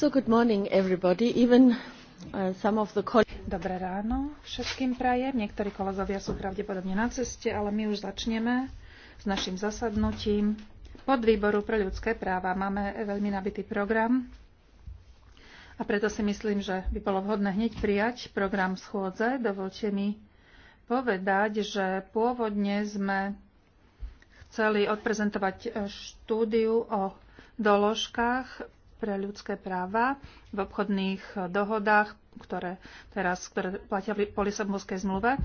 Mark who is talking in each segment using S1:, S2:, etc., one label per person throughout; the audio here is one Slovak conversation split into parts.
S1: Uh, Dobré
S2: ráno všetkým prajem. Niektorí kolegovia sú pravdepodobne na ceste, ale my už začneme s našim zasadnutím pod výboru pre ľudské práva. Máme veľmi nabitý program a preto si myslím, že by bolo vhodné hneď prijať program schôdze. Dovolte mi povedať, že pôvodne sme chceli odprezentovať štúdiu o doložkách pre ľudské práva v obchodných dohodách, ktoré teraz ktoré platia po Lisabonskej zmluve.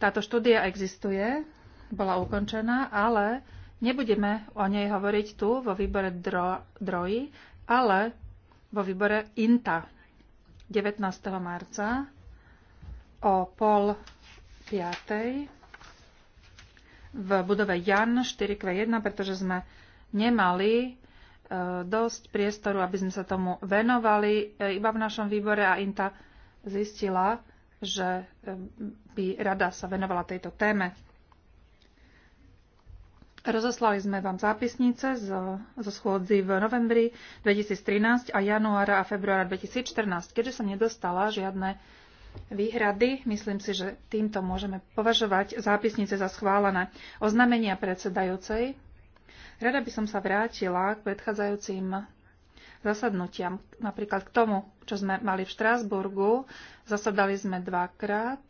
S2: Táto štúdia existuje, bola ukončená, ale nebudeme o nej hovoriť tu vo výbore dro, DROI, ale vo výbore INTA 19. marca o pol piatej v budove Jan 4Q1, pretože sme nemali dosť priestoru, aby sme sa tomu venovali. E, iba v našom výbore a INTA zistila, že e, by rada sa venovala tejto téme. Rozoslali sme vám zápisnice zo, zo schôdzi v novembri 2013 a januára a februára 2014. Keďže som nedostala žiadne výhrady, myslím si, že týmto môžeme považovať zápisnice za schválené. Oznamenia predsedajúcej Rada by som sa vrátila k predchádzajúcim zasadnutiam, napríklad k tomu, čo sme mali v Štrásburgu. Zasadali sme dvakrát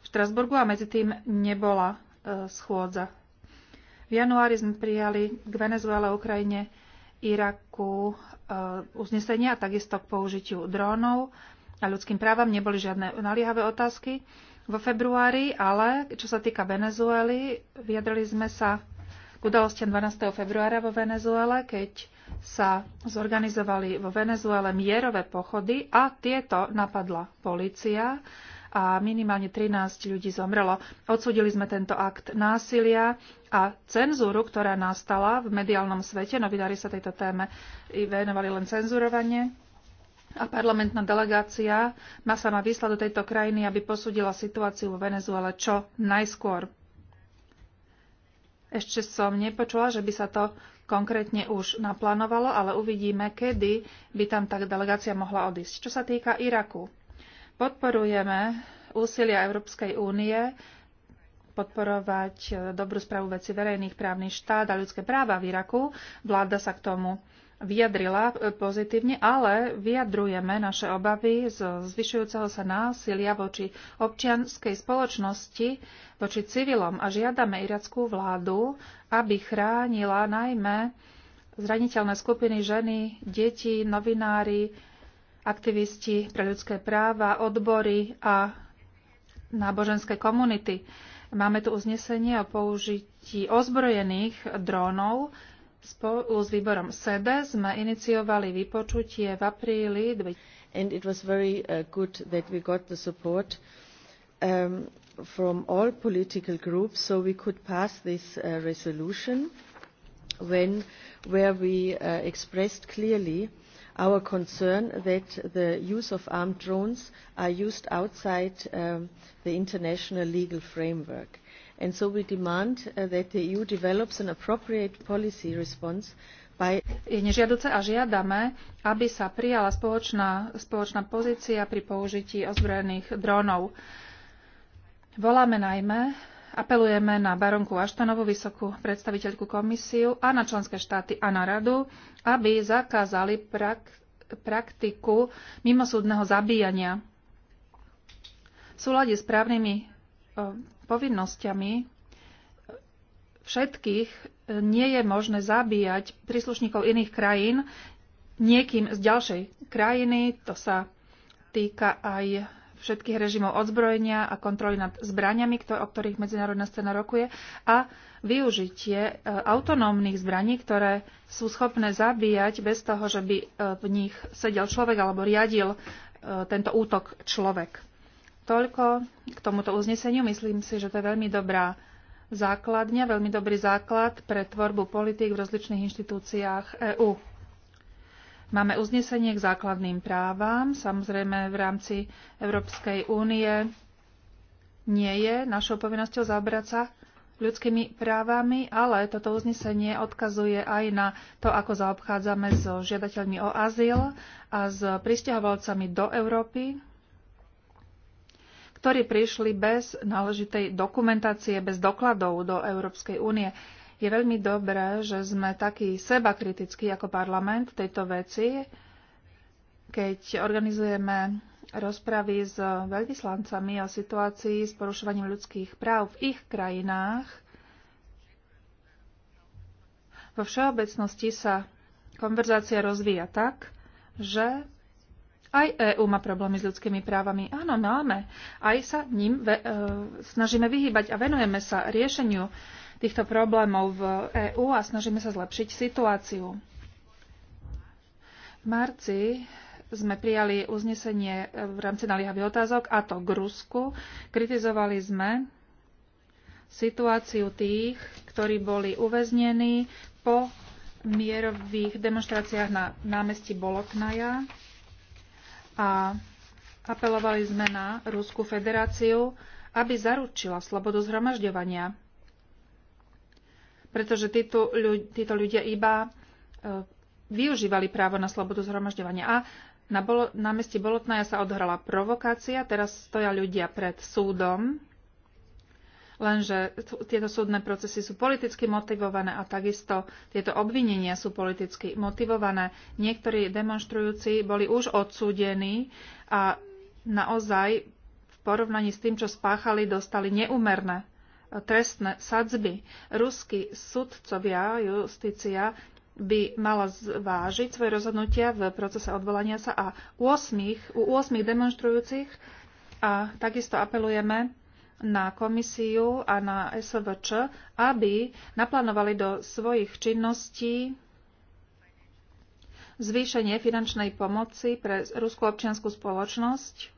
S2: v Štrásburgu a medzi tým nebola e, schôdza. V januári sme prijali k Venezuele, Ukrajine, Iraku e, uznesenia, takisto k použitiu drónov a ľudským právam. Neboli žiadne naliehavé otázky. Vo februári ale, čo sa týka Venezuely, vyjadrili sme sa k udalostiam 12. februára vo Venezuele, keď sa zorganizovali vo Venezuele mierové pochody a tieto napadla policia a minimálne 13 ľudí zomrelo. Odsudili sme tento akt násilia a cenzúru, ktorá nastala v mediálnom svete. Novinári sa tejto téme venovali len cenzurovanie. A parlamentná delegácia má sama má vyslať do tejto krajiny, aby posudila situáciu vo Venezuele čo najskôr. Ešte som nepočula, že by sa to konkrétne už naplánovalo, ale uvidíme, kedy by tam tá delegácia mohla odísť. Čo sa týka Iraku, podporujeme úsilia Európskej únie podporovať eh, dobrú správu veci verejných, právny štát a ľudské práva v Iraku. Vláda sa k tomu vyjadrila e, pozitívne, ale vyjadrujeme naše obavy zo zvyšujúceho sa násilia voči občianskej spoločnosti, voči civilom a žiadame irackú vládu, aby chránila najmä zraniteľné skupiny ženy, deti, novinári, aktivisti pre ľudské práva, odbory a náboženské komunity. Máme tu uznesenie o použití ozbrojených drónov, Spolu s výborom SEDE sme iniciovali vypočutie v apríli. And it was very uh, good that we
S1: got the support um, from all political groups so we could pass this uh, resolution when, where we uh, expressed clearly our concern that the use of armed drones are used outside um, the international legal framework and so we demand
S2: uh, that the EU develops an appropriate policy response je nežiaduce a žiadame, aby sa prijala spoločná, spoločná pozícia pri použití ozbrojených drónov. Voláme najmä, apelujeme na baronku Aštanovu, vysokú predstaviteľku komisiu a na členské štáty a na radu, aby zakázali prak- praktiku mimosúdneho zabíjania. V súlade s právnymi povinnosťami všetkých nie je možné zabíjať príslušníkov iných krajín niekým z ďalšej krajiny. To sa týka aj všetkých režimov odzbrojenia a kontroly nad zbraniami, o ktorých medzinárodná scéna rokuje, a využitie e, autonómnych zbraní, ktoré sú schopné zabíjať bez toho, že by e, v nich sedel človek alebo riadil e, tento útok človek. Toľko k tomuto uzneseniu. Myslím si, že to je veľmi dobrá základňa, veľmi dobrý základ pre tvorbu politik v rozličných inštitúciách EÚ. Máme uznesenie k základným právam. Samozrejme, v rámci Európskej únie nie je našou povinnosťou zabrať sa ľudskými právami, ale toto uznesenie odkazuje aj na to, ako zaobchádzame so žiadateľmi o azyl a s pristahovalcami do Európy, ktorí prišli bez náležitej dokumentácie, bez dokladov do Európskej únie. Je veľmi dobré, že sme takí seba kritickí ako parlament v tejto veci, keď organizujeme rozpravy s veľvyslancami o situácii s porušovaním ľudských práv v ich krajinách. Vo všeobecnosti sa konverzácia rozvíja tak, že aj EÚ má problémy s ľudskými právami. Áno, máme. Aj sa ním ve, e, snažíme vyhýbať a venujeme sa riešeniu týchto problémov v EÚ a snažíme sa zlepšiť situáciu. V marci sme prijali uznesenie v rámci naliehavých otázok, a to k Rusku. Kritizovali sme situáciu tých, ktorí boli uväznení po mierových demonstráciách na námestí Boloknaja a apelovali sme na Rusku federáciu, aby zaručila slobodu zhromažďovania. Pretože títo, títo ľudia iba e, využívali právo na slobodu zhromažďovania. A na, bolo, na meste Bolotnaja sa odhrala provokácia, teraz stoja ľudia pred súdom lenže tieto súdne procesy sú politicky motivované a takisto tieto obvinenia sú politicky motivované. Niektorí demonstrujúci boli už odsúdení a naozaj v porovnaní s tým, čo spáchali, dostali neumerné e, trestné sadzby. Ruskí sudcovia, justícia, by mala zvážiť svoje rozhodnutia v procese odvolania sa a 8, u 8 demonstrujúcich a takisto apelujeme na komisiu a na SVČ, aby naplánovali do svojich činností zvýšenie finančnej pomoci pre ruskú občianskú spoločnosť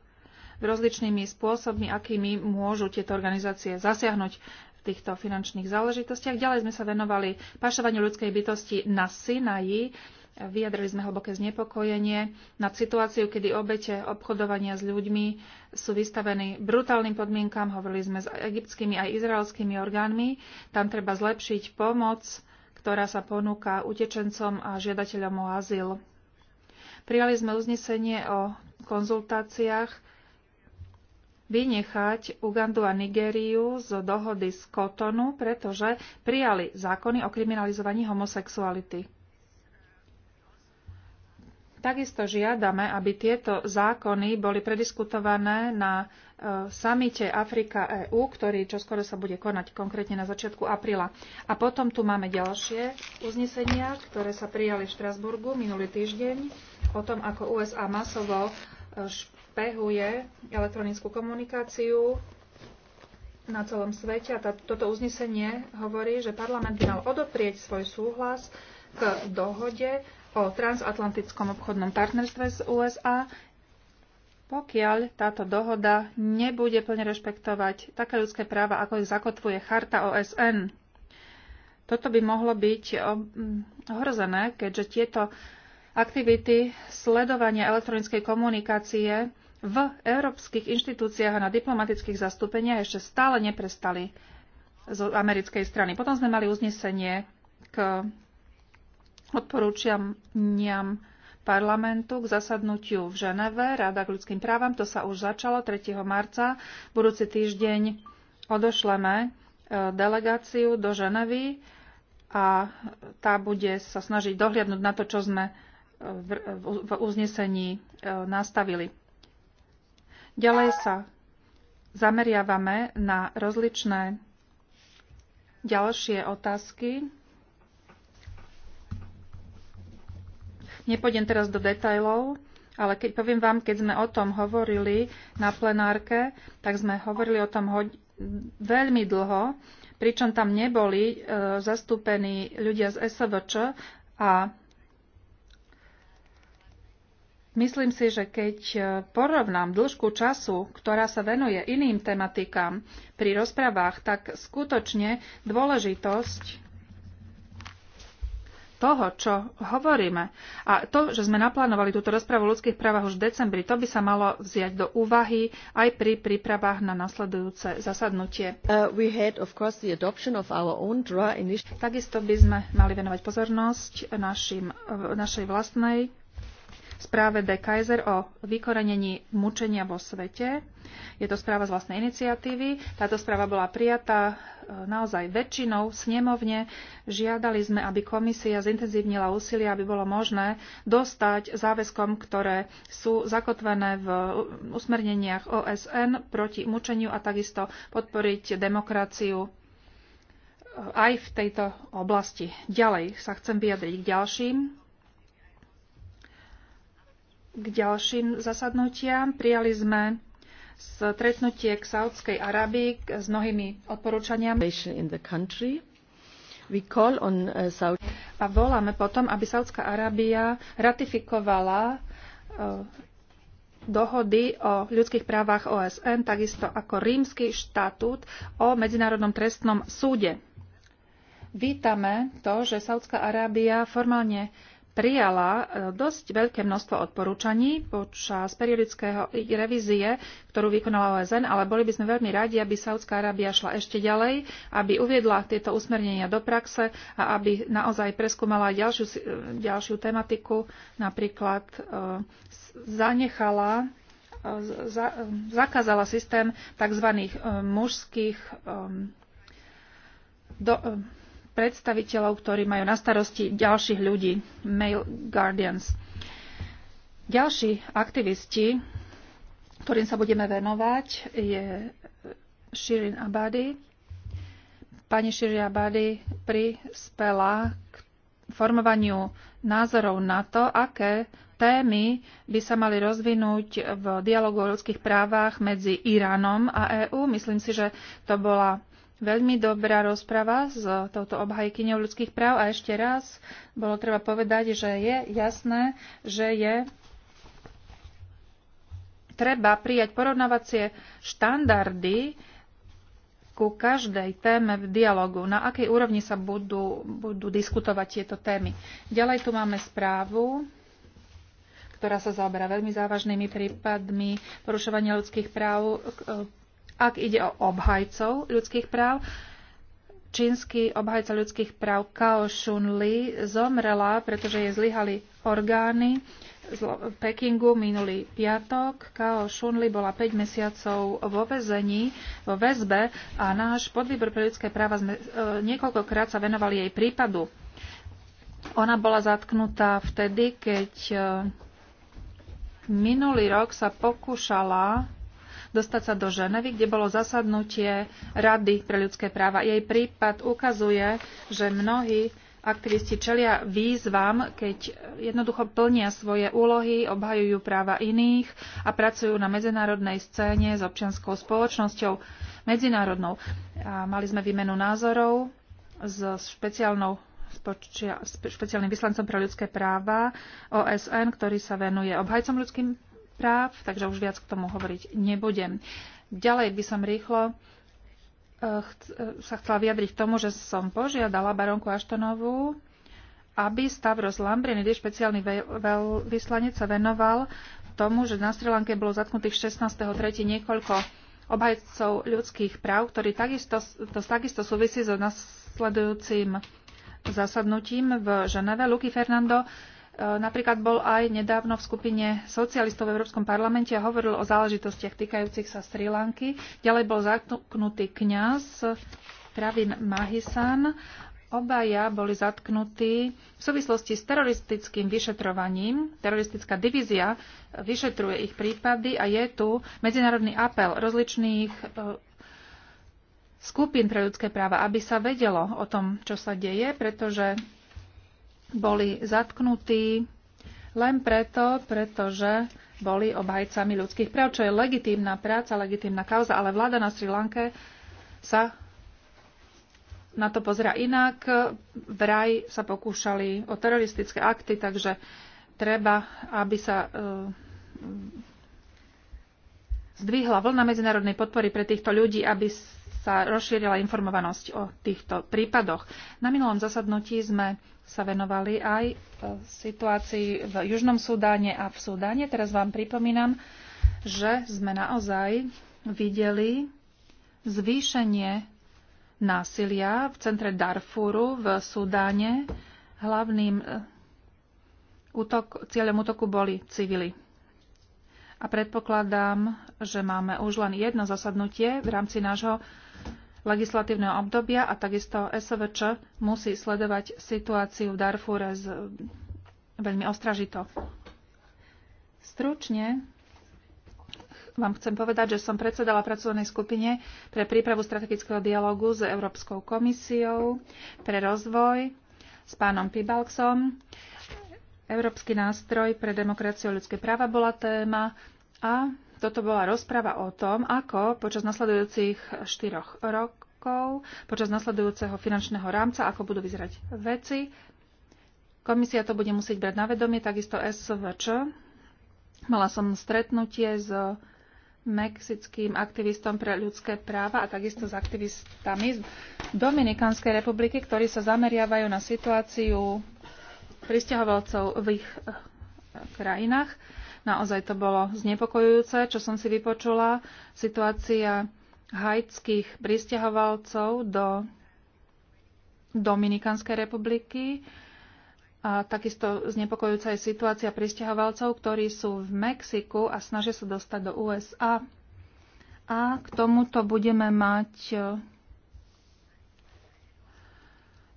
S2: rozličnými spôsobmi, akými môžu tieto organizácie zasiahnuť v týchto finančných záležitostiach. Ďalej sme sa venovali pašovaniu ľudskej bytosti na Sinaji Vyjadrili sme hlboké znepokojenie nad situáciu, kedy obete obchodovania s ľuďmi sú vystavení brutálnym podmienkam. Hovorili sme s egyptskými aj izraelskými orgánmi. Tam treba zlepšiť pomoc, ktorá sa ponúka utečencom a žiadateľom o azyl. Prijali sme uznesenie o konzultáciách vynechať Ugandu a Nigériu z dohody z Kotonu, pretože prijali zákony o kriminalizovaní homosexuality. Takisto žiadame, aby tieto zákony boli prediskutované na e, samite Afrika EU, ktorý čoskoro sa bude konať konkrétne na začiatku apríla. A potom tu máme ďalšie uznesenia, ktoré sa prijali v Štrasburgu minulý týždeň o tom, ako USA masovo e, špehuje elektronickú komunikáciu na celom svete. A toto uznesenie hovorí, že parlament by mal odoprieť svoj súhlas k dohode o transatlantickom obchodnom partnerstve z USA, pokiaľ táto dohoda nebude plne rešpektovať také ľudské práva, ako ich zakotvuje Charta OSN. Toto by mohlo byť ohrozené, keďže tieto aktivity sledovania elektronickej komunikácie v európskych inštitúciách a na diplomatických zastúpeniach ešte stále neprestali z americkej strany. Potom sme mali uznesenie k odporúčaniam parlamentu k zasadnutiu v Ženeve, Rada k ľudským právam. To sa už začalo 3. marca. Budúci týždeň odošleme e, delegáciu do Ženevy a tá bude sa snažiť dohliadnúť na to, čo sme e, v uznesení e, nastavili. Ďalej sa zameriavame na rozličné ďalšie otázky. Nepôjdem teraz do detajlov, ale keď poviem vám, keď sme o tom hovorili na plenárke, tak sme hovorili o tom ho- veľmi dlho, pričom tam neboli e, zastúpení ľudia z SVČ a Myslím si, že keď e, porovnám dĺžku času, ktorá sa venuje iným tematikám pri rozprávach, tak skutočne dôležitosť toho, čo hovoríme. A to, že sme naplánovali túto rozpravu o ľudských právach už v decembri, to by sa malo vziať do úvahy aj pri prípravách na nasledujúce zasadnutie. Uh, had, course, Takisto by sme mali venovať pozornosť našim, našej vlastnej správe De Kaiser o vykorenení mučenia vo svete. Je to správa z vlastnej iniciatívy. Táto správa bola prijatá e, naozaj väčšinou snemovne. Žiadali sme, aby komisia zintenzívnila úsilie, aby bolo možné dostať záväzkom, ktoré sú zakotvené v usmerneniach OSN proti mučeniu a takisto podporiť demokraciu e, aj v tejto oblasti. Ďalej sa chcem vyjadriť k ďalším k ďalším zasadnutiam. Prijali sme stretnutie k Saudskej Arabii s mnohými odporúčaniami. Uh, A voláme potom, aby Saudská Arábia ratifikovala uh, dohody o ľudských právach OSN, takisto ako rímsky štatút o Medzinárodnom trestnom súde. Vítame to, že Saudská Arábia formálne prijala e, dosť veľké množstvo odporúčaní počas periodického revízie, ktorú vykonala OSN, ale boli by sme veľmi radi, aby Saudská Arábia šla ešte ďalej, aby uviedla tieto usmernenia do praxe a aby naozaj preskúmala ďalšiu, e, ďalšiu tematiku, napríklad e, zanechala zakázala systém tzv. mužských do, predstaviteľov, ktorí majú na starosti ďalších ľudí, male guardians. Ďalší aktivisti, ktorým sa budeme venovať, je Shirin Abadi. Pani Shirin Abadi prispela k formovaniu názorov na to, aké témy by sa mali rozvinúť v dialogu o ľudských právach medzi Iránom a EÚ. Myslím si, že to bola veľmi dobrá rozprava s touto obhajkyňou ľudských práv a ešte raz bolo treba povedať, že je jasné, že je treba prijať porovnávacie štandardy ku každej téme v dialogu, na akej úrovni sa budú, budú diskutovať tieto témy. Ďalej tu máme správu, ktorá sa zaoberá veľmi závažnými prípadmi porušovania ľudských práv, ak ide o obhajcov ľudských práv, čínsky obhajca ľudských práv Kao Li zomrela, pretože jej zlyhali orgány z Pekingu minulý piatok. Kao Li bola 5 mesiacov vo väzení, vo väzbe a náš podvýbor pre ľudské práva sme, e, niekoľkokrát sa venovali jej prípadu. Ona bola zatknutá vtedy, keď e, minulý rok sa pokúšala dostať sa do Ženevy, kde bolo zasadnutie Rady pre ľudské práva. Jej prípad ukazuje, že mnohí aktivisti čelia výzvam, keď jednoducho plnia svoje úlohy, obhajujú práva iných a pracujú na medzinárodnej scéne s občianskou spoločnosťou medzinárodnou. A mali sme výmenu názorov s špeciálnou špeciálnym vyslancom pre ľudské práva OSN, ktorý sa venuje obhajcom ľudským, práv, takže už viac k tomu hovoriť nebudem. Ďalej by som rýchlo eh, eh, sa chcela vyjadriť k tomu, že som požiadala baronku Aštonovú, aby Stavros kde špeciálny vyslanec sa venoval tomu, že na Sri Lanke bolo zatknutých 16.3. niekoľko obhajcov ľudských práv, ktorí takisto, to takisto súvisí so nasledujúcim zasadnutím v Ženeve. Luky Fernando E, napríklad bol aj nedávno v skupine socialistov v Európskom parlamente a hovoril o záležitostiach týkajúcich sa Sri Lanky. Ďalej bol zatknutý kňaz Pravin Mahisan. Obaja boli zatknutí v súvislosti s teroristickým vyšetrovaním. Teroristická divízia vyšetruje ich prípady a je tu medzinárodný apel rozličných e, skupín pre ľudské práva, aby sa vedelo o tom, čo sa deje, pretože boli zatknutí len preto, pretože boli obhajcami ľudských práv, čo je legitímna práca, legitímna kauza, ale vláda na Sri Lanke sa na to pozera inak. Vraj sa pokúšali o teroristické akty, takže treba, aby sa e, zdvihla vlna medzinárodnej podpory pre týchto ľudí, aby sa rozšírila informovanosť o týchto prípadoch. Na minulom zasadnutí sme sa venovali aj e, situácii v Južnom Súdáne a v Súdáne. Teraz vám pripomínam, že sme naozaj videli zvýšenie násilia v centre Darfuru v Súdáne. Hlavným e, útok, cieľom útoku boli civili. A predpokladám, že máme už len jedno zasadnutie v rámci nášho legislatívneho obdobia a takisto SVČ musí sledovať situáciu v Darfúre z, eh, veľmi ostražito. Stručne vám chcem povedať, že som predsedala pracovnej skupine pre prípravu strategického dialogu s Európskou komisiou pre rozvoj s pánom Pibalksom. Európsky nástroj pre demokraciu a ľudské práva bola téma a toto bola rozprava o tom, ako počas nasledujúcich štyroch rokov, počas nasledujúceho finančného rámca, ako budú vyzerať veci. Komisia to bude musieť brať na vedomie, takisto SVČ. Mala som stretnutie s mexickým aktivistom pre ľudské práva a takisto s aktivistami z Dominikanskej republiky, ktorí sa zameriavajú na situáciu pristahovalcov v ich eh, krajinách. Naozaj to bolo znepokojujúce, čo som si vypočula. Situácia haitských pristahovalcov do Dominikanskej republiky. A takisto znepokojujúca je situácia pristahovalcov, ktorí sú v Mexiku a snažia sa dostať do USA. A k tomuto budeme mať e,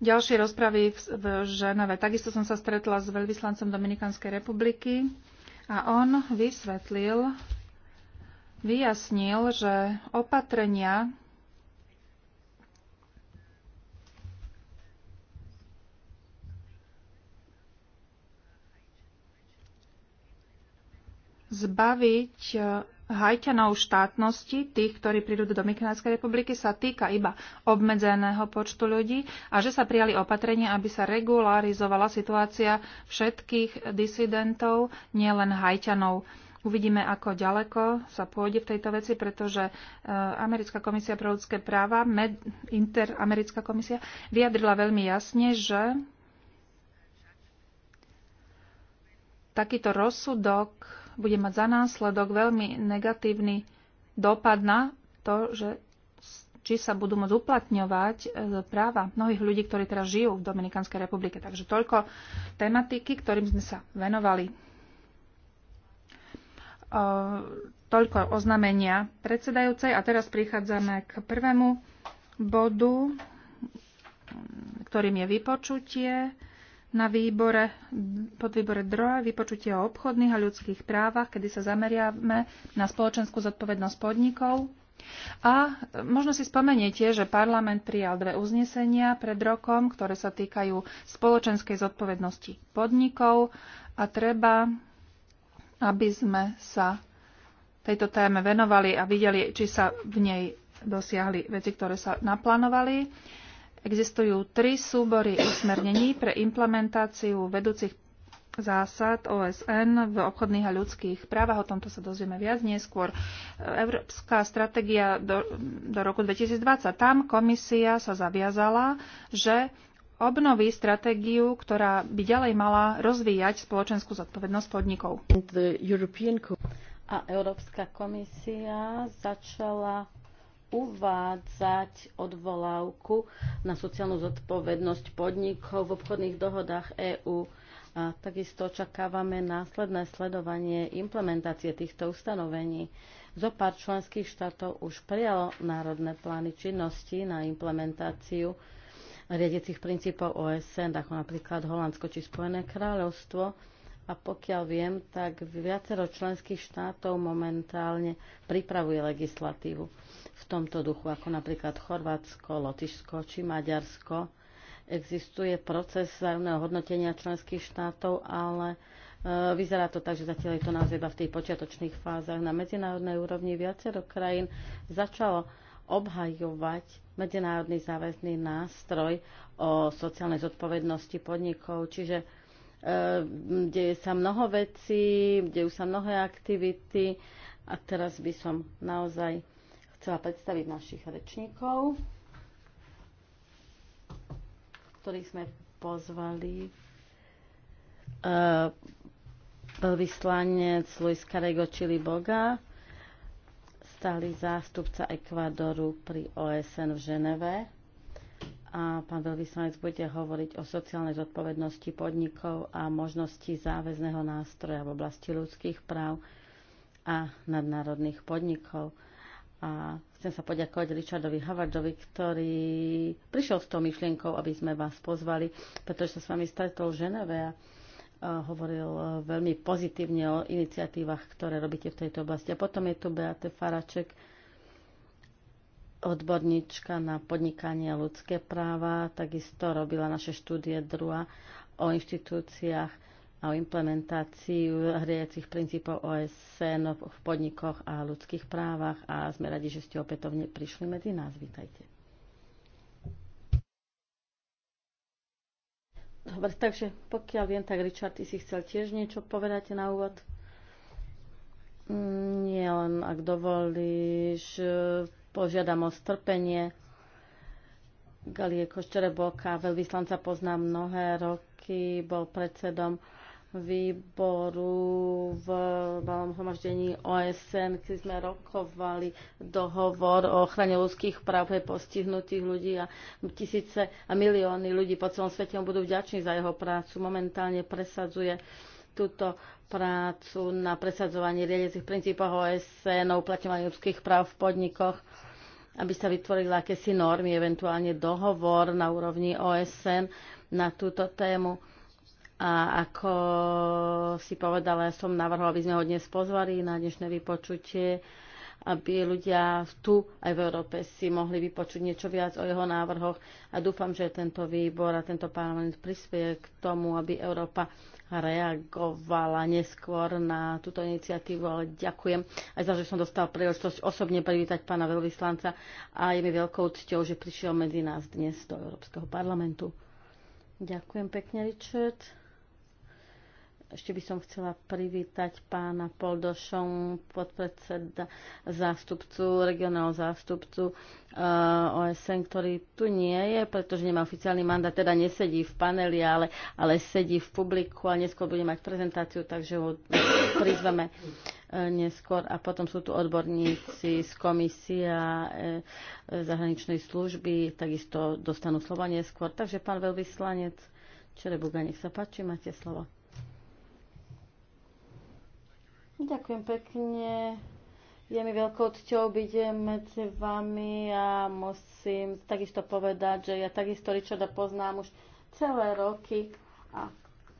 S2: ďalšie rozpravy v, v Ženeve. Takisto som sa stretla s veľvyslancom Dominikanskej republiky a on vysvetlil, vyjasnil, že opatrenia, zbaviť hajťanov štátnosti, tých, ktorí prídu do Dominikánskej republiky, sa týka iba obmedzeného počtu ľudí a že sa prijali opatrenia, aby sa regularizovala situácia všetkých disidentov, nielen hajťanov. Uvidíme, ako ďaleko sa pôjde v tejto veci, pretože e, Americká komisia pre ľudské práva, Med, Interamerická komisia, vyjadrila veľmi jasne, že takýto rozsudok bude mať za následok veľmi negatívny dopad na to, že či sa budú môcť uplatňovať e, práva mnohých ľudí, ktorí teraz žijú v Dominikanskej republike. Takže toľko tematiky, ktorým sme sa venovali. E, toľko oznamenia predsedajúcej. A teraz prichádzame k prvému bodu, ktorým je vypočutie na výbore, podvýbore DROE vypočutie o obchodných a ľudských právach, kedy sa zameriame na spoločenskú zodpovednosť podnikov. A možno si spomeniete, že parlament prijal dve uznesenia pred rokom, ktoré sa týkajú spoločenskej zodpovednosti podnikov a treba, aby sme sa tejto téme venovali a videli, či sa v nej dosiahli veci, ktoré sa naplánovali. Existujú tri súbory usmernení pre implementáciu vedúcich zásad OSN v obchodných a ľudských právach. O tomto sa dozvieme viac neskôr. Európska stratégia do, do roku 2020. Tam komisia sa zaviazala, že obnoví stratégiu, ktorá by ďalej mala rozvíjať spoločenskú zodpovednosť podnikov. A Európska komisia
S3: začala uvádzať odvolávku na sociálnu zodpovednosť podnikov v obchodných dohodách EÚ. A takisto očakávame následné sledovanie implementácie týchto ustanovení. Zo pár členských štátov už prijalo národné plány činnosti na implementáciu riadiacich princípov OSN, ako napríklad Holandsko či Spojené kráľovstvo. A pokiaľ viem, tak viacero členských štátov momentálne pripravuje legislatívu v tomto duchu, ako napríklad Chorvátsko, Lotyšsko či Maďarsko. Existuje proces vzájomného hodnotenia členských štátov, ale e, Vyzerá to tak, že zatiaľ je to naozaj iba v tých počiatočných fázach. Na medzinárodnej úrovni viacero krajín začalo obhajovať medzinárodný záväzný nástroj o sociálnej zodpovednosti podnikov. Čiže e, deje sa mnoho vecí, dejú sa mnohé aktivity a teraz by som naozaj chcela predstaviť našich rečníkov, ktorých sme pozvali. Uh, eh, vyslanec Luis Carrego Chili Boga, stály zástupca Ekvadoru pri OSN v Ženeve a pán veľvyslanec bude hovoriť o sociálnej zodpovednosti podnikov a možnosti záväzného nástroja v oblasti ľudských práv a nadnárodných podnikov a chcem sa poďakovať Richardovi Havardovi, ktorý prišiel s tou myšlienkou, aby sme vás pozvali, pretože sa s vami stretol v Ženeve a hovoril e, veľmi pozitívne o iniciatívach, ktoré robíte v tejto oblasti. A potom je tu Beate Faraček, odborníčka na podnikanie a ľudské práva, takisto robila naše štúdie druhá o inštitúciách a o implementáciu hriacich princípov OSN v podnikoch a ľudských právach a sme radi, že ste opätovne prišli medzi nás. Vítajte. Dobre, takže pokiaľ viem, tak Richard, ty si chcel tiež niečo povedať na úvod? Nie, len ak dovolíš, požiadam o strpenie. Galie Koščereboka, veľvyslanca poznám mnohé roky, bol predsedom výboru v malom hromaždení OSN, keď sme rokovali dohovor o ochrane ľudských práv pre postihnutých ľudí a tisíce a milióny ľudí po celom svete mu budú vďační za jeho prácu. Momentálne presadzuje túto prácu na presadzovanie riadiacich princípov OSN o uplatňovaní ľudských práv v podnikoch aby sa vytvorili akési normy, eventuálne dohovor na úrovni OSN na túto tému a ako si povedala, ja som navrhla, aby sme ho dnes pozvali na dnešné vypočutie, aby ľudia tu aj v Európe si mohli vypočuť niečo viac o jeho návrhoch a dúfam, že tento výbor a tento parlament prispieje k tomu, aby Európa reagovala neskôr na túto iniciatívu, ale ďakujem aj za, že som dostal príležitosť osobne privítať pána veľvyslanca a je mi veľkou cťou, že prišiel medzi nás dnes do Európskeho parlamentu. Ďakujem pekne, Richard. Ešte by som chcela privítať pána Poldošom, podpredseda zástupcu, regionálneho zástupcu uh, OSN, ktorý tu nie je, pretože nemá oficiálny mandát, teda nesedí v paneli, ale, ale sedí v publiku a neskôr bude mať prezentáciu, takže ho prizveme uh, neskôr. A potom sú tu odborníci z komisia uh, zahraničnej služby, takisto dostanú slova neskôr. Takže pán veľvyslanec Čerebuga, nech sa páči, máte slovo. Ďakujem pekne. Je mi veľkou cťou byť medzi vami a musím takisto povedať, že ja takisto Richarda poznám už celé roky a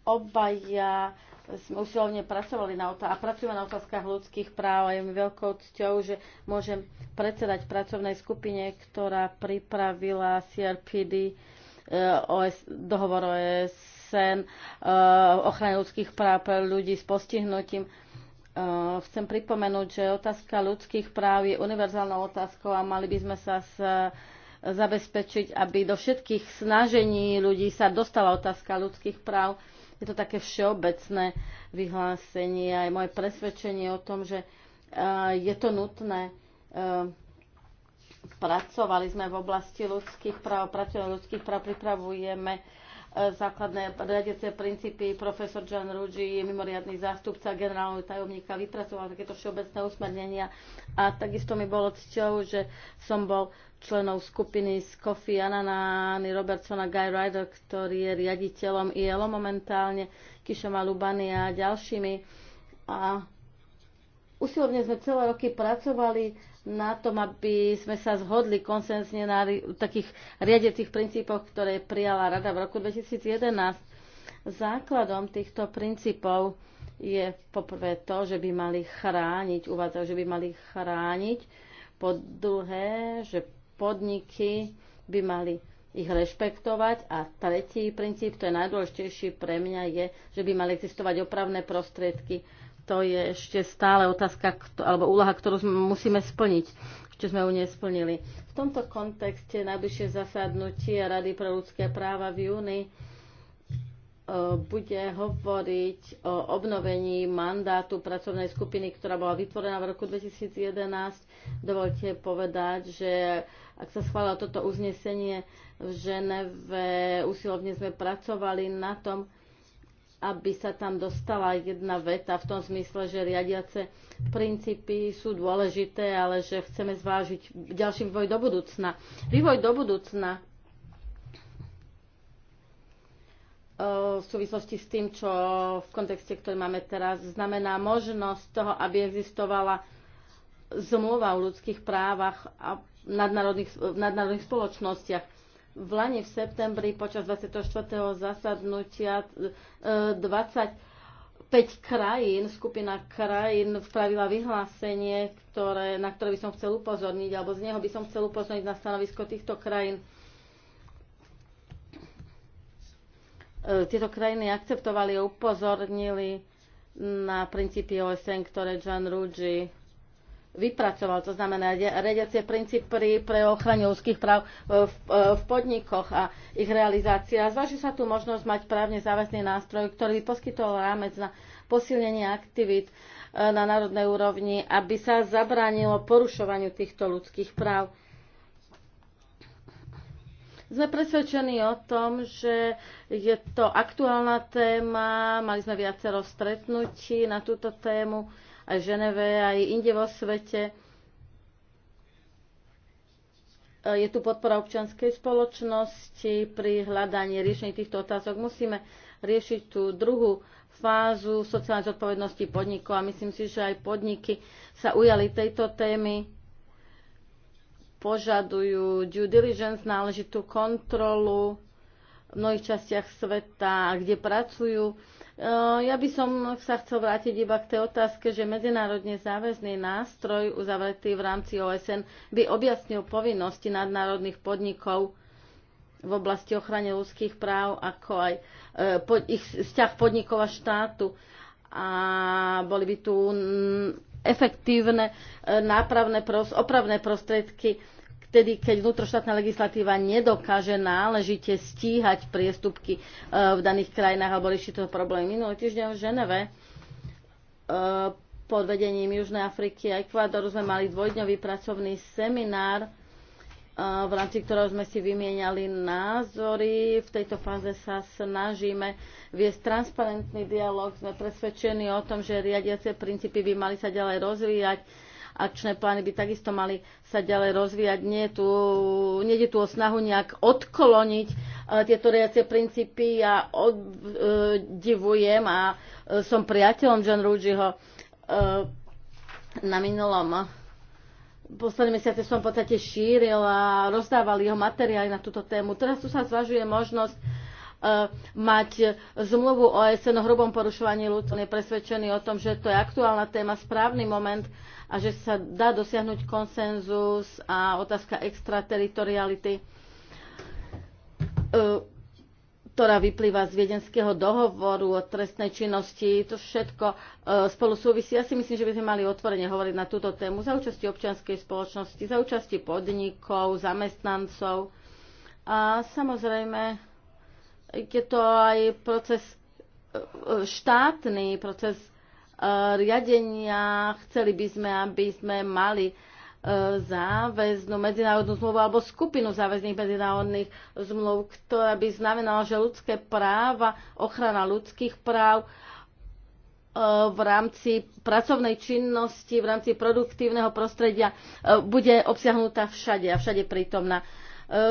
S3: obaja sme usilovne pracovali na otázkach a pracujeme na otázkach ľudských práv a je mi veľkou cťou, že môžem predsedať pracovnej skupine, ktorá pripravila CRPD eh, OS, dohovor OSN eh, ochrany ľudských práv pre ľudí s postihnutím Eh, chcem pripomenúť, že otázka ľudských práv je univerzálnou otázkou a mali by sme sa s eh, zabezpečiť, aby do všetkých snažení ľudí sa dostala otázka ľudských práv. Je to také všeobecné vyhlásenie a moje presvedčenie o tom, že eh, je to nutné. Pracovali sme v oblasti ľudských práv, pracujeme ľudských práv, pripravujeme základné riadiace princípy. Profesor John Ruggi, mimoriadný zástupca generálneho tajomníka, vypracoval takéto všeobecné usmernenia a takisto mi bolo cťou, že som bol členov skupiny z Kofi Ananány Robertsona Guy Ryder, ktorý je riaditeľom ILO momentálne, Kishama Lubany a ďalšími. A usilovne sme celé roky pracovali na tom, aby sme sa zhodli konsensne na takých riadiacich princípoch, ktoré prijala Rada v roku 2011. Základom týchto princípov je poprvé to, že by mali chrániť, uvádzajú, že by mali chrániť, po druhé, že podniky by mali ich rešpektovať a tretí princíp, to je najdôležitejší pre mňa, je, že by mali existovať opravné prostriedky to je ešte stále otázka alebo úloha, ktorú musíme splniť ešte sme ju nesplnili. V tomto kontexte najbližšie zasadnutie Rady pre ľudské práva v júni e, bude hovoriť o obnovení mandátu pracovnej skupiny, ktorá bola vytvorená v roku 2011. Dovolte povedať, že ak sa schválilo toto uznesenie v Ženeve, usilovne sme pracovali na tom, aby sa tam dostala jedna veta v tom zmysle, že riadiace princípy sú dôležité, ale že chceme zvážiť ďalší vývoj do budúcna. Vývoj do budúcna e, v súvislosti s tým, čo v kontexte, ktorý máme teraz, znamená možnosť toho, aby existovala zmluva o ľudských právach a v nadnárodných, v nadnárodných spoločnostiach v Lani v septembri počas 24. zasadnutia 25 e, krajín, skupina krajín spravila vyhlásenie, ktoré, na ktoré by som chcel upozorniť, alebo z neho by som chcel upozorniť na stanovisko týchto krajín. E, tieto krajiny akceptovali a upozornili na princípy OSN, ktoré John Ruggie vypracoval, to znamená rediacie princípy pre ochranu ľudských práv e, v, e, v podnikoch a ich realizácia. Zvaží sa tu možnosť mať právne záväzný nástroj, ktorý by poskytol rámec na posilnenie aktivít e, na národnej úrovni, aby sa zabránilo porušovaniu týchto ľudských práv. Sme presvedčení o tom, že je to aktuálna téma, mali sme viacero stretnutí na túto tému aj v Ženeve, aj inde vo svete. E, je tu podpora občianskej spoločnosti pri hľadaní riešení týchto otázok. Musíme riešiť tú druhú fázu sociálnej zodpovednosti podnikov a myslím si, že aj podniky sa ujali tejto témy, požadujú due diligence, náležitú kontrolu v mnohých častiach sveta, kde pracujú Eh, ja by som sa chcel vrátiť iba k tej otázke, že medzinárodne záväzný nástroj uzavretý v rámci OSN by objasnil povinnosti nadnárodných podnikov v oblasti ochrany ľudských práv, ako aj eh, ich vzťah podnikov a štátu. A boli by tu efektívne eh, nápravné, opravné prostriedky vtedy, keď vnútroštátna legislatíva nedokáže náležite stíhať priestupky e, v daných krajinách alebo riešiť toho problém. Minulý týždeň v Ženeve e, pod vedením Južnej Afriky a Ekvádoru sme mali dvojdňový pracovný seminár, e, v rámci ktorého sme si vymieniali názory. V tejto fáze sa snažíme viesť transparentný dialog. Sme presvedčení o tom, že riadiace princípy by mali sa ďalej rozvíjať Akčné plány by takisto mali sa ďalej rozvíjať. Nie tu, je tu o snahu nejak odkoloniť e, tieto riacie princípy. Ja oddivujem a e, som priateľom John Ruggiho e, na minulom posledné mesiace som v podstate šíril a rozdával jeho materiály na túto tému. Teraz tu sa zvažuje možnosť uh, mať zmluvu o OSN o hrubom porušovaní ľudí. On je presvedčený o tom, že to je aktuálna téma, správny moment uh, a že sa dá dosiahnuť konsenzus a otázka extrateritoriality, e, ktorá vyplýva z Viedenského dohovoru o trestnej činnosti. To všetko e, spolu súvisí. Ja si myslím, že by sme mali otvorene hovoriť na túto tému za účasti občianskej spoločnosti, za účasti podnikov, zamestnancov. A samozrejme, je to aj proces e, štátny, proces riadenia. Chceli by sme, aby sme mali e, záväznú medzinárodnú zmluvu alebo skupinu záväzných medzinárodných zmluv, ktorá by znamenala, že ľudské práva, ochrana ľudských práv e, v rámci pracovnej činnosti, v rámci produktívneho prostredia e, bude obsiahnutá všade a všade prítomná.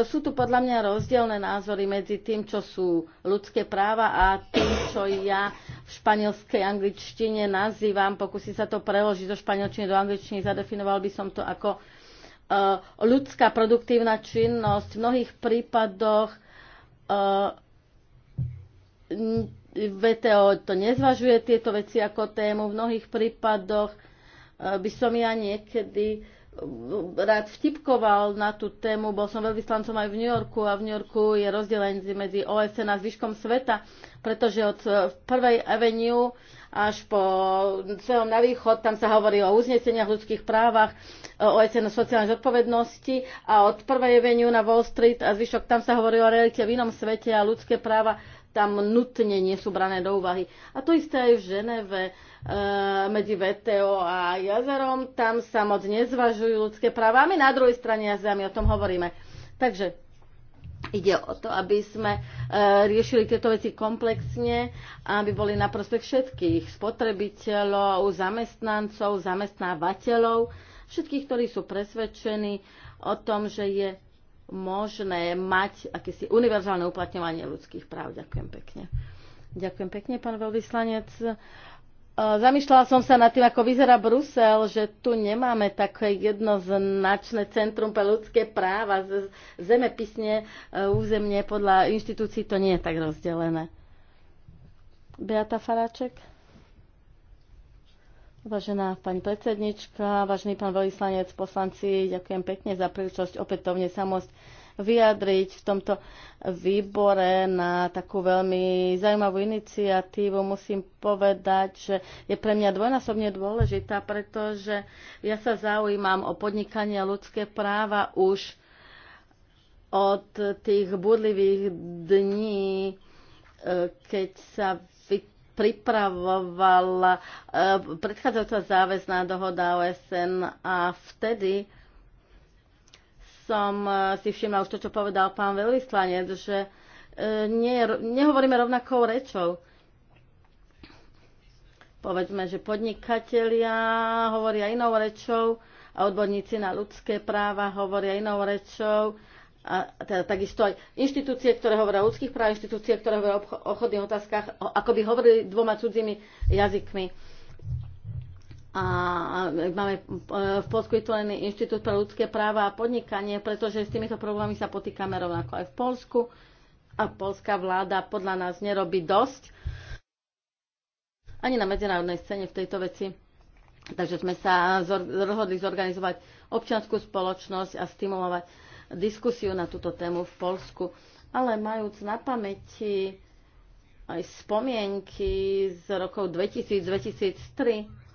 S3: Sú tu podľa mňa rozdielne názory medzi tým, čo sú ľudské práva a tým, čo ja v španielskej angličtine nazývam, pokusím sa to preložiť zo španielčiny do angličtiny, zadefinoval by som to ako eh, ľudská produktívna činnosť. V mnohých prípadoch eh, VTO to nezvažuje tieto veci ako tému. V mnohých prípadoch eh, by som ja niekedy rád vtipkoval na tú tému. Bol som veľvyslancom aj v New Yorku a v New Yorku je rozdelenie medzi OSN a zvyškom sveta, pretože od eh, prvej Avenue až po celom na východ, tam sa hovorí o uzneseniach ľudských právach, eh, o OSN o sociálnej zodpovednosti a od prvej Avenue na Wall Street a zvyšok tam sa hovorí o realite v inom svete a ľudské práva tam nutne nie sú brané do úvahy. A to isté aj v Ženeve Eh, medzi VTO a jazerom, tam sa moc nezvažujú ľudské práva. A my na druhej strane jazera, my o tom hovoríme. Takže ide o to, aby sme eh, riešili tieto veci komplexne, aby boli na prospech všetkých spotrebiteľov, zamestnancov, zamestnávateľov, všetkých, ktorí sú presvedčení o tom, že je možné mať akési univerzálne uplatňovanie ľudských práv. Ďakujem pekne. Ďakujem pekne, pán veľvyslanec. Eh, zamýšľala som sa nad tým, ako vyzerá Brusel, že tu nemáme také jednoznačné centrum pre ľudské práva. Zemepisne, eh, územne podľa inštitúcií to nie je tak rozdelené. Beata Faráček. Vážená pani predsednička, vážený pán veľvyslanec, poslanci, ďakujem pekne za príležitosť opätovne sa môcť vyjadriť v tomto výbore na takú veľmi zaujímavú iniciatívu. Musím povedať, že je pre mňa dvojnásobne dôležitá, pretože ja sa zaujímam o podnikanie ľudské práva už od tých budlivých dní, eh, keď sa pripravovala eh, predchádzajúca záväzná dohoda OSN a vtedy som eh, si všimla už to, čo povedal pán veľvyslanec, že eh, nie, nehovoríme rovnakou rečou. Povedzme, že podnikatelia hovoria inou rečou a odborníci na ľudské práva hovoria inou rečou a teda takisto aj inštitúcie, ktoré hovoria o ľudských právach, inštitúcie, ktoré hovoria o obchodných otázkach, ako by hovorili dvoma cudzími jazykmi a máme e, v Polsku len Inštitút pre ľudské práva a podnikanie, pretože s týmito problémami sa potýkame rovnako aj v Polsku a polská vláda podľa nás nerobí dosť ani na medzinárodnej scéne v tejto veci. Takže sme sa rozhodli zorganizovať občianskú spoločnosť a stimulovať diskusiu na túto tému v Polsku. Ale majúc na pamäti aj spomienky z rokov 2000-2003,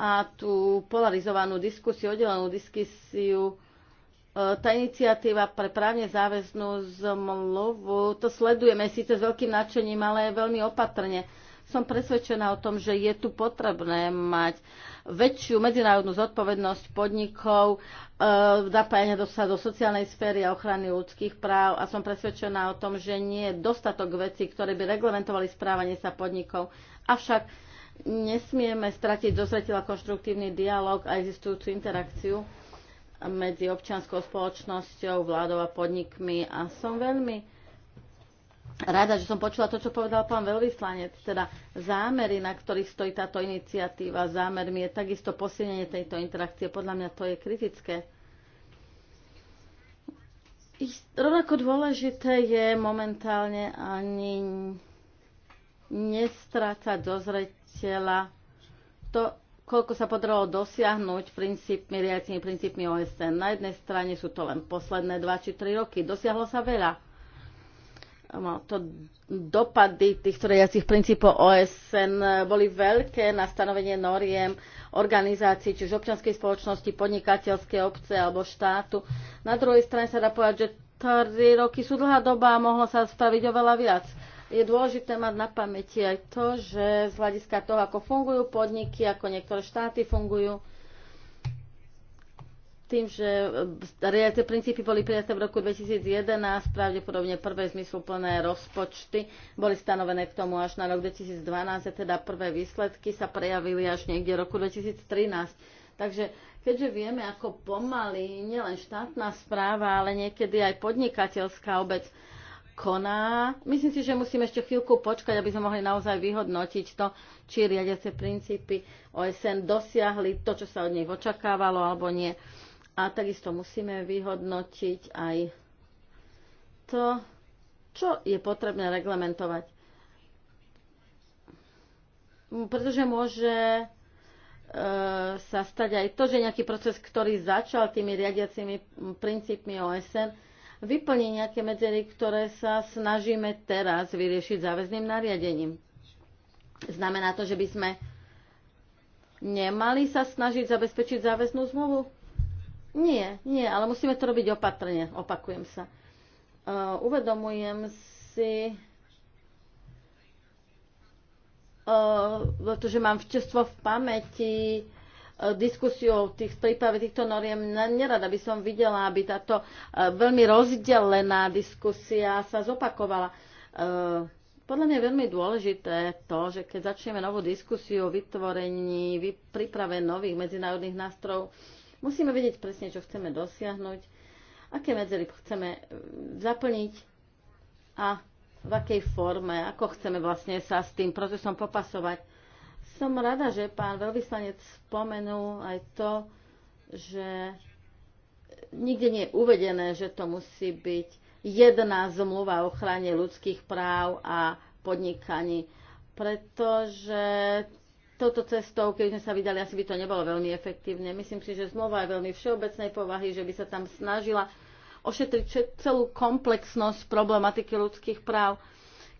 S3: a tú polarizovanú diskusiu, oddelenú diskusiu, e, tá iniciatíva pre právne záväznú zmluvu, to sledujeme síce s veľkým nadšením, ale veľmi opatrne. Som presvedčená o tom, že je tu potrebné mať väčšiu medzinárodnú zodpovednosť podnikov, e, zapájania do, sa do sociálnej sféry a ochrany ľudských práv a som presvedčená o tom, že nie je dostatok vecí, ktoré by reglementovali správanie sa podnikov. Avšak Nesmieme stratiť zo zretela konštruktívny dialog a existujúcu interakciu medzi občianskou spoločnosťou, vládou a podnikmi a som veľmi rada, že som počula to, čo povedal pán veľvyslanec, teda zámery, na ktorých stojí táto iniciatíva, zámermi je takisto posilnenie tejto interakcie. Podľa mňa to je kritické. Ich rovnako dôležité je momentálne ani nestrácať dozreť cieľa, to, koľko sa podarilo dosiahnuť princípmi, riadicimi princípmi OSN. Na jednej strane sú to len posledné 2 či 3 roky. Dosiahlo sa veľa. No, to dopady týchto riadiacich princípov OSN boli veľké na stanovenie noriem organizácií, čiže občianskej spoločnosti, podnikateľskej obce alebo štátu. Na druhej strane sa dá povedať, že 3 roky sú dlhá doba a mohlo sa spraviť oveľa viac je dôležité mať na pamäti aj to, že z hľadiska toho, ako fungujú podniky, ako niektoré štáty fungujú, tým, že tie princípy boli prijaté v roku 2011, pravdepodobne prvé zmysluplné rozpočty boli stanovené k tomu až na rok 2012, a teda prvé výsledky sa prejavili až niekde v roku 2013. Takže keďže vieme, ako pomaly nielen štátna správa, ale niekedy aj podnikateľská obec koná. Myslím si, že musíme ešte chvíľku počkať, aby sme mohli naozaj vyhodnotiť to, či riadiace princípy OSN dosiahli to, čo sa od nej očakávalo, alebo nie. A takisto musíme vyhodnotiť aj to, čo je potrebné reglementovať. Pretože môže e, sa stať aj to, že nejaký proces, ktorý začal tými riadiacimi princípmi OSN, vyplní nejaké medzery, ktoré sa snažíme teraz vyriešiť záväzným nariadením. Znamená to, že by sme nemali sa snažiť zabezpečiť záväznú zmluvu? Nie, nie, ale musíme to robiť opatrne, opakujem sa. Uh, uvedomujem si, uh, pretože mám včestvo v pamäti, diskusiu o tých príprave týchto noriem. Nerada by som videla, aby táto e, veľmi rozdelená diskusia sa zopakovala. E, podľa mňa je veľmi dôležité to, že keď začneme novú diskusiu o vytvorení, príprave nových medzinárodných nástrojov, musíme vedieť presne, čo chceme dosiahnuť, aké medzery chceme e, zaplniť a v akej forme, ako chceme vlastne sa s tým procesom popasovať. Som rada, že pán veľvyslanec spomenul aj to, že nikde nie je uvedené, že to musí byť jedna zmluva o ochrane ľudských práv a podnikaní, pretože touto cestou, keď sme sa vydali, asi by to nebolo veľmi efektívne. Myslím si, že zmluva je veľmi všeobecnej povahy, že by sa tam snažila ošetriť celú komplexnosť problematiky ľudských práv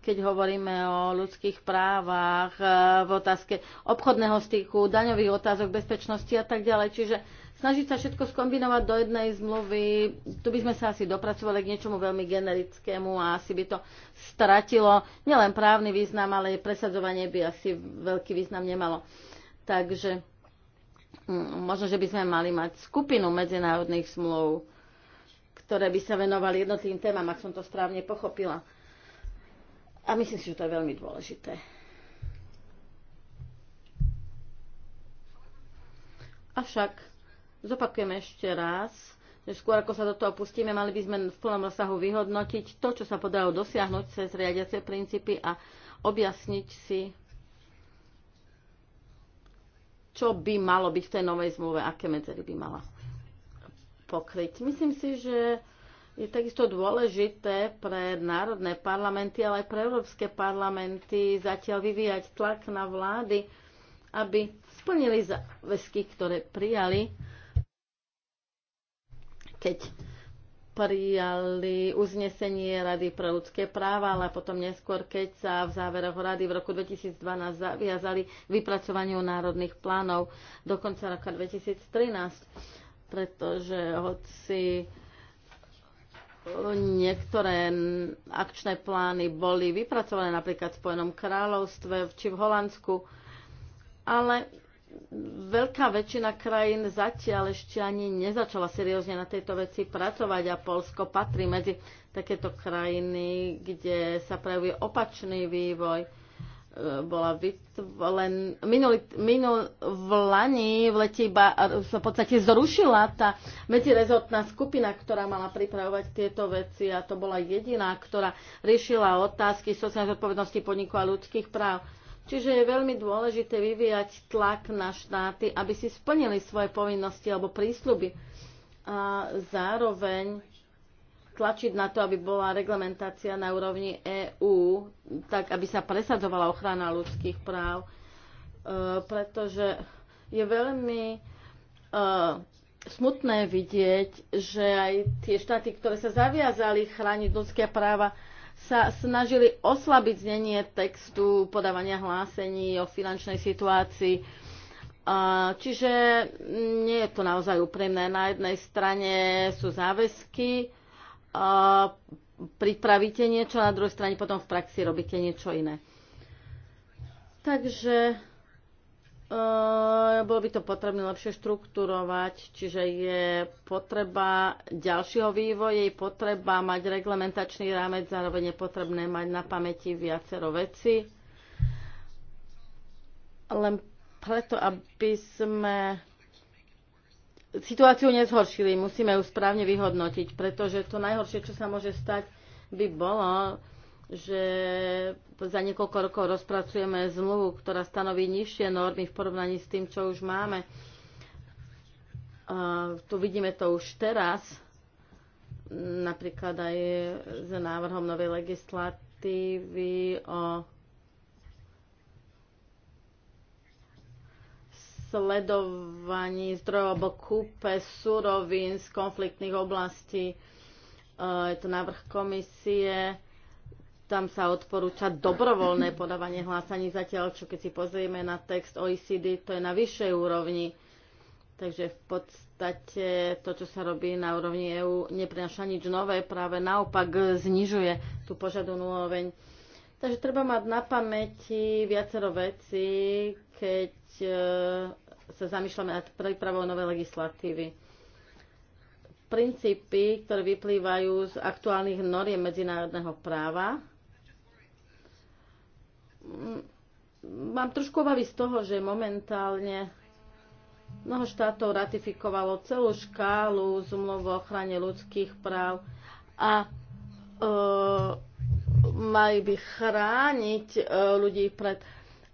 S3: keď hovoríme o ľudských právach, e, v otázke obchodného styku, daňových otázok, bezpečnosti a tak ďalej. Čiže snažiť sa všetko skombinovať do jednej zmluvy, tu by sme sa asi dopracovali k niečomu veľmi generickému a asi by to stratilo nielen právny význam, ale presadzovanie by asi veľký význam nemalo. Takže mm, možno, že by sme mali mať skupinu medzinárodných zmluv, ktoré by sa venovali jednotlivým témam, ak som to správne pochopila. A myslím si, že to je veľmi dôležité. Avšak zopakujem ešte raz, že skôr ako sa do toho pustíme, mali by sme v plnom rozsahu vyhodnotiť to, čo sa podalo dosiahnuť cez riadiace princípy a objasniť si, čo by malo byť v tej novej zmluve, aké medzery by mala pokryť. Myslím si, že je takisto dôležité pre národné parlamenty, ale aj pre európske parlamenty zatiaľ vyvíjať tlak na vlády, aby splnili záväzky, ktoré prijali, keď prijali uznesenie Rady pre ľudské práva, ale potom neskôr, keď sa v záveroch Rady v roku 2012 zaviazali vypracovaniu národných plánov do konca roka 2013, pretože hoci niektoré akčné plány boli vypracované napríklad v Spojenom kráľovstve či v Holandsku, ale veľká väčšina krajín zatiaľ ešte ani nezačala seriózne na tejto veci pracovať a Polsko patrí medzi takéto krajiny, kde sa prejavuje opačný vývoj bola vytvolen, minulý, minul, v Lani v lete iba sa v podstate zrušila tá medzirezortná skupina, ktorá mala pripravovať tieto veci a to bola jediná, ktorá riešila otázky sociálnej zodpovednosti podniku a ľudských práv. Čiže je veľmi dôležité vyvíjať tlak na štáty, aby si splnili svoje povinnosti alebo prísľuby. A zároveň tlačiť na to, aby bola reglementácia na úrovni EÚ, tak aby sa presadzovala ochrana ľudských práv, e, pretože je veľmi e, smutné vidieť, že aj tie štáty, ktoré sa zaviazali chrániť ľudské práva, sa snažili oslabiť znenie textu podávania hlásení o finančnej situácii. Čiže nie je to naozaj úprimné. Na jednej strane sú záväzky, a pripravíte niečo a na druhej strane potom v praxi robíte niečo iné. Takže e, bolo by to potrebné lepšie štrukturovať, čiže je potreba ďalšieho vývoja, je potreba mať reglementačný rámec, zároveň je potrebné mať na pamäti viacero veci. Len preto, aby sme situáciu nezhoršili, musíme ju správne vyhodnotiť, pretože to najhoršie, čo sa môže stať, by bolo, že za niekoľko rokov rozpracujeme zmluvu, ktorá stanoví nižšie normy v porovnaní s tým, čo už máme. tu vidíme to už teraz, napríklad aj s návrhom novej legislatívy o sledovaní zdrojov alebo kúpe surovín z konfliktných oblastí. E, je to návrh komisie. Tam sa odporúča dobrovoľné podávanie hlásaní zatiaľ, čo keď si pozrieme na text OECD, to je na vyššej úrovni. Takže v podstate to, čo sa robí na úrovni EÚ, neprináša nič nové, práve naopak znižuje tú požadovanú úroveň. Takže treba mať na pamäti viacero veci, keď e, sa zamýšľame nad prípravou novej legislatívy. Princípy, ktoré vyplývajú z aktuálnych noriem medzinárodného práva. Mm, mám trošku obavy z toho, že momentálne mnoho štátov ratifikovalo celú škálu zmluv o ochrane ľudských práv a e, mali by chrániť e, ľudí pred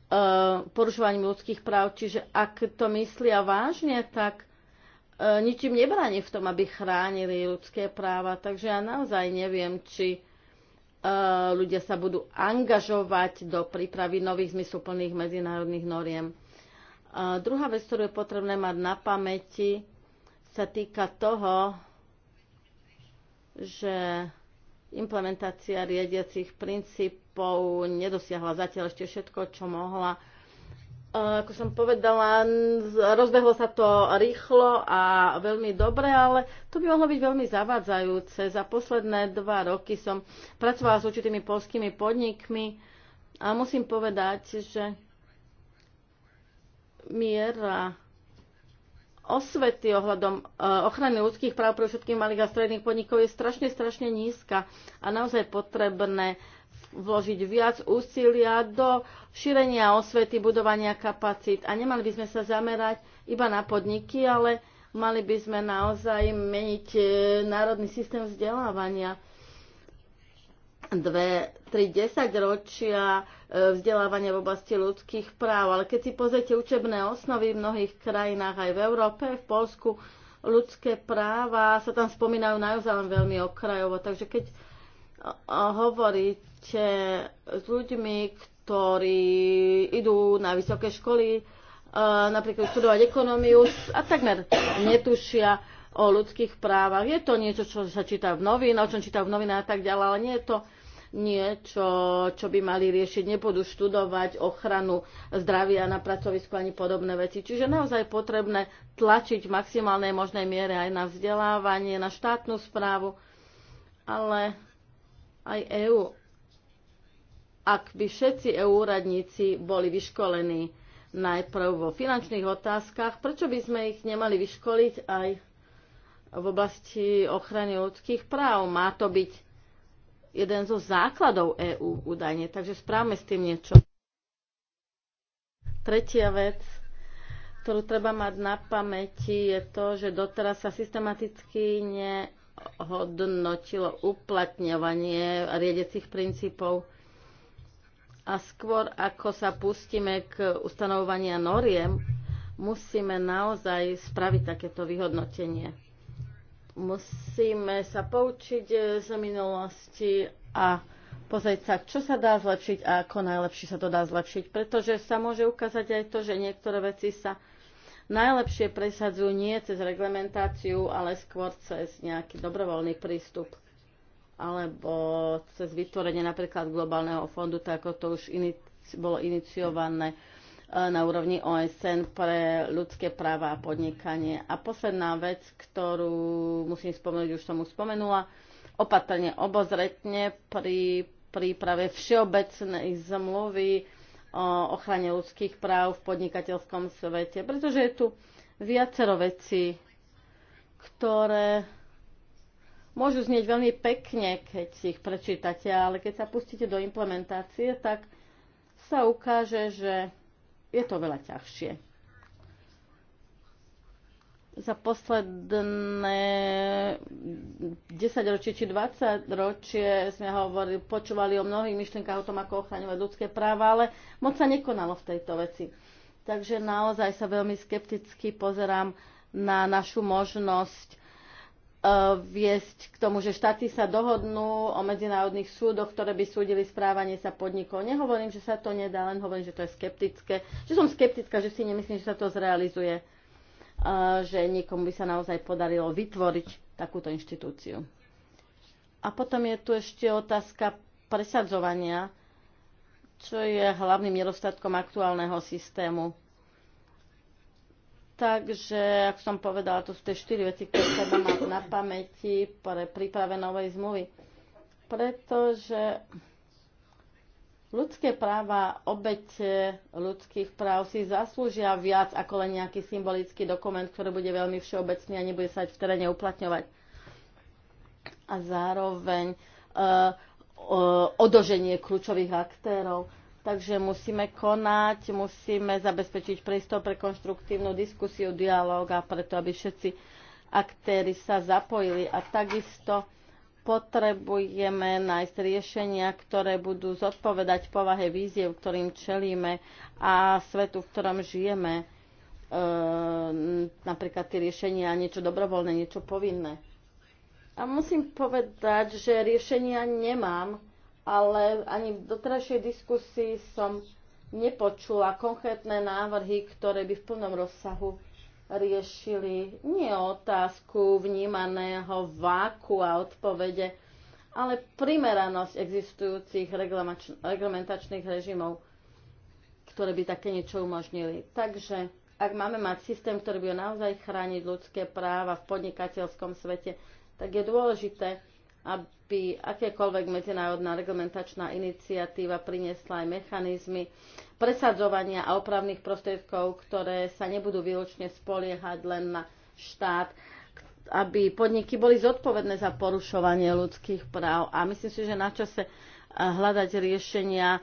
S3: Eh, porušovaním ľudských práv. Čiže ak to myslia vážne, tak eh, ničím nebráni v tom, aby chránili ľudské práva. Takže ja naozaj neviem, či eh, ľudia sa budú angažovať do prípravy nových zmysluplných medzinárodných noriem. A druhá vec, ktorú je potrebné mať na pamäti, sa týka toho, že implementácia riadiacich princípov nedosiahla zatiaľ ešte všetko, čo mohla. E, ako som povedala, rozbehlo sa to rýchlo a veľmi dobre, ale to by mohlo byť veľmi zavádzajúce. Za posledné dva roky som pracovala s určitými polskými podnikmi a musím povedať, že miera osvety ohľadom e, ochrany ľudských práv pre všetkých malých a stredných podnikov je strašne, strašne nízka a naozaj potrebné vložiť viac úsilia do šírenia osvety, budovania kapacít. A nemali by sme sa zamerať iba na podniky, ale mali by sme naozaj meniť e, národný systém vzdelávania dve, tri desaťročia e, vzdelávania v oblasti ľudských práv. Ale keď si pozrite učebné osnovy v mnohých krajinách, aj v Európe, v Polsku, ľudské práva sa tam spomínajú naozaj len veľmi okrajovo. Takže keď hovoríte s ľuďmi, ktorí idú na vysoké školy, e, napríklad študovať ekonómiu a takmer netušia o ľudských právach. Je to niečo, čo sa číta v novinách, o čom číta v novinách a tak ďalej, ale nie je to niečo, čo by mali riešiť. Nebudú študovať ochranu zdravia na pracovisku ani podobné veci. Čiže naozaj potrebné tlačiť v maximálnej možnej miere aj na vzdelávanie, na štátnu správu, ale aj EÚ. Ak by všetci EU úradníci boli vyškolení najprv vo finančných otázkach, prečo by sme ich nemali vyškoliť aj v oblasti ochrany ľudských práv. Má to byť jeden zo základov EÚ údajne, takže správme s tým niečo. Tretia vec, ktorú treba mať na pamäti, je to, že doteraz sa systematicky nehodnotilo uplatňovanie riedecích princípov a skôr ako sa pustíme k ustanovovania noriem, musíme naozaj spraviť takéto vyhodnotenie Musíme sa poučiť eh, z minulosti a pozrieť sa, čo sa dá zlepšiť a ako najlepšie sa to dá zlepšiť. Pretože sa môže ukázať aj to, že niektoré veci sa najlepšie presadzujú nie cez reglementáciu, ale skôr cez nejaký dobrovoľný prístup alebo cez vytvorenie napríklad globálneho fondu, tak ako to už bolo iniciované E, na úrovni OSN pre ľudské práva a podnikanie. A posledná vec, ktorú musím spomenúť, už som už spomenula, opatrne, obozretne pri príprave všeobecnej zmluvy o ochrane ľudských práv v podnikateľskom svete, pretože je tu viacero vecí, ktoré môžu znieť veľmi pekne, keď si ich prečítate, ale keď sa pustíte do implementácie, tak sa ukáže, že je to veľa ťažšie. Za posledné 10 ročie či 20 ročie sme hovorili, počúvali o mnohých myšlienkach o tom, ako ochraňovať ľudské práva, ale moc sa nekonalo v tejto veci. Takže naozaj sa veľmi skepticky pozerám na našu možnosť E, viesť k tomu, že štáty sa dohodnú o medzinárodných súdoch, ktoré by súdili správanie sa podnikov. Nehovorím, že sa to nedá, len hovorím, že to je skeptické. Že som skeptická, že si nemyslím, že sa to zrealizuje, e, že niekomu by sa naozaj podarilo vytvoriť takúto inštitúciu. A potom je tu ešte otázka presadzovania, čo je hlavným nedostatkom aktuálneho systému Takže, ako som povedala, to sú tie štyri veci, ktoré treba mať na pamäti pre príprave novej zmluvy. Pretože ľudské práva, obete ľudských práv si zaslúžia viac ako len nejaký symbolický dokument, ktorý bude veľmi všeobecný a nebude sa v teréne uplatňovať. A zároveň uh, uh, odoženie kľúčových aktérov takže musíme konať, musíme zabezpečiť priestor pre konštruktívnu diskusiu, dialog a preto, aby všetci aktéry sa zapojili. A takisto potrebujeme nájsť riešenia, ktoré budú zodpovedať povahe víziev, ktorým čelíme a svetu, v ktorom žijeme. E, napríklad tie riešenia niečo dobrovoľné, niečo povinné. A musím povedať, že riešenia nemám ale ani v doterajšej diskusii som nepočula konkrétne návrhy, ktoré by v plnom rozsahu riešili nie otázku vnímaného váku a odpovede, ale primeranosť existujúcich reglementačných režimov, ktoré by také niečo umožnili. Takže ak máme mať systém, ktorý by naozaj chrániť ľudské práva v podnikateľskom svete, tak je dôležité, aby akékoľvek medzinárodná reglementačná iniciatíva priniesla aj mechanizmy presadzovania a opravných prostriedkov, ktoré sa nebudú výlučne spoliehať len na štát, aby podniky boli zodpovedné za porušovanie ľudských práv. A myslím si, že na čase eh, hľadať riešenia,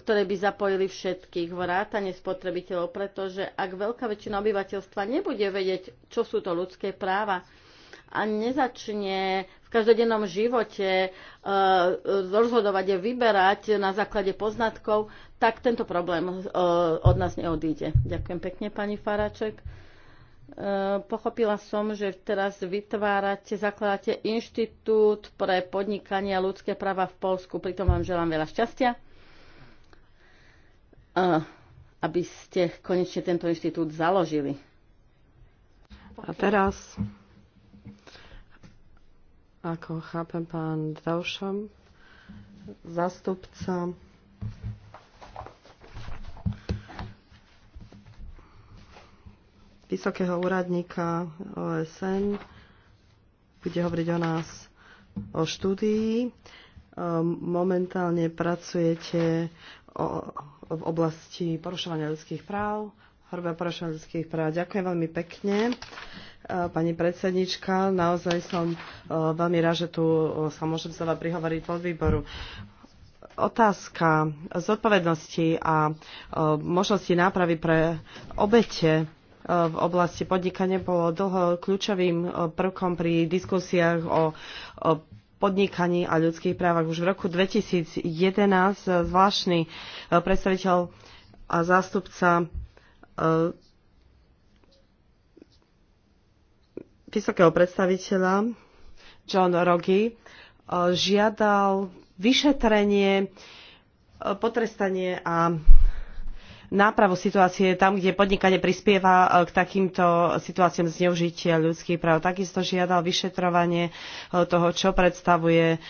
S3: ktoré by zapojili všetkých, vrátane spotrebiteľov, pretože ak veľká väčšina obyvateľstva nebude vedieť, čo sú to ľudské práva a nezačne v každodennom živote e, e, rozhodovať a vyberať na základe poznatkov, tak tento problém e, od nás neodíde. Ďakujem pekne, pani Faraček. Pochopila som, že teraz vytvárate, zakladáte inštitút pre podnikanie a ľudské práva v Polsku. Pritom vám želám veľa šťastia, aby ste konečne tento inštitút založili.
S4: A teraz ako chápem, pán Daušam, zastupca vysokého úradníka OSN bude hovoriť o nás o štúdii. Ehm, momentálne pracujete v oblasti porušovania ľudských práv Horvátsko ľudských práv. Ďakujem veľmi pekne. E, pani predsednička, naozaj som e, veľmi rád, že tu e, sa môžem znova prihovoriť pod výboru. Otázka zodpovednosti a možnosti nápravy pre obete v oblasti podnikania bolo dlho kľúčovým prvkom pri diskusiách o podnikaní a ľudských právach. Už v roku 2011 zvláštny predstaviteľ a zástupca E, vysokého predstaviteľa John Rogi e, žiadal vyšetrenie, e, potrestanie a nápravu situácie tam, kde podnikanie prispieva k takýmto situáciám zneužitia ľudských práv. Takisto žiadal vyšetrovanie toho, čo predstavuje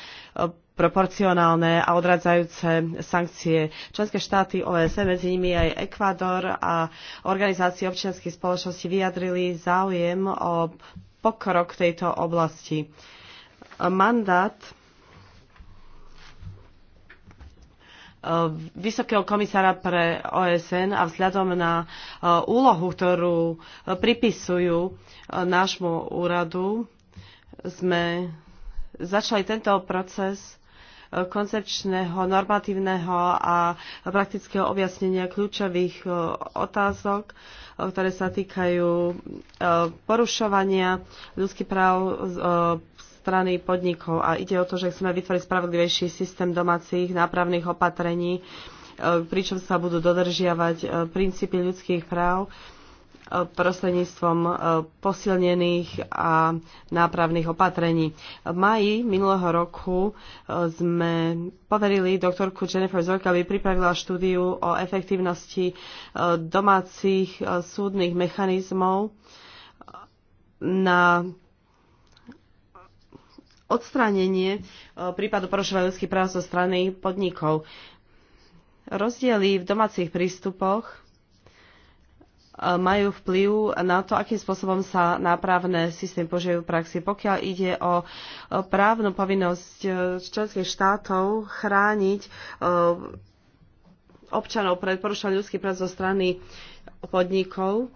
S4: proporcionálne a odradzajúce sankcie. Členské štáty OSN, medzi nimi aj Ekvador a organizácie občianskej spoločnosti vyjadrili záujem o pokrok tejto oblasti. Mandát eh, vysokého komisára pre OSN a vzhľadom na eh, úlohu, ktorú eh, pripisujú nášmu úradu, sme začali tento proces koncepčného, normatívneho a praktického objasnenia kľúčových e, otázok, e, ktoré sa týkajú e, porušovania ľudských práv strany podnikov. A ide o to, že chceme vytvoriť spravodlivejší systém domácich nápravných opatrení, pričom sa budú dodržiavať princípy ľudských práv prostredníctvom e, posilnených a nápravných opatrení. V maji minulého roku e, sme poverili doktorku Jennifer Zork, aby pripravila štúdiu o efektívnosti e, domácich súdnych mechanizmov na odstránenie prípadu porušovania ľudských práv zo strany podnikov. Rozdiely v domácich prístupoch Eh, majú vplyv na to, akým spôsobom sa nápravné systém požije v praxi. Pokiaľ ide o eh, právnu povinnosť eh, členských štátov chrániť občanov pred porušovaním ľudských práv zo strany podnikov,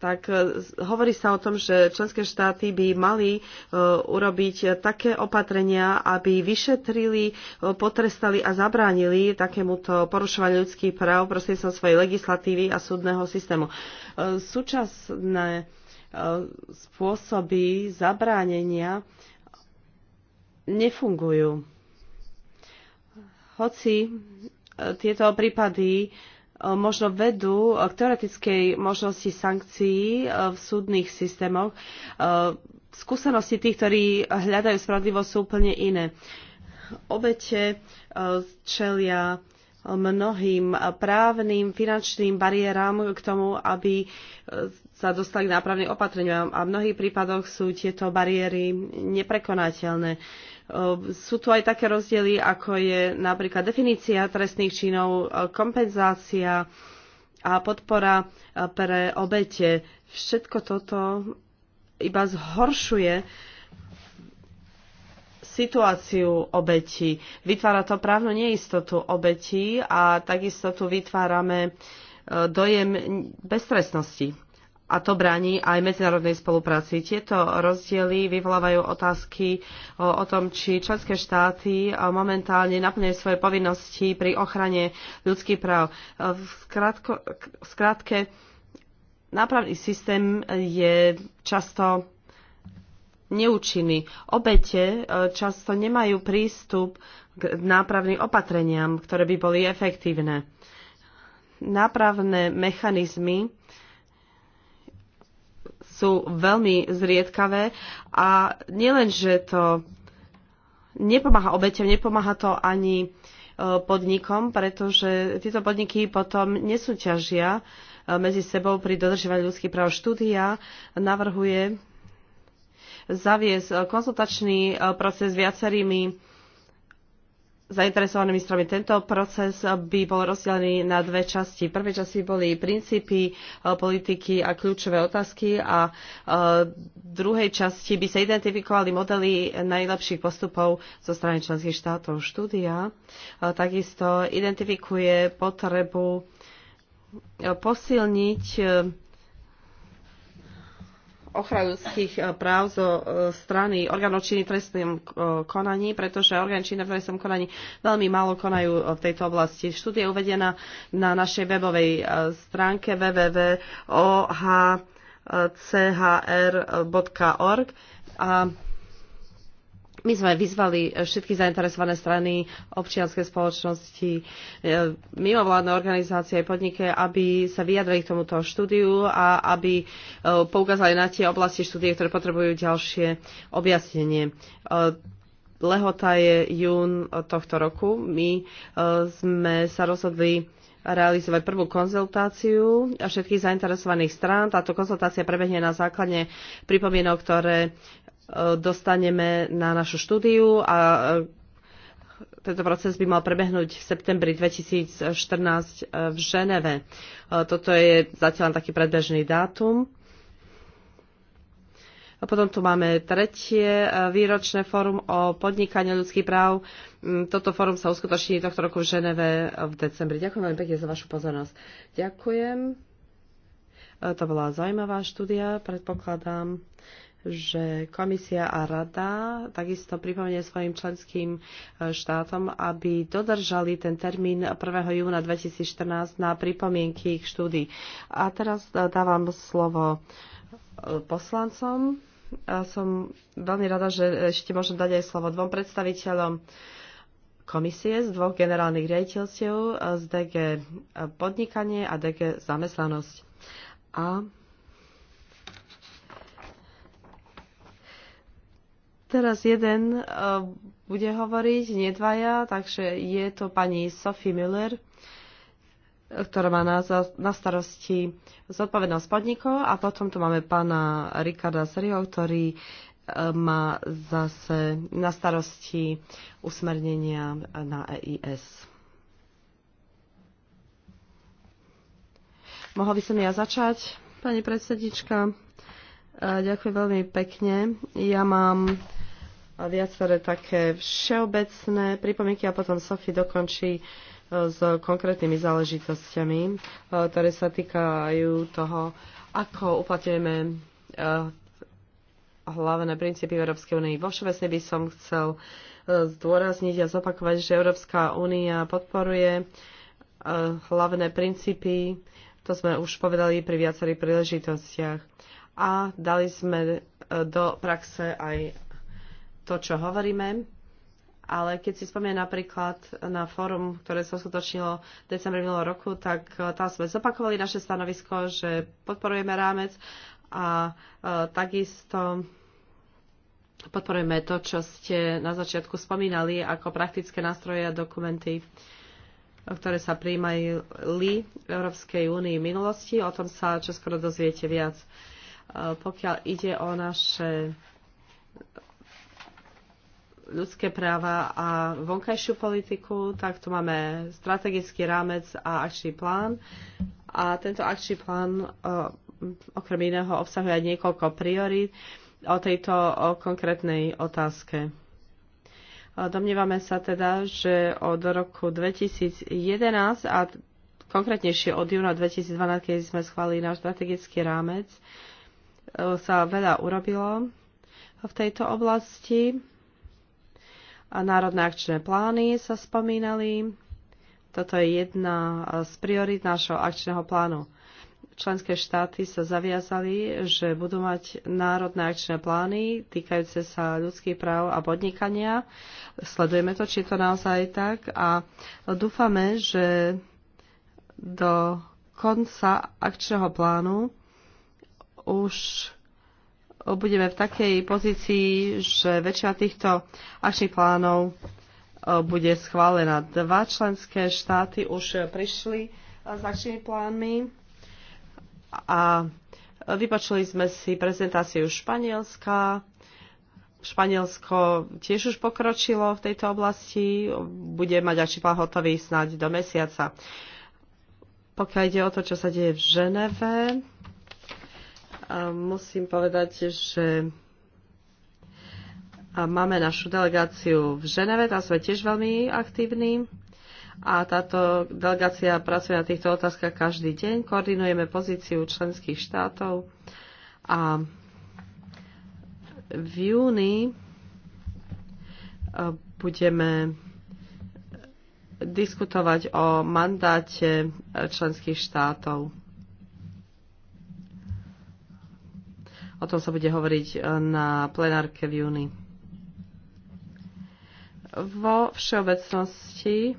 S4: tak e, hovorí sa o tom, že členské štáty by mali e, urobiť také opatrenia, aby vyšetrili, e, potrestali a zabránili takémuto porušovaniu ľudských práv prostredníctvom svojej legislatívy a súdneho systému. Súčasné spôsoby zabránenia nefungujú. Hoci tieto prípady uh, E, možno vedú e, k teoretickej možnosti sankcií e, v súdnych systémoch. Skúsenosti tých, ktorí hľadajú spravodlivosť, sú úplne iné. Obete čelia mnohým právnym, finančným bariéram k tomu, aby sa dostali k nápravným opatreniam. A v mnohých prípadoch sú tieto bariéry neprekonateľné. Ehm, sú tu aj také rozdiely, ako je napríklad definícia trestných činov, e, kompenzácia a podpora e, pre obete. Všetko toto iba zhoršuje situáciu obetí. Vytvára to právnu neistotu obetí a takisto tu vytvárame e, dojem beztrestnosti a to bráni aj medzinárodnej spolupráci. Tieto rozdiely vyvolávajú otázky o, e, o tom, či členské štáty e, momentálne naplňujú svoje povinnosti pri ochrane ľudských práv. E, v, skratke, nápravný systém je často neúčinný. Obete často nemajú prístup k nápravným opatreniam, ktoré by boli efektívne. Nápravné mechanizmy sú veľmi zriedkavé a nielen, že to nepomáha obeťom, nepomáha to ani e, podnikom, pretože tieto podniky potom nesúťažia e, medzi sebou pri dodržovaní ľudských práv. Štúdia navrhuje zaviesť e, konzultačný proces s viacerými zainteresovanými stranami. Tento proces by bol rozdelený na dve časti. Prvé časti boli princípy e, politiky a kľúčové otázky a e, v druhej časti by sa identifikovali modely najlepších postupov zo strany členských štátov. Štúdia e, takisto identifikuje potrebu posilniť ochranu ľudských e, práv zo e, strany orgánov činy trestným trestnom e, konaní, pretože orgány činy trestným trestnom konaní veľmi málo konajú v tejto oblasti. Štúdia je uvedená na našej webovej stránke www.ohchr.org a my sme vyzvali e, všetky zainteresované strany, občianske spoločnosti, e, mimovládne organizácie aj podniky, aby sa vyjadrili k tomuto štúdiu a aby e, poukázali na tie oblasti štúdie, ktoré potrebujú ďalšie objasnenie. Lehota je jún tohto roku. My sme sa rozhodli realizovať prvú konzultáciu všetkých zainteresovaných strán. Táto konzultácia prebehne na základe pripomienok, ktoré dostaneme na našu štúdiu a e, tento proces by mal prebehnúť v septembri 2014 e, v Ženeve. E, toto je zatiaľ taký predbežný dátum. A potom tu máme tretie výročné fórum o podnikaní ľudských práv. Mm, toto fórum sa uskutoční tohto roku v Ženeve v decembri. Ďakujem veľmi pekne za vašu pozornosť. Ďakujem. To bola zaujímavá štúdia, predpokladám, že komisia a rada takisto pripomenie svojim členským e, štátom, aby dodržali ten termín 1. júna 2014 na pripomienky ich štúdy. A teraz e, dávam slovo e, poslancom. A som veľmi rada, že ešte môžem dať aj slovo dvom predstaviteľom komisie z dvoch generálnych riaditeľstiev z DG podnikanie a DG zamestnanosť. A Teraz jeden uh, bude hovoriť, nie dvaja, takže je to pani Sophie Miller, ktorá má na, na starosti zodpovednosť podnikov a potom tu máme pána Rikarda Serio, ktorý uh, má zase na starosti usmernenia na EIS. Mohla by som ja začať, pani predsednička? Ďakujem veľmi pekne. Ja mám viaceré také všeobecné pripomienky a potom Sofie dokončí e, s konkrétnymi záležitosťami, e, ktoré sa týkajú toho, ako uplatňujeme e, hlavné princípy Európskej únie. Vo všeobecne by som chcel zdôrazniť a zopakovať, že Európska únia podporuje hlavné princípy, to sme už povedali pri viacerých príležitostiach a dali sme e, do praxe aj to, čo hovoríme. Ale keď si spomínam napríklad na fórum, ktoré sa uskutočnilo v decembri minulého roku, tak e, tam sme zopakovali naše stanovisko, že podporujeme rámec a e, takisto podporujeme to, čo ste na začiatku spomínali ako praktické nástroje a dokumenty, ktoré sa príjmali v Európskej únii v minulosti. O tom sa čoskoro dozviete viac. E, pokiaľ ide o naše ľudské práva a vonkajšiu politiku, tak tu máme strategický rámec a akčný plán. A tento akčný plán e, okrem iného obsahuje aj niekoľko priorít o tejto o konkrétnej otázke. E, domnievame sa teda, že od roku 2011 a konkrétnejšie od júna 2012, keď sme schválili náš strategický rámec, E, sa veľa urobilo v tejto oblasti. A národné akčné plány sa spomínali. Toto je jedna z priorit nášho akčného plánu. Členské štáty sa zaviazali, že budú mať národné akčné plány týkajúce sa ľudských práv a podnikania. Sledujeme to, či je to naozaj tak a dúfame, že do konca akčného plánu už budeme v takej pozícii, že väčšina týchto akčných plánov e, bude schválená. Dva členské štáty už prišli e, s akčnými plánmi a vypočuli sme si prezentáciu Španielska. Španielsko tiež už pokročilo v tejto oblasti, bude mať akčný plán hotový snáď do mesiaca. Pokiaľ ide o to, čo sa deje v Ženeve, a musím povedať, že máme našu delegáciu v Ženeve, tam sme tiež veľmi aktívni a táto delegácia pracuje na týchto otázkach každý deň. Koordinujeme pozíciu členských štátov a v júni e, budeme diskutovať o mandáte členských štátov. O tom sa bude hovoriť e, na plenárke v júni. Vo všeobecnosti e,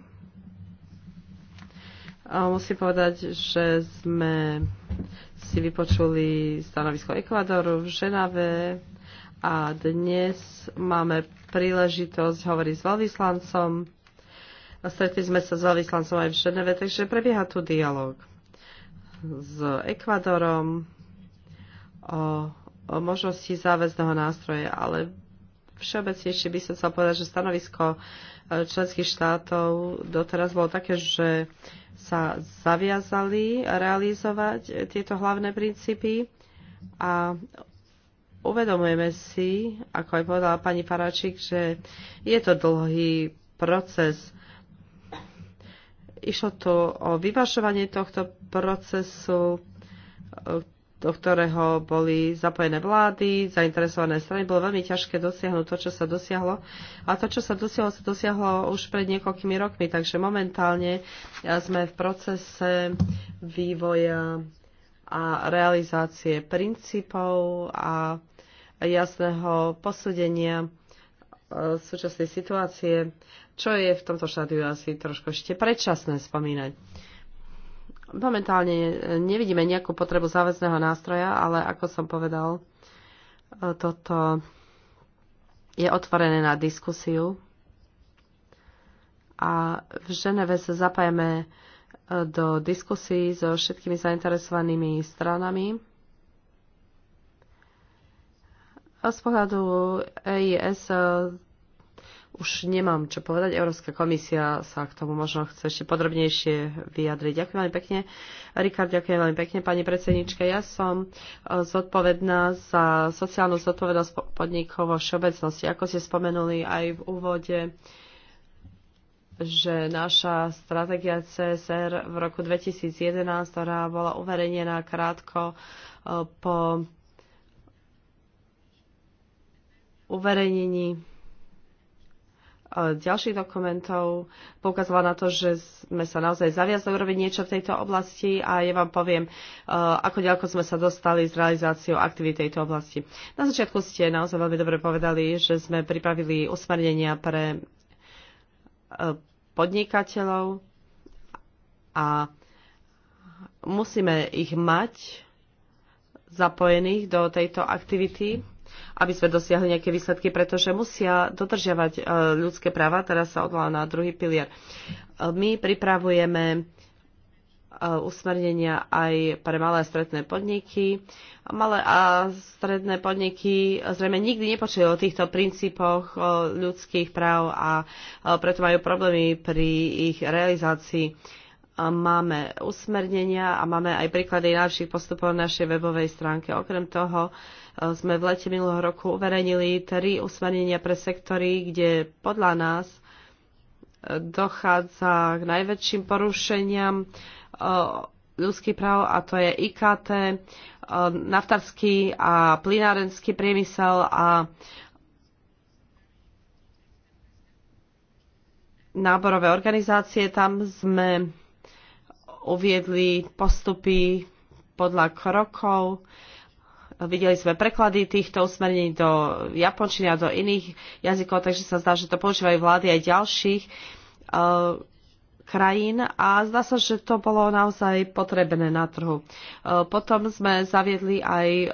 S4: musím povedať, že sme si vypočuli stanovisko Ekvadoru v Ženave a dnes máme príležitosť hovoriť s veľvyslancom. Stretli sme sa s veľvyslancom aj v Ženeve, takže prebieha tu dialog s Ekvadorom o možnosti záväzného nástroja, ale všeobecnejšie by som chcel povedať, že stanovisko e, členských štátov doteraz bolo také, že sa zaviazali realizovať tieto hlavné princípy a uvedomujeme si, ako aj povedala pani Paračík, že je to dlhý proces. Išlo to o vyvašovanie tohto procesu, e, do ktorého boli zapojené vlády, zainteresované strany, bolo veľmi ťažké dosiahnuť to, čo sa dosiahlo. A to, čo sa dosiahlo, sa dosiahlo už pred niekoľkými rokmi, takže momentálne sme v procese vývoja a realizácie princípov a jasného posúdenia e, súčasnej situácie, čo je v tomto štádiu asi trošku ešte predčasné spomínať. Momentálne eh, nevidíme nejakú potrebu záväzného nástroja, ale ako som povedal, eh, toto je otvorené na diskusiu a v Ženeve sa zapájame eh, do diskusí so všetkými zainteresovanými stranami. A z pohľadu EIS už nemám čo povedať. Európska komisia sa k tomu možno chce ešte podrobnejšie vyjadriť. Ďakujem veľmi pekne. Rikard, ďakujem veľmi pekne. Pani predsednička, ja som e, zodpovedná za sociálnu zodpovednosť podnikov vo všeobecnosti. Ako ste spomenuli aj v úvode, že naša stratégia CSR v roku 2011, ktorá bola uverejnená krátko e, po uverejnení E, ďalších dokumentov poukazovala na to, že sme sa naozaj zaviazali urobiť niečo v tejto oblasti a ja vám poviem, e, ako ďaleko sme sa dostali s realizáciou aktivít tejto oblasti. Na začiatku ste naozaj veľmi dobre povedali, že sme pripravili usmernenia pre e, podnikateľov a musíme ich mať zapojených do tejto aktivity aby sme dosiahli nejaké výsledky, pretože musia dodržiavať e, ľudské práva. Teraz sa odvolá na druhý pilier. E, my pripravujeme e, usmernenia aj pre malé a stredné podniky. Malé a stredné podniky zrejme nikdy nepočuli o týchto princípoch ľudských práv a preto majú problémy pri ich realizácii máme usmernenia a máme aj príklady najlepších postupov na našej webovej stránke. Okrem toho e, sme v lete minulého roku uverejnili tri usmernenia pre sektory, kde podľa nás e, dochádza k najväčším porušeniam e, ľudských práv a to je IKT, naftarský a plinárenský priemysel a náborové organizácie. Tam sme uviedli postupy podľa krokov. Videli sme preklady týchto usmernení do japončiny a do iných jazykov, takže sa zdá, že to používajú vlády aj ďalších eh, krajín a zdá sa, že to bolo naozaj potrebné na trhu. Eh, potom sme zaviedli aj eh,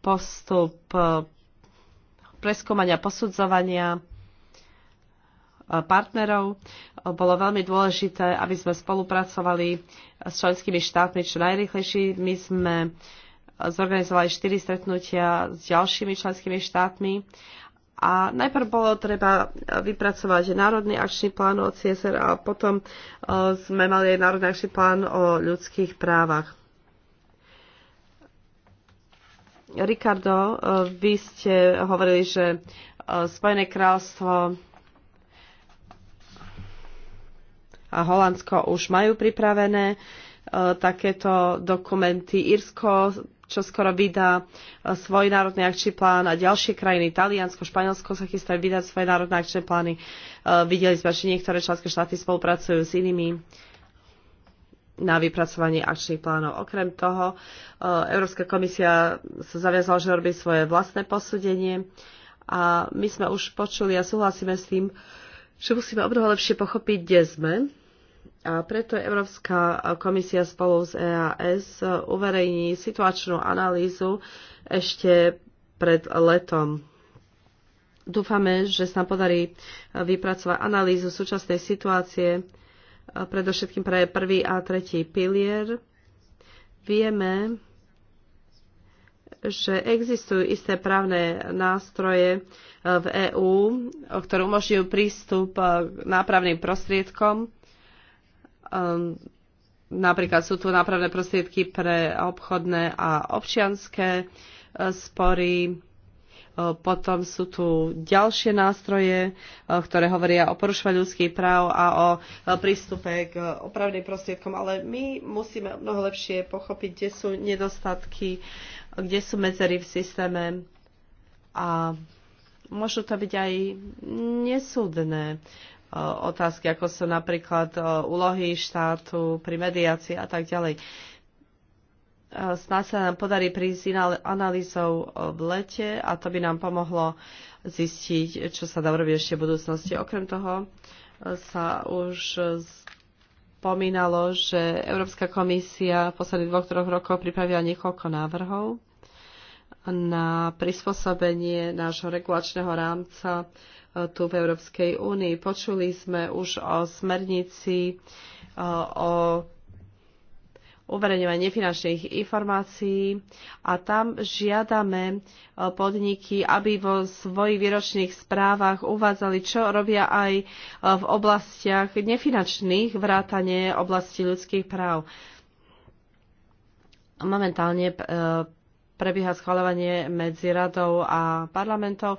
S4: postup preskúmania, posudzovania E, partnerov. Bolo veľmi dôležité, aby sme spolupracovali s členskými štátmi čo najrychlejšie. My sme zorganizovali štyri stretnutia s ďalšími členskými štátmi. A najprv bolo treba vypracovať národný akčný plán o CSR a potom e, sme mali aj národný akčný plán o ľudských právach. Ricardo, e, vy ste hovorili, že Spojené kráľstvo a Holandsko už majú pripravené e, takéto dokumenty. Irsko čo skoro vydá e, svoj národný akčný plán a ďalšie krajiny, Taliansko, Španielsko sa chystajú vydať svoje národné akčné plány. E, videli sme, že niektoré členské štáty spolupracujú s inými na vypracovanie akčných plánov. Okrem toho, Európska komisia sa zaviazala, že robí svoje vlastné posúdenie a my sme už počuli a súhlasíme s tým, že musíme obnoho lepšie pochopiť, kde sme a preto Európska komisia spolu s EAS uverejní situačnú analýzu ešte pred letom. Dúfame, že sa nám podarí vypracovať analýzu súčasnej situácie, e, predovšetkým pre prvý a tretí pilier. Vieme, že existujú isté právne nástroje e, v EÚ, ktoré umožňujú prístup k e, nápravným prostriedkom Ehm, napríklad sú tu nápravné prostriedky pre obchodné a občianské e, spory. E, potom sú tu ďalšie nástroje, e, ktoré hovoria o porušovaní ľudských práv a o prístupe k opravným prostriedkom, ale my musíme mnoho lepšie pochopiť, kde sú nedostatky, kde sú medzery v systéme a môžu to byť aj nesúdne Eh, otázky, ako sú napríklad eh, úlohy štátu pri mediácii a tak ďalej. Eh, snáď sa nám podarí prísť analýzou v lete a to by nám pomohlo zistiť, čo sa dá robiť ešte v budúcnosti. Okrem toho sa už spomínalo, že Európska komisia v posledných dvoch, troch rokoch pripravila niekoľko návrhov na prispôsobenie nášho regulačného rámca E, tu v Európskej únii. Počuli sme už o smernici e, o uverejňovanie nefinančných informácií a tam žiadame e, podniky, aby vo svojich výročných správach uvádzali, čo robia aj v oblastiach nefinančných, vrátane oblasti ľudských práv. Momentálne prebieha schvalovanie medzi radou a parlamentom.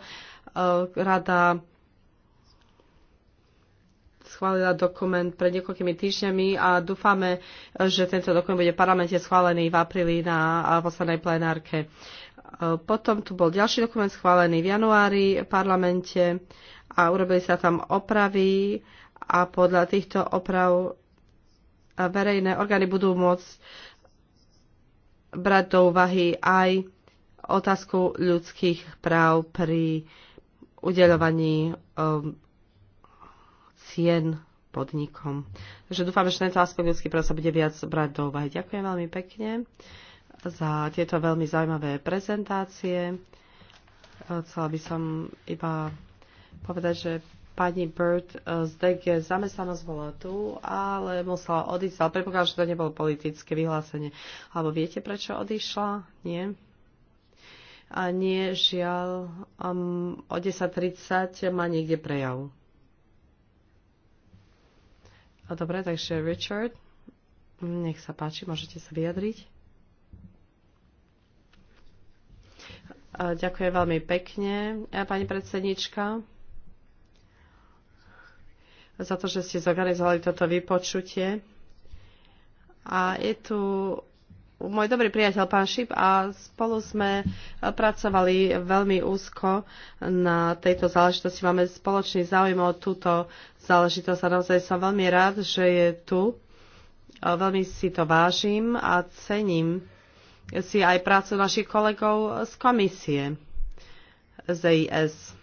S4: E, rada schválila dokument pred niekoľkými týždňami a dúfame, že tento dokument bude v parlamente schválený v apríli na poslednej plenárke. E, potom tu bol ďalší dokument schválený v januári v parlamente a urobili sa tam opravy a podľa týchto oprav verejné orgány budú môcť brať do úvahy aj otázku ľudských práv pri udeľovaní um, cien podnikom. Takže dúfam, že tento aspekt ľudský práv sa bude viac brať do úvahy. Ďakujem veľmi pekne za tieto veľmi zaujímavé prezentácie. Ehm, chcela by som iba povedať, že pani Bird ehm, z DG zamestnanosť bola tu, ale musela odísť, ale predpokladám, že to nebolo politické vyhlásenie. Alebo viete, prečo odišla? Nie? a nie žiaľ um, o 10.30 má niekde prejav. A dobre, takže Richard, nech sa páči, môžete sa vyjadriť. A ďakujem veľmi pekne, pani predsednička, za to, že ste zorganizovali toto vypočutie. A je tu môj dobrý priateľ pán Šip a spolu sme pracovali veľmi úzko na tejto záležitosti. Máme spoločný záujem o túto záležitosť a naozaj som veľmi rád, že je tu. Veľmi si to vážim a cením si aj prácu našich kolegov z komisie ZIS.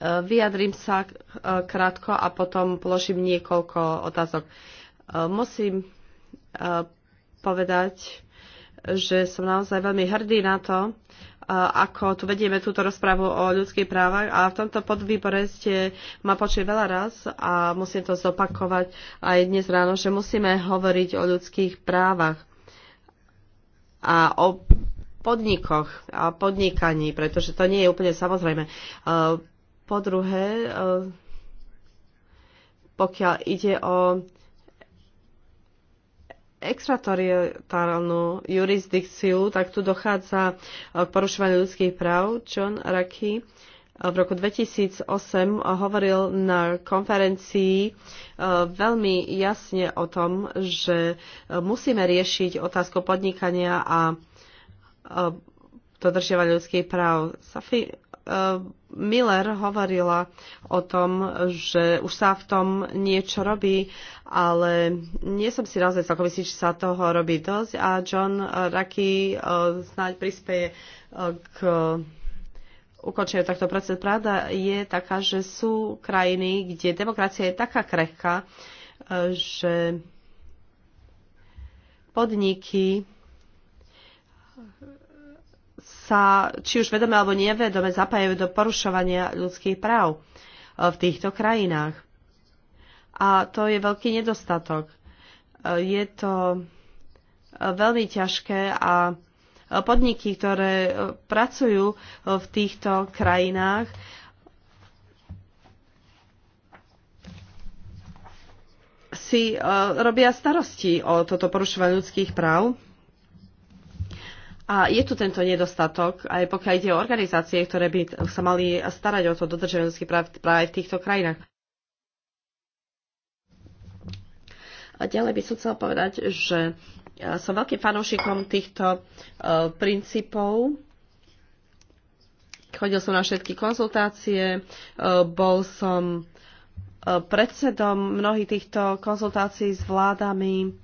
S4: Vyjadrím sa krátko a potom položím niekoľko otázok. Eh, musím eh, povedať, že som naozaj veľmi hrdý na to, eh, ako tu vedieme túto rozprávu o ľudských právach a v tomto podvýbore ste ma počuli veľa raz a musím to zopakovať aj dnes ráno, že musíme hovoriť o ľudských právach a o podnikoch a podnikaní, pretože to nie je úplne samozrejme. Po druhé, pokiaľ ide o extratoriálnu jurisdikciu, tak tu dochádza k e, porušovaniu ľudských práv. John Raki e, v roku 2008 hovoril na konferencii e, veľmi jasne o tom, že musíme riešiť otázku podnikania a dodržiavania ľudských práv. Safi Eh, Miller hovorila o tom, že už sa v tom niečo robí, ale nie som si naozaj celkom istý, či sa toho robí dosť a John Raki eh, snáď prispieje eh, k ukončenie takto procesu. Pravda je taká, že sú krajiny, kde demokracia je taká krehká, že podniky sa, či už vedome alebo nevedome, zapájajú do porušovania ľudských práv e, v týchto krajinách. A to je veľký nedostatok. E, je to e, veľmi ťažké a podniky, ktoré pracujú v týchto krajinách, si robia starosti o toto porušovanie ľudských práv a je tu tento nedostatok, aj pokiaľ ide o organizácie, ktoré by sa mali starať o to dodržovanie ľudských práv práve v týchto krajinách. A ďalej by som chcela povedať, že som veľkým fanúšikom týchto uh, princípov. Chodil som na všetky konzultácie, uh, bol som uh, predsedom mnohých týchto konzultácií s vládami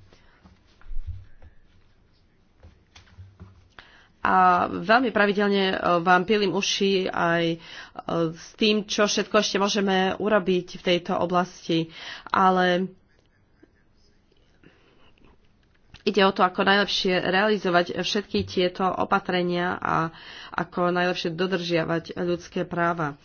S4: a veľmi pravidelne e, vám pilím uši aj e, s tým, čo všetko ešte môžeme urobiť v tejto oblasti. Ale ide o to, ako najlepšie realizovať všetky tieto opatrenia a ako najlepšie dodržiavať ľudské práva.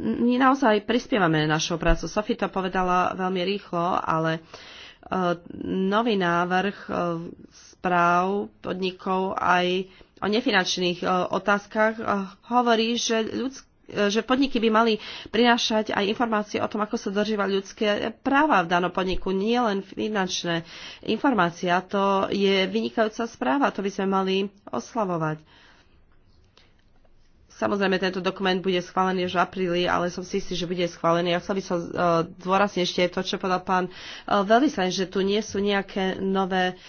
S4: My naozaj prispievame našou prácu. Sofie to povedala veľmi rýchlo, ale uh, nový návrh e, správ podnikov aj o nefinančných e, otázkach e, hovorí, že, ľudsk- že podniky by mali prinášať aj informácie o tom, ako sa dožíva ľudské práva v danom podniku, nie len finančné informácie. A to je vynikajúca správa, to by sme mali oslavovať. Samozrejme, tento dokument bude schválený už v apríli, ale som si istý, že bude schválený. Ja chcel by som uh, e, dôrazne ešte to, čo povedal pán uh, e, Veľvyslan, že tu nie sú nejaké nové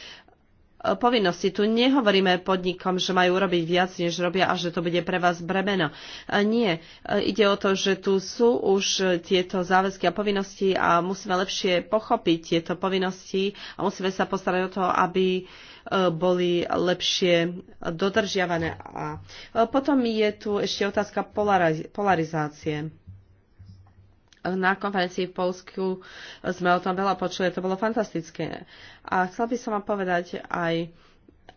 S4: E, povinnosti. Tu nehovoríme podnikom, že majú robiť viac, než robia a že to bude pre vás bremeno. E, nie. E, ide o to, že tu sú už tieto záväzky a povinnosti a musíme lepšie pochopiť tieto povinnosti a musíme sa postarať o to, aby boli lepšie dodržiavané. A potom je tu ešte otázka polarizácie na konferencii v Polsku sme o tom veľa počuli, to bolo fantastické. A chcel by som vám povedať aj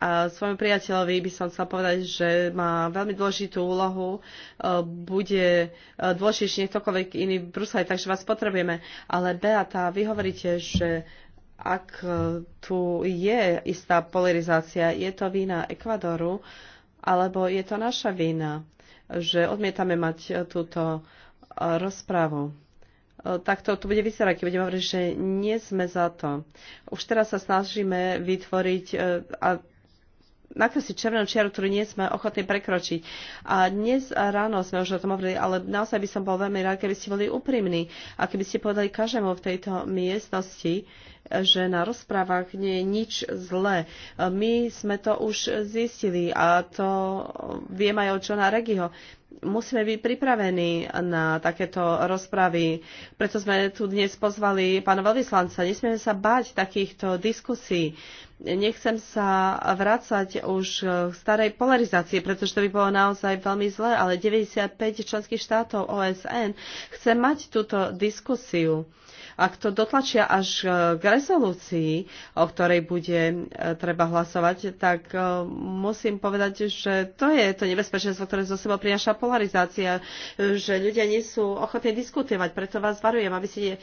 S4: a svojmu priateľovi by som chcel povedať, že má veľmi dôležitú úlohu, e, bude e, dôležitejší ktokoľvek iný v Bruseli, takže vás potrebujeme. Ale Beata, vy hovoríte, že ak e, tu je istá polarizácia, je to vina Ekvadoru, alebo je to naša vina, že odmietame mať túto rozprávu. E, tak to, to bude vyzerať, keď budeme hovoriť, že nie sme za to. Už teraz sa snažíme vytvoriť e, a nakresliť červenú čiaru, ktorú nie sme ochotní prekročiť. A dnes ráno sme už o tom hovorili, ale naozaj by som bol veľmi rád, keby ste boli úprimní a keby ste povedali každému v tejto miestnosti, že na rozprávach nie je nič zlé. E, my sme to už zistili a to viem aj od Johna Regiho musíme byť pripravení na takéto rozpravy. Preto sme tu dnes pozvali pána veľvyslanca. Nesmieme sa báť takýchto diskusí. Nechcem sa vrácať už k starej polarizácii, pretože to by bolo naozaj veľmi zlé, ale 95 členských štátov OSN chce mať túto diskusiu ak to dotlačia až k rezolúcii, o ktorej bude e, treba hlasovať, tak e, musím povedať, že to je to nebezpečenstvo, ktoré zo sebou prináša polarizácia, e, že ľudia nie sú ochotní diskutovať. Preto vás varujem, aby ste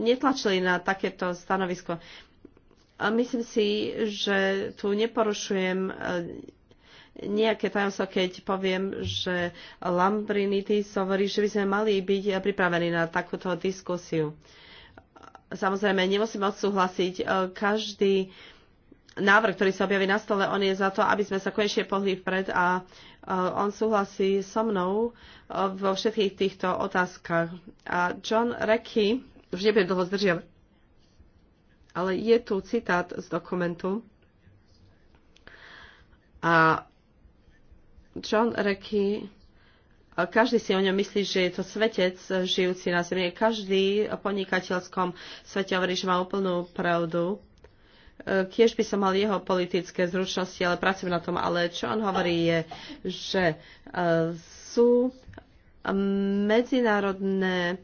S4: netlačili na takéto stanovisko. A myslím si, že tu neporušujem nejaké tajomstvo, keď poviem, že Lambrinitis hovorí, že by sme mali byť pripravení na takúto diskusiu. Samozrejme, nemusíme odsúhlasiť e, každý návrh, ktorý sa objaví na stole, on je za to, aby sme sa konečne pohli vpred a e, on súhlasí so mnou e, vo všetkých týchto otázkach. A John Recky, už nebudem dlho zdržiavať, ale je tu citát z dokumentu a John Reky, každý si o ňom myslí, že je to svetec žijúci na Zemi. Každý o podnikateľskom svete hovorí, že má úplnú pravdu. E, kiež by som mal jeho politické zručnosti, ale pracujem na tom. Ale čo on hovorí je, že e, sú medzinárodné e,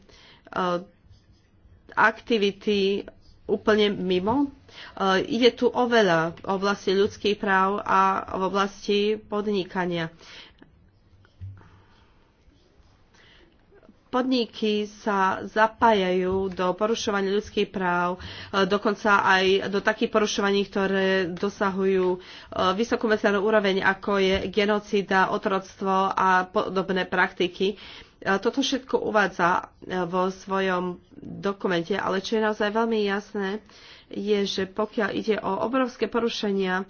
S4: aktivity úplne mimo. E, ide tu o veľa v oblasti ľudských práv a v oblasti podnikania. Podniky sa zapájajú do porušovania ľudských práv, e, dokonca aj do takých porušovaní, ktoré dosahujú e, vysokú medzinárodnú úroveň, ako je genocída, otroctvo a podobné praktiky. Toto všetko uvádza vo svojom dokumente, ale čo je naozaj veľmi jasné, je, že pokiaľ ide o obrovské porušenia e,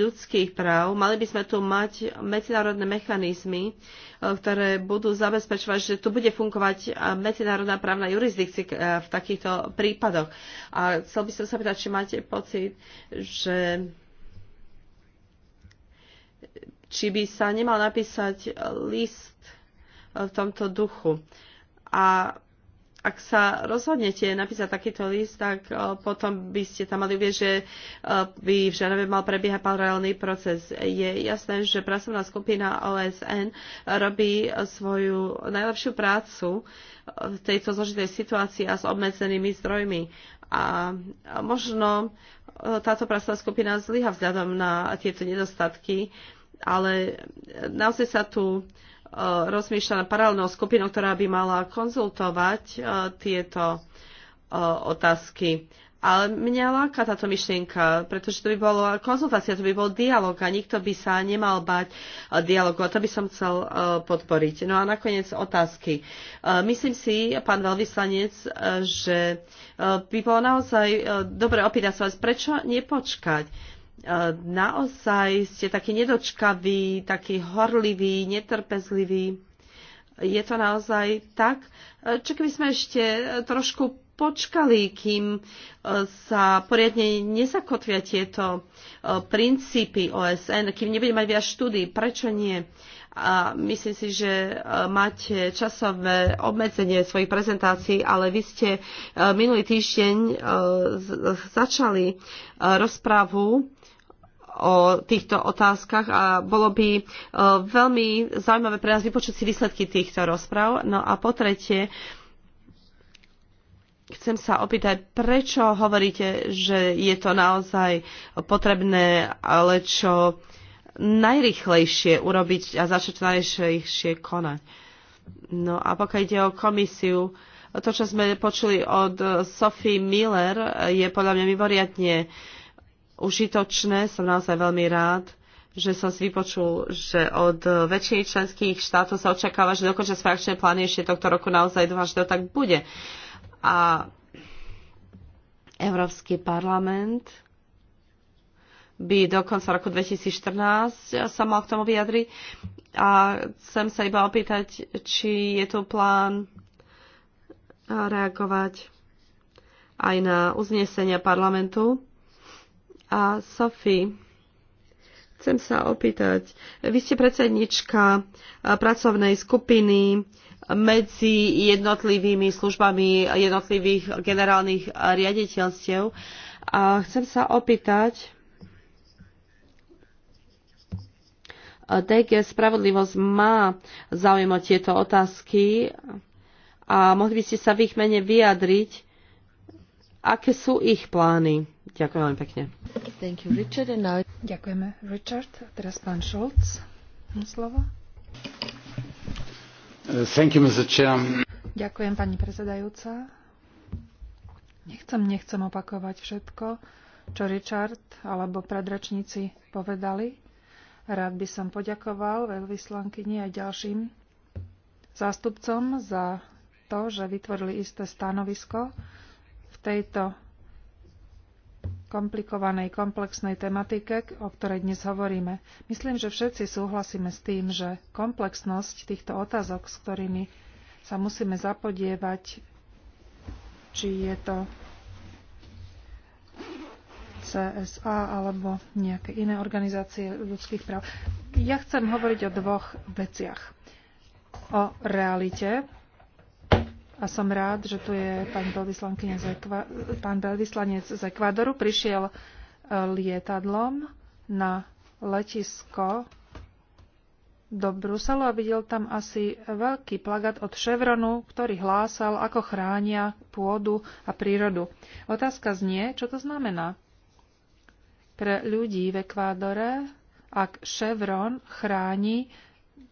S4: ľudských práv, mali by sme tu mať medzinárodné mechanizmy, e, ktoré budú zabezpečovať, že tu bude fungovať e, medzinárodná právna jurisdikcia v takýchto prípadoch. A chcel by som sa pýtať, či máte pocit, že či by sa nemal napísať list v tomto duchu. A ak sa rozhodnete napísať takýto list, tak e, potom by ste tam mali uvieť, že e, by v Ženeve mal prebiehať paralelný proces. Je jasné, že pracovná skupina OSN robí svoju najlepšiu prácu v tejto zložitej situácii a s obmedzenými zdrojmi. A možno e, táto pracovná skupina zlyha vzhľadom na tieto nedostatky, ale naozaj sa tu uh, Eh, rozmýšľa nad paralelnou skupinou, ktorá by mala konzultovať eh, tieto eh, otázky. Ale mňa láka táto myšlienka, pretože to by bola konzultácia, to by bol dialog a nikto by sa nemal bať dialogu a to by som chcel podporiť. No a nakoniec otázky. Myslím si, pán veľvyslanec, že by bolo naozaj dobre opýtať sa vás, prečo nepočkať? E, naozaj ste taký nedočkavý, taký horlivý, netrpezlivý. Je to naozaj tak? E, čo keby sme ešte trošku počkali, kým e, sa poriadne nezakotvia tieto princípy OSN, kým nebude mať viac štúdí, prečo nie? A myslím si, že máte časové obmedzenie svojich prezentácií, ale vy ste minulý týždeň začali rozprávu o týchto otázkach a bolo by e, veľmi zaujímavé pre nás vypočuť si výsledky týchto rozpráv. No a po tretie, chcem sa opýtať, prečo hovoríte, že je to naozaj potrebné, ale čo najrychlejšie urobiť a začať najrychlejšie konať. No a pokiaľ ide o komisiu, to, čo sme počuli od Sophie Miller, je podľa mňa vyvoriadne uh, užitočné. Som naozaj veľmi rád, že som si vypočul, že od väčšiny členských štátov sa očakáva, že dokončia svoje akčné plány ešte tohto roku. Naozaj dúfam, že to tak bude. A Európsky parlament by do konca roku 2014 sa mal k tomu vyjadriť. A chcem sa iba opýtať, či je tu plán reagovať aj na uznesenia parlamentu a Sophie. Chcem sa opýtať, vy ste predsednička pracovnej skupiny medzi jednotlivými službami jednotlivých generálnych riaditeľstiev. A chcem sa opýtať, DG Spravodlivosť má záujem o tieto otázky a mohli by ste sa v ich mene vyjadriť aké sú ich plány. Ďakujem veľmi pekne.
S2: Thank you, Richard, and now... Ďakujeme, Richard. A teraz pán Scholz. Slovo. Uh, thank you, Mr. Chair. Ďakujem, pani prezedajúca. Nechcem, nechcem opakovať všetko, čo Richard alebo predračníci povedali. Rád by som poďakoval veľvyslankyni a ďalším zástupcom za to, že vytvorili isté stanovisko, tejto komplikovanej, komplexnej tematike, o ktorej dnes hovoríme. Myslím, že všetci súhlasíme s tým, že komplexnosť týchto otázok, s ktorými sa musíme zapodievať, či je to CSA alebo nejaké iné organizácie ľudských práv. Ja chcem hovoriť o dvoch veciach. O realite, a som rád, že tu je pán veľvyslankyňa z, Ekva- pán veľvyslanec z Ekvádoru. Prišiel e, lietadlom na letisko do Bruselu a videl tam asi veľký plagát od Chevronu, ktorý hlásal, ako chránia pôdu a prírodu. Otázka znie, čo to znamená pre ľudí v Ekvádore, ak Chevron chráni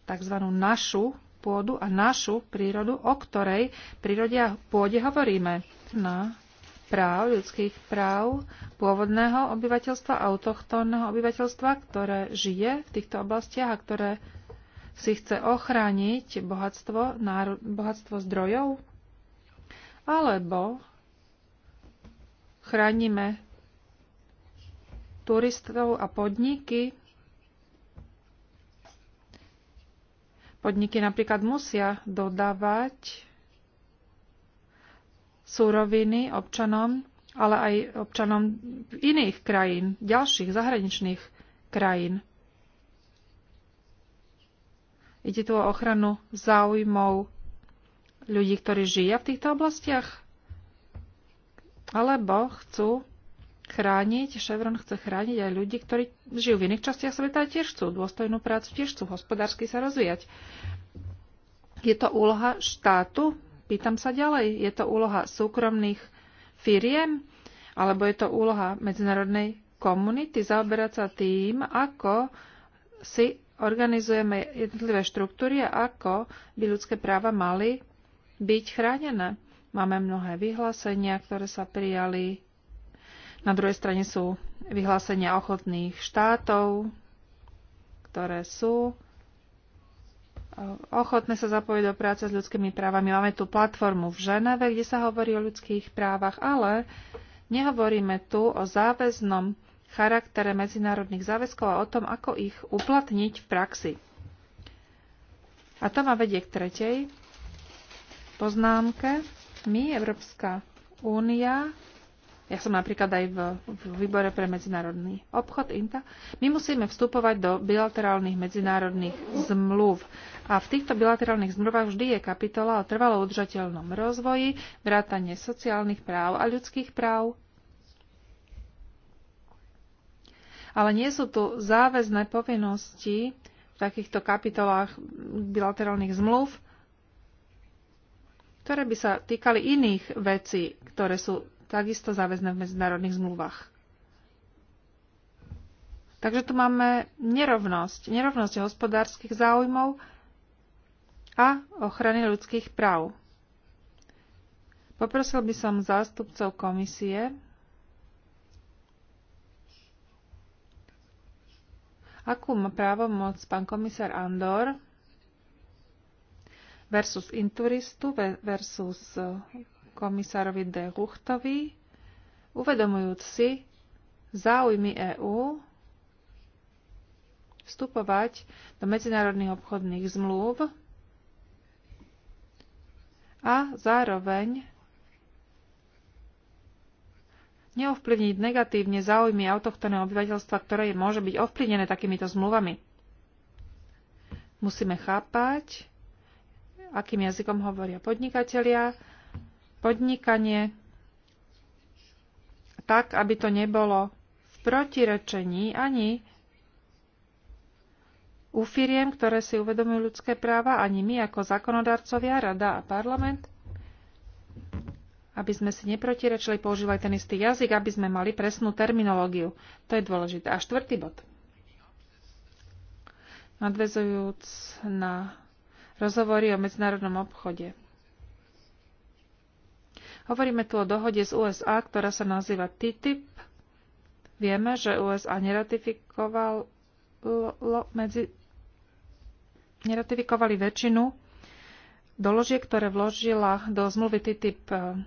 S2: tzv. našu pôdu a našu prírodu, o ktorej prírode a pôde hovoríme. Na práv, ľudských práv pôvodného obyvateľstva, autochtónneho obyvateľstva, ktoré žije v týchto oblastiach a ktoré si chce ochrániť bohatstvo, náru, bohatstvo zdrojov? Alebo chránime turistov a podniky, Podniky napríklad musia dodávať súroviny občanom, ale aj občanom iných krajín, ďalších zahraničných krajín. Ide tu o ochranu záujmov ľudí, ktorí žijú v týchto oblastiach, alebo chcú chrániť, Chevron chce chrániť aj ľudí, ktorí žijú v iných častiach sveta a tiež chcú dôstojnú prácu, tiež chcú hospodársky sa rozvíjať. Je to úloha štátu? Pýtam sa ďalej. Je to úloha súkromných firiem? Alebo je to úloha medzinárodnej komunity zaoberať sa tým, ako si organizujeme jednotlivé štruktúry a ako by ľudské práva mali byť chránené. Máme mnohé vyhlásenia, ktoré sa prijali na druhej strane sú vyhlásenia ochotných štátov, ktoré sú e, ochotné sa zapojiť do práce s ľudskými právami. Máme tu platformu v Ženeve, kde sa hovorí o ľudských právach, ale nehovoríme tu o záväznom charaktere medzinárodných záväzkov a o tom, ako ich uplatniť v praxi. A to ma vedie k tretej poznámke. My, Európska únia, ja som napríklad aj v, v výbore pre medzinárodný obchod INTA, my musíme vstupovať do bilaterálnych medzinárodných zmluv. A v týchto bilaterálnych zmluvách vždy je kapitola o trvalo udržateľnom rozvoji, vrátanie sociálnych práv a ľudských práv. Ale nie sú tu záväzné povinnosti v takýchto kapitolách bilaterálnych zmluv, ktoré by sa týkali iných vecí, ktoré sú takisto záväzné v medzinárodných zmluvách. Takže tu máme nerovnosť. Nerovnosť hospodárskych záujmov a ochrany ľudských práv. Poprosil by som zástupcov komisie, akú má právomoc pán komisár Andor versus inturistu versus komisárovi De Huchtovi, uvedomujúc si záujmy EÚ vstupovať do medzinárodných obchodných zmluv a zároveň neovplyvniť negatívne záujmy autochtónneho obyvateľstva, ktoré môže byť ovplyvnené takýmito zmluvami. Musíme chápať, akým jazykom hovoria podnikatelia, podnikanie tak, aby to nebolo v protirečení ani u firiem, ktoré si uvedomujú ľudské práva, ani my ako zákonodarcovia, rada a parlament, aby sme si neprotirečili, používali ten istý jazyk, aby sme mali presnú terminológiu. To je dôležité. A štvrtý bod. Nadvezujúc na rozhovory o medzinárodnom obchode. Hovoríme tu o dohode z USA, ktorá sa nazýva TTIP. Vieme, že USA neratifikovalo medzi, neratifikovali väčšinu doložiek, ktoré vložila do zmluvy TTIP eh,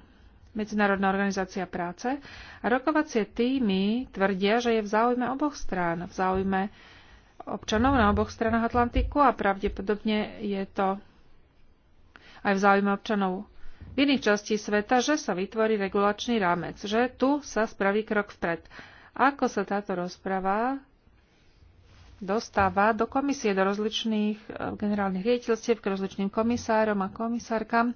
S2: Medzinárodná organizácia práce. A rokovacie týmy tvrdia, že je v záujme oboch strán, v záujme občanov na oboch stranách Atlantiku a pravdepodobne je to aj v záujme občanov v iných častí sveta, že sa vytvorí regulačný rámec, že tu sa spraví krok vpred. Ako sa táto rozprava dostáva do komisie, do rozličných e, generálnych riaditeľstiev, k rozličným komisárom a komisárkam,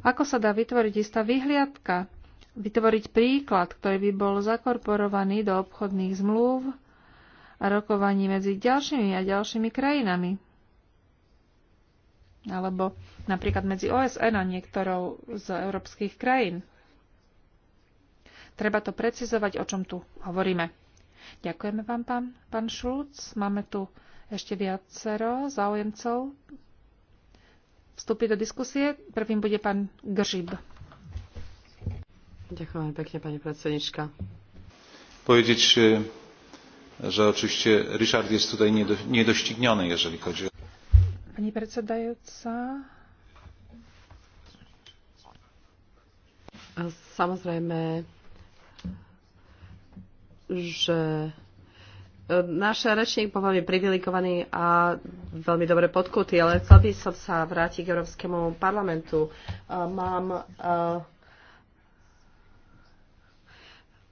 S2: ako sa dá vytvoriť istá vyhliadka, vytvoriť príklad, ktorý by bol zakorporovaný do obchodných zmluv a rokovaní medzi ďalšími a ďalšími krajinami alebo napríklad medzi OSN a niektorou z európskych krajín. Treba to precizovať, o čom tu hovoríme. Ďakujeme vám, pán, pán Šulc. Máme tu ešte viacero záujemcov vstúpiť do diskusie. Prvým bude pán Gržib.
S4: Ďakujem pekne, pani predsednička.
S2: Powiedzieć, e, że oczywiście Ryszard jest tutaj niedościgniony, jeżeli chodzi pani predsedajúca.
S4: Samozrejme, že náš rečník bol veľmi privilikovaný a veľmi dobre podkutý, ale chcel by som sa vrátiť k Európskemu parlamentu. Mám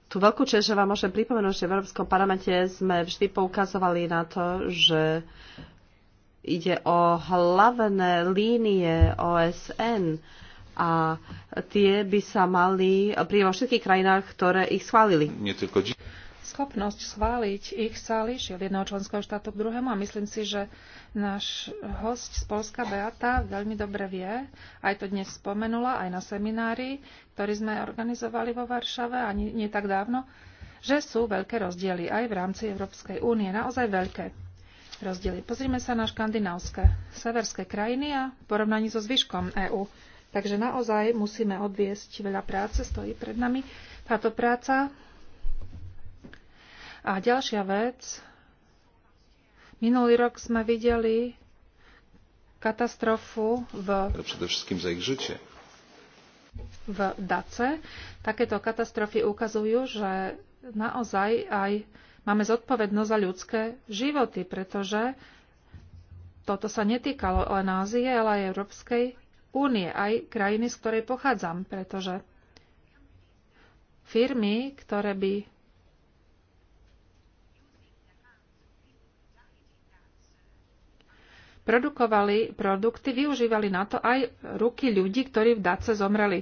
S4: tú veľkú čest, že vám môžem pripomenúť, že v Európskom parlamente sme vždy poukazovali na to, že ide o hlavné línie OSN a tie by sa mali prijať vo všetkých krajinách, ktoré ich schválili.
S2: Schopnosť schváliť ich sa líši od jedného členského štátu k druhému a myslím si, že náš host z Polska Beata veľmi dobre vie, aj to dnes spomenula, aj na seminári, ktorý sme organizovali vo Varšave a nie, nie tak dávno, že sú veľké rozdiely aj v rámci Európskej únie, naozaj veľké rozdiely. Pozrime sa na škandinávske, severské krajiny a porovnaní so zvyškom EÚ. Takže naozaj musíme odviesť veľa práce, stojí pred nami táto práca. A ďalšia vec. Minulý rok sme videli katastrofu v... Predovšetkým za ich žitie. V Dace. Takéto katastrofy ukazujú, že naozaj aj Máme zodpovednosť za ľudské životy, pretože toto sa netýkalo len Ázie, ale aj Európskej únie, aj krajiny, z ktorej pochádzam, pretože firmy, ktoré by produkovali produkty, využívali na to aj ruky ľudí, ktorí v dace zomreli.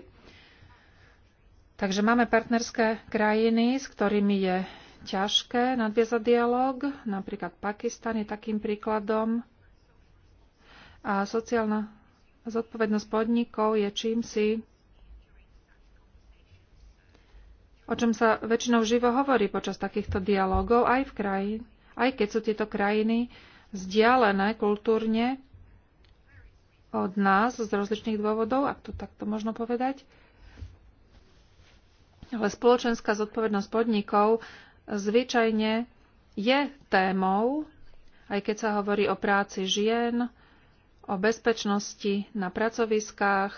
S2: Takže máme partnerské krajiny, s ktorými je ťažké nadviazať dialog. Napríklad Pakistan je takým príkladom. A sociálna zodpovednosť podnikov je čím si, o čom sa väčšinou živo hovorí počas takýchto dialogov aj v kraji, aj keď sú tieto krajiny vzdialené kultúrne od nás z rozličných dôvodov, ak to takto možno povedať. Ale spoločenská zodpovednosť podnikov zvyčajne je témou, aj keď sa hovorí o práci žien, o bezpečnosti na pracoviskách.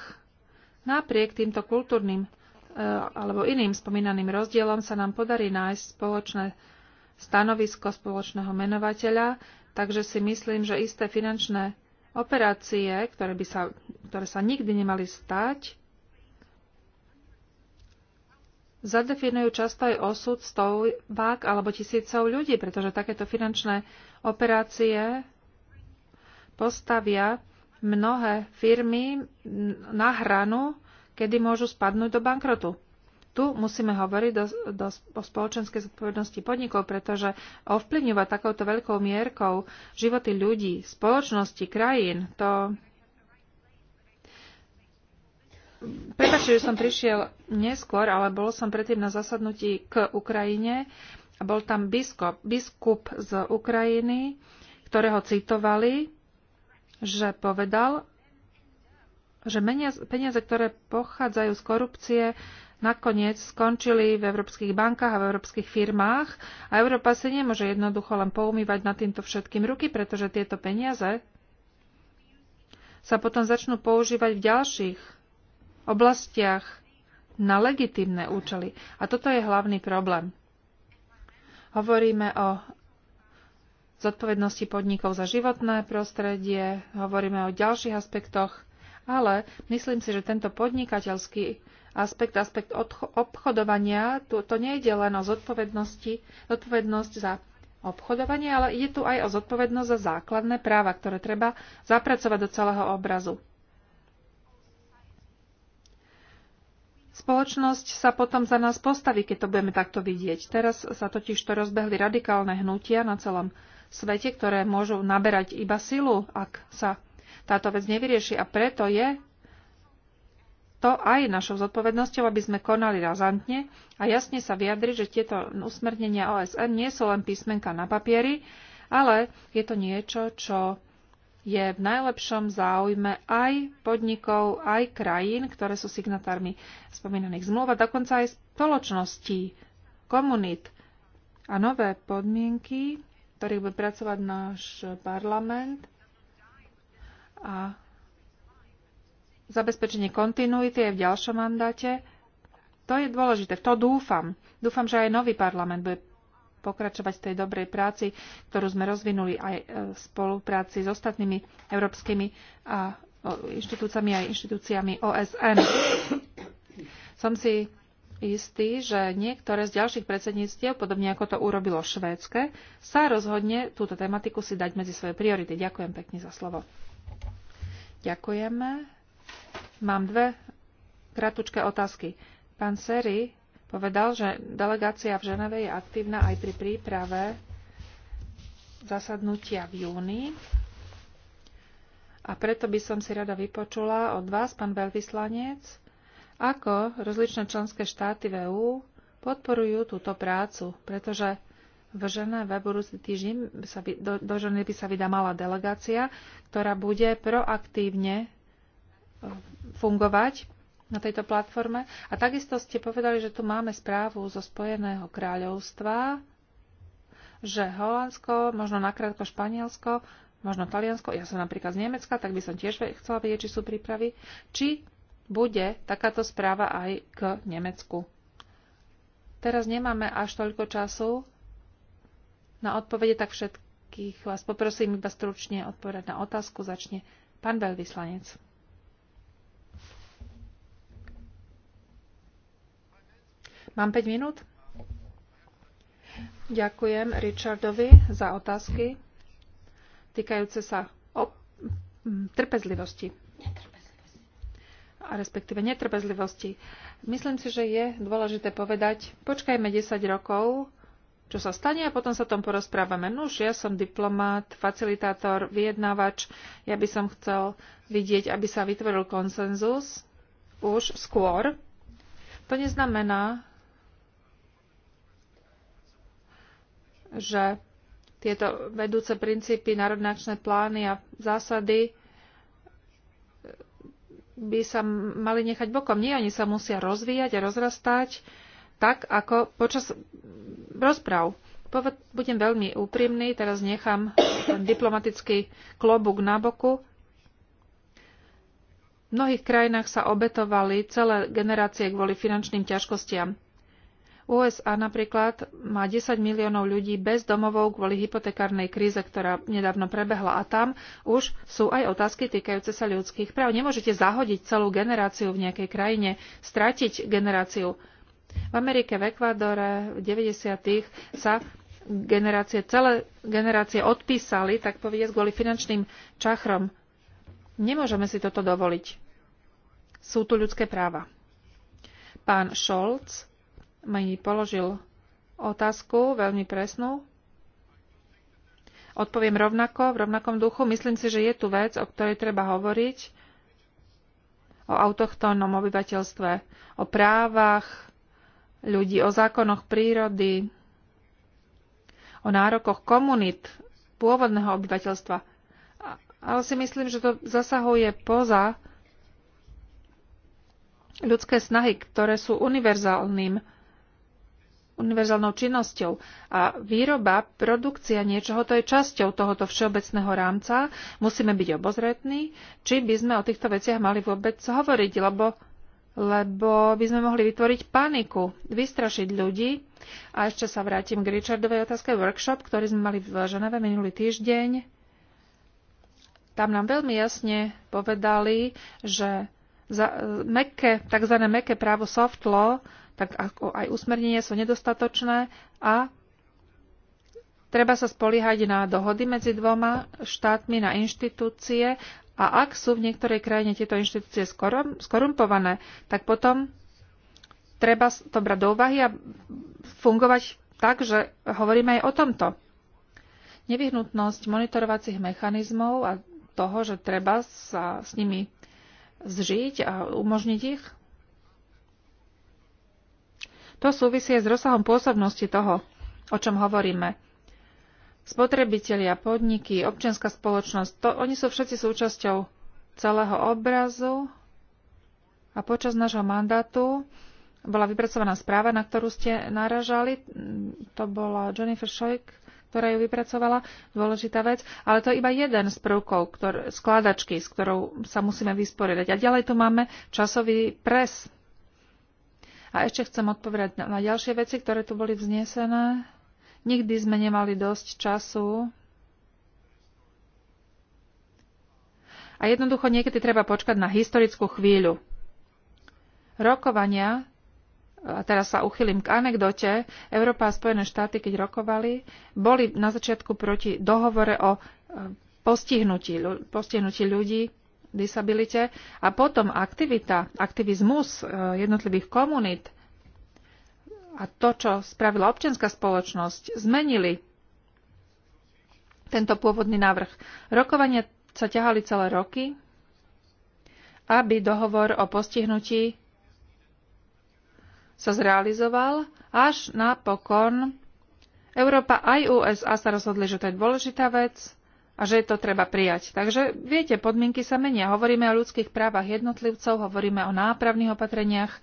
S2: Napriek týmto kultúrnym e, alebo iným spomínaným rozdielom sa nám podarí nájsť spoločné stanovisko spoločného menovateľa, takže si myslím, že isté finančné operácie, ktoré, by sa, ktoré sa nikdy nemali stať, zadefinujú často aj osud stovák alebo tisícov ľudí, pretože takéto finančné operácie postavia mnohé firmy na hranu, kedy môžu spadnúť do bankrotu. Tu musíme hovoriť do, do, o spoločenskej zodpovednosti podnikov, pretože ovplyvňovať takouto veľkou mierkou životy ľudí, spoločnosti, krajín, to Prepačte, že som prišiel neskôr, ale bol som predtým na zasadnutí k Ukrajine a bol tam biskup, biskup z Ukrajiny, ktorého citovali, že povedal, že peniaze, ktoré pochádzajú z korupcie, nakoniec skončili v európskych bankách a v európskych firmách a Európa si nemôže jednoducho len poumývať nad týmto všetkým ruky, pretože tieto peniaze sa potom začnú používať v ďalších oblastiach na legitimné účely. A toto je hlavný problém. Hovoríme o zodpovednosti podnikov za životné prostredie, hovoríme o ďalších aspektoch, ale myslím si, že tento podnikateľský aspekt, aspekt obchodovania, tu, to je len o zodpovednosti, zodpovednosť za obchodovanie, ale ide tu aj o zodpovednosť za základné práva, ktoré treba zapracovať do celého obrazu. Spoločnosť sa potom za nás postaví, keď to budeme takto vidieť. Teraz sa totiž to rozbehli radikálne hnutia na celom svete, ktoré môžu naberať iba silu, ak sa táto vec nevyrieši. A preto je to aj našou zodpovednosťou, aby sme konali razantne a jasne sa vyjadri, že tieto usmernenia OSN nie sú len písmenka na papieri, ale je to niečo, čo je v najlepšom záujme aj podnikov, aj krajín, ktoré sú signatármi spomínaných zmluv a dokonca aj spoločností, komunít a nové podmienky, ktorých bude pracovať náš parlament a zabezpečenie kontinuity aj v ďalšom mandáte. To je dôležité, v to dúfam. Dúfam, že aj nový parlament bude pokračovať v tej dobrej práci, ktorú sme rozvinuli aj e, v spolupráci s ostatnými európskymi a inštitúciami aj inštitúciami OSN. Som si istý, že niektoré z ďalších predsedníctiev, podobne ako to urobilo Švédske, sa rozhodne túto tematiku si dať medzi svoje priority. Ďakujem pekne za slovo. Ďakujeme. Mám dve kratučké otázky. Pán Seri povedal, že delegácia v Ženeve je aktívna aj pri príprave zasadnutia v júni. A preto by som si rada vypočula od vás, pán veľvyslanec, ako rozličné členské štáty v EÚ podporujú túto prácu, pretože v Ženeve budúci týždeň sa vy, do, do Ženevy sa vydá malá delegácia, ktorá bude proaktívne e, fungovať na tejto platforme. A takisto ste povedali, že tu máme správu zo Spojeného kráľovstva, že Holandsko, možno nakrátko Španielsko, možno Taliansko, ja som napríklad z Nemecka, tak by som tiež chcela vedieť, či sú prípravy, či bude takáto správa aj k Nemecku. Teraz nemáme až toľko času na odpovede, tak všetkých vás poprosím iba stručne odpovedať na otázku. Začne pán veľvyslanec. Mám 5 minút? Ďakujem Richardovi za otázky týkajúce sa o trpezlivosti. A respektíve netrpezlivosti. Myslím si, že je dôležité povedať, počkajme 10 rokov, čo sa stane a potom sa tom porozprávame. No už ja som diplomát, facilitátor, vyjednávač. Ja by som chcel vidieť, aby sa vytvoril konsenzus už skôr. To neznamená, že tieto vedúce princípy, národné akčné plány a zásady by sa mali nechať bokom. Nie, oni sa musia rozvíjať a rozrastať tak, ako počas rozpráv. Budem veľmi úprimný, teraz nechám ten diplomatický klobúk na boku. V mnohých krajinách sa obetovali celé generácie kvôli finančným ťažkostiam. USA napríklad má 10 miliónov ľudí bez domovov kvôli hypotekárnej kríze, ktorá nedávno prebehla a tam už sú aj otázky týkajúce sa ľudských práv. Nemôžete zahodiť celú generáciu v nejakej krajine, stratiť generáciu. V Amerike, v Ekvádore v 90. sa generácie, celé generácie odpísali, tak povediať, kvôli finančným čachrom. Nemôžeme si toto dovoliť. Sú tu ľudské práva. Pán Scholz mi položil otázku, veľmi presnú. Odpoviem rovnako, v rovnakom duchu. Myslím si, že je tu vec, o ktorej treba hovoriť, o autochtónnom obyvateľstve, o právach ľudí, o zákonoch prírody, o nárokoch komunít pôvodného obyvateľstva. Ale si myslím, že to zasahuje poza ľudské snahy, ktoré sú univerzálnym univerzálnou činnosťou. A výroba, produkcia niečoho, to je časťou tohoto všeobecného rámca. Musíme byť obozretní, či by sme o týchto veciach mali vôbec hovoriť, lebo, lebo by sme mohli vytvoriť paniku, vystrašiť ľudí. A ešte sa vrátim k Richardovej otázke workshop, ktorý sme mali v Ženeve minulý týždeň. Tam nám veľmi jasne povedali, že za, meké, tzv. meké právo soft law tak ako aj usmernenia sú nedostatočné a treba sa spoliehať na dohody medzi dvoma štátmi, na inštitúcie a ak sú v niektorej krajine tieto inštitúcie skorumpované, tak potom treba to brať do úvahy a fungovať tak, že hovoríme aj o tomto. Nevyhnutnosť monitorovacích mechanizmov a toho, že treba sa s nimi zžiť a umožniť ich, to súvisie s rozsahom pôsobnosti toho, o čom hovoríme. Spotrebitelia, podniky, občianská spoločnosť, to, oni sú všetci súčasťou celého obrazu a počas nášho mandátu bola vypracovaná správa, na ktorú ste naražali. To bola Jennifer Schoik, ktorá ju vypracovala. Dôležitá vec. Ale to je iba jeden z prvkov, ktor- skladačky, s ktorou sa musíme vysporiadať. A ďalej tu máme časový pres a ešte chcem odpovedať na ďalšie veci, ktoré tu boli vznesené. Nikdy sme nemali dosť času. A jednoducho niekedy treba počkať na historickú chvíľu. Rokovania, a teraz sa uchylím k anekdote, Európa a Spojené štáty, keď rokovali, boli na začiatku proti dohovore o e, postihnutí, postihnutí ľudí disabilite a potom aktivita, aktivizmus e, jednotlivých komunít a to, čo spravila občianská spoločnosť, zmenili tento pôvodný návrh. Rokovania sa ťahali celé roky, aby dohovor o postihnutí sa zrealizoval, až napokon Európa aj USA sa rozhodli, že to je dôležitá vec a že to treba prijať. Takže viete, podmienky sa menia. Hovoríme o ľudských právach jednotlivcov, hovoríme o nápravných opatreniach.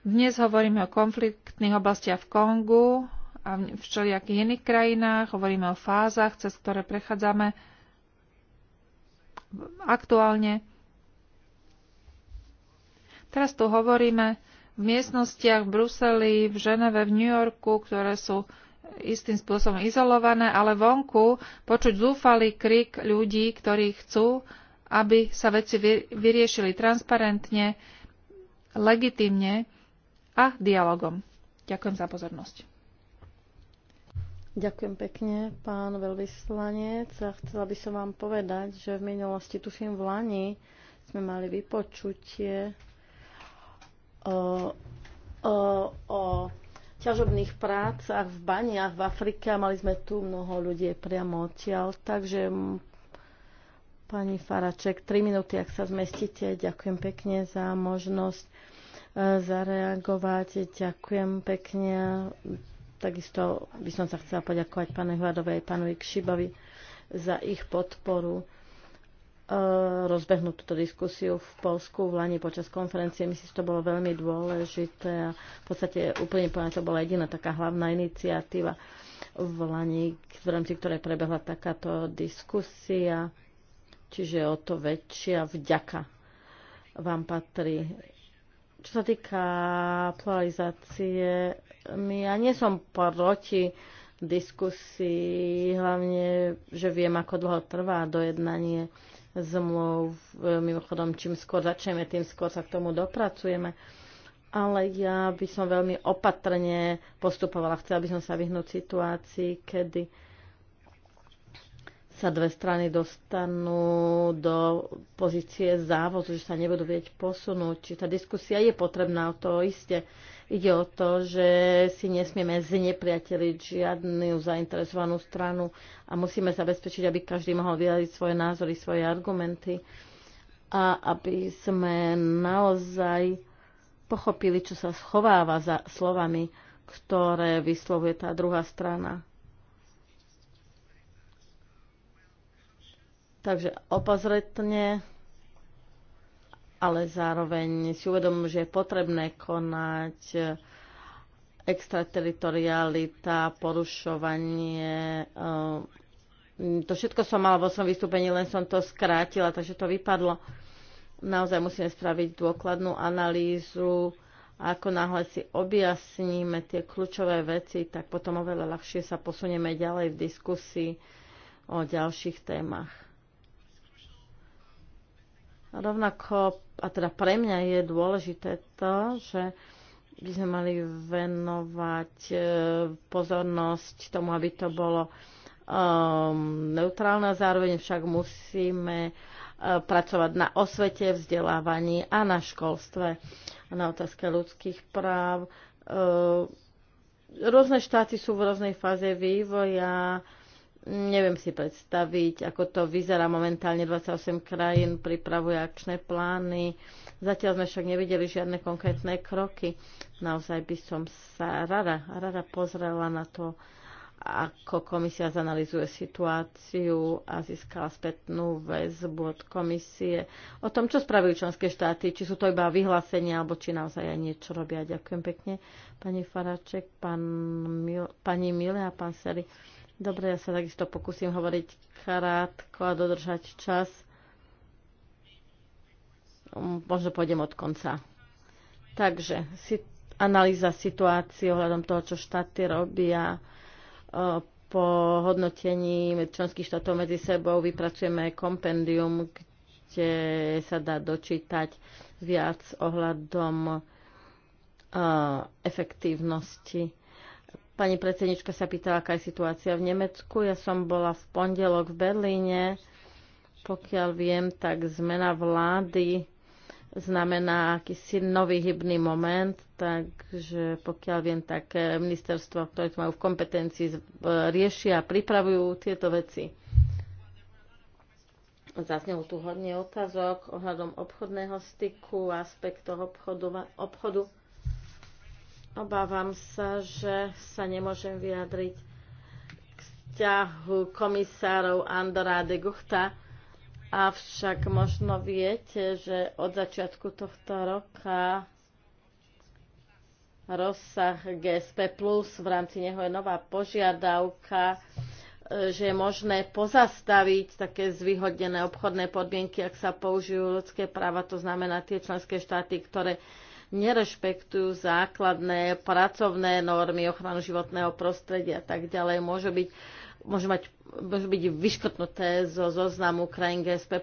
S2: Dnes hovoríme o konfliktných oblastiach v Kongu a v všelijakých iných krajinách. Hovoríme o fázach, cez ktoré prechádzame aktuálne. Teraz tu hovoríme v miestnostiach v Bruseli, v Ženeve, v New Yorku, ktoré sú istým spôsobom izolované, ale vonku počuť zúfalý krik ľudí, ktorí chcú, aby sa veci vyriešili transparentne, legitimne a dialogom. Ďakujem za pozornosť.
S3: Ďakujem pekne, pán veľvyslanec. A chcela by som vám povedať, že v minulosti, tuším v Lani, sme mali vypočutie o, o, o ťažobných prácach v baniach v Afrike a mali sme tu mnoho ľudí priamo odtiaľ. Takže pani Faraček, 3 minúty, ak sa zmestíte. Ďakujem pekne za možnosť e, zareagovať. Ďakujem pekne. Takisto by som sa chcela poďakovať pánu Hladovej a pánu Kšibovi za ich podporu rozbehnúť túto diskusiu v Polsku v Lani počas konferencie. Myslím, že to bolo veľmi dôležité a v podstate úplne povedané to bola jediná taká hlavná iniciatíva v Lani, v rámci ktorej prebehla takáto diskusia. Čiže o to väčšia vďaka vám patrí. Čo sa týka pluralizácie, my, ja nie som proti diskusii, hlavne, že viem, ako dlho trvá dojednanie zmluv. E, mimochodom, čím skôr začneme, tým skôr sa k tomu dopracujeme. Ale ja by som veľmi opatrne postupovala. Chcela by som sa vyhnúť situácii, kedy sa dve strany dostanú do pozície závozu, že sa nebudú vieť posunúť. Či tá diskusia je potrebná, o to iste. Ide o to, že si nesmieme znepriateliť žiadnu zainteresovanú stranu a musíme zabezpečiť, aby každý mohol vyjadriť svoje názory, svoje argumenty a aby sme naozaj pochopili, čo sa schováva za slovami, ktoré vyslovuje tá druhá strana. Takže opozretne ale zároveň si uvedom, že je potrebné konať extrateritorialita, porušovanie. Eh, to všetko som mala vo svojom vystúpení, len som to skrátila, takže to vypadlo. Naozaj musíme spraviť dôkladnú analýzu a ako náhle si objasníme tie kľúčové veci, tak potom oveľa ľahšie sa posunieme ďalej v diskusii o ďalších témach. Rovnako, a teda pre mňa je dôležité to, že by sme mali venovať e, pozornosť tomu, aby to bolo um, neutrálne, zároveň však musíme e, pracovať na osvete, vzdelávaní a na školstve, na otázke ľudských práv. E, rôzne štáty sú v rôznej fáze vývoja, Neviem si predstaviť, ako to vyzerá momentálne. 28 krajín pripravuje akčné plány. Zatiaľ sme však nevideli žiadne konkrétne kroky. Naozaj by som sa rada, rada pozrela na to, ako komisia zanalizuje situáciu a získala spätnú väzbu od komisie o tom, čo spravili členské štáty, či sú to iba vyhlásenia, alebo či naozaj aj niečo robia. Ďakujem pekne, pani Faraček, pán, pani Mile a pán Seri. Dobre, ja sa takisto pokúsim hovoriť krátko a dodržať čas. Um, možno pôjdem od konca. Takže si, analýza situácie ohľadom toho, čo štáty robia, e, po hodnotení členských štátov medzi sebou vypracujeme kompendium, kde sa dá dočítať viac ohľadom e, efektívnosti Pani predsednička sa pýtala, aká je situácia v Nemecku. Ja som bola v pondelok v Berlíne. Pokiaľ viem, tak zmena vlády znamená akýsi nový hybný moment, takže pokiaľ viem, tak eh, ministerstvo, ktoré to majú v kompetencii, eh, riešia a pripravujú tieto veci. Zaznelo tu hodne otázok ohľadom obchodného styku, aspektov obchodu. obchodu Obávam sa, že sa nemôžem vyjadriť k vzťahu komisárov Andora de Guchta, avšak možno viete, že od začiatku tohto roka rozsah GSP plus, v rámci neho je nová požiadavka, že je možné pozastaviť také zvyhodnené obchodné podmienky, ak sa použijú ľudské práva, to znamená tie členské štáty, ktoré nerešpektujú základné pracovné normy, ochranu životného prostredia a tak ďalej, môžu byť môžu, mať, môžu byť vyškrtnuté zo zoznamu krajín GSP+,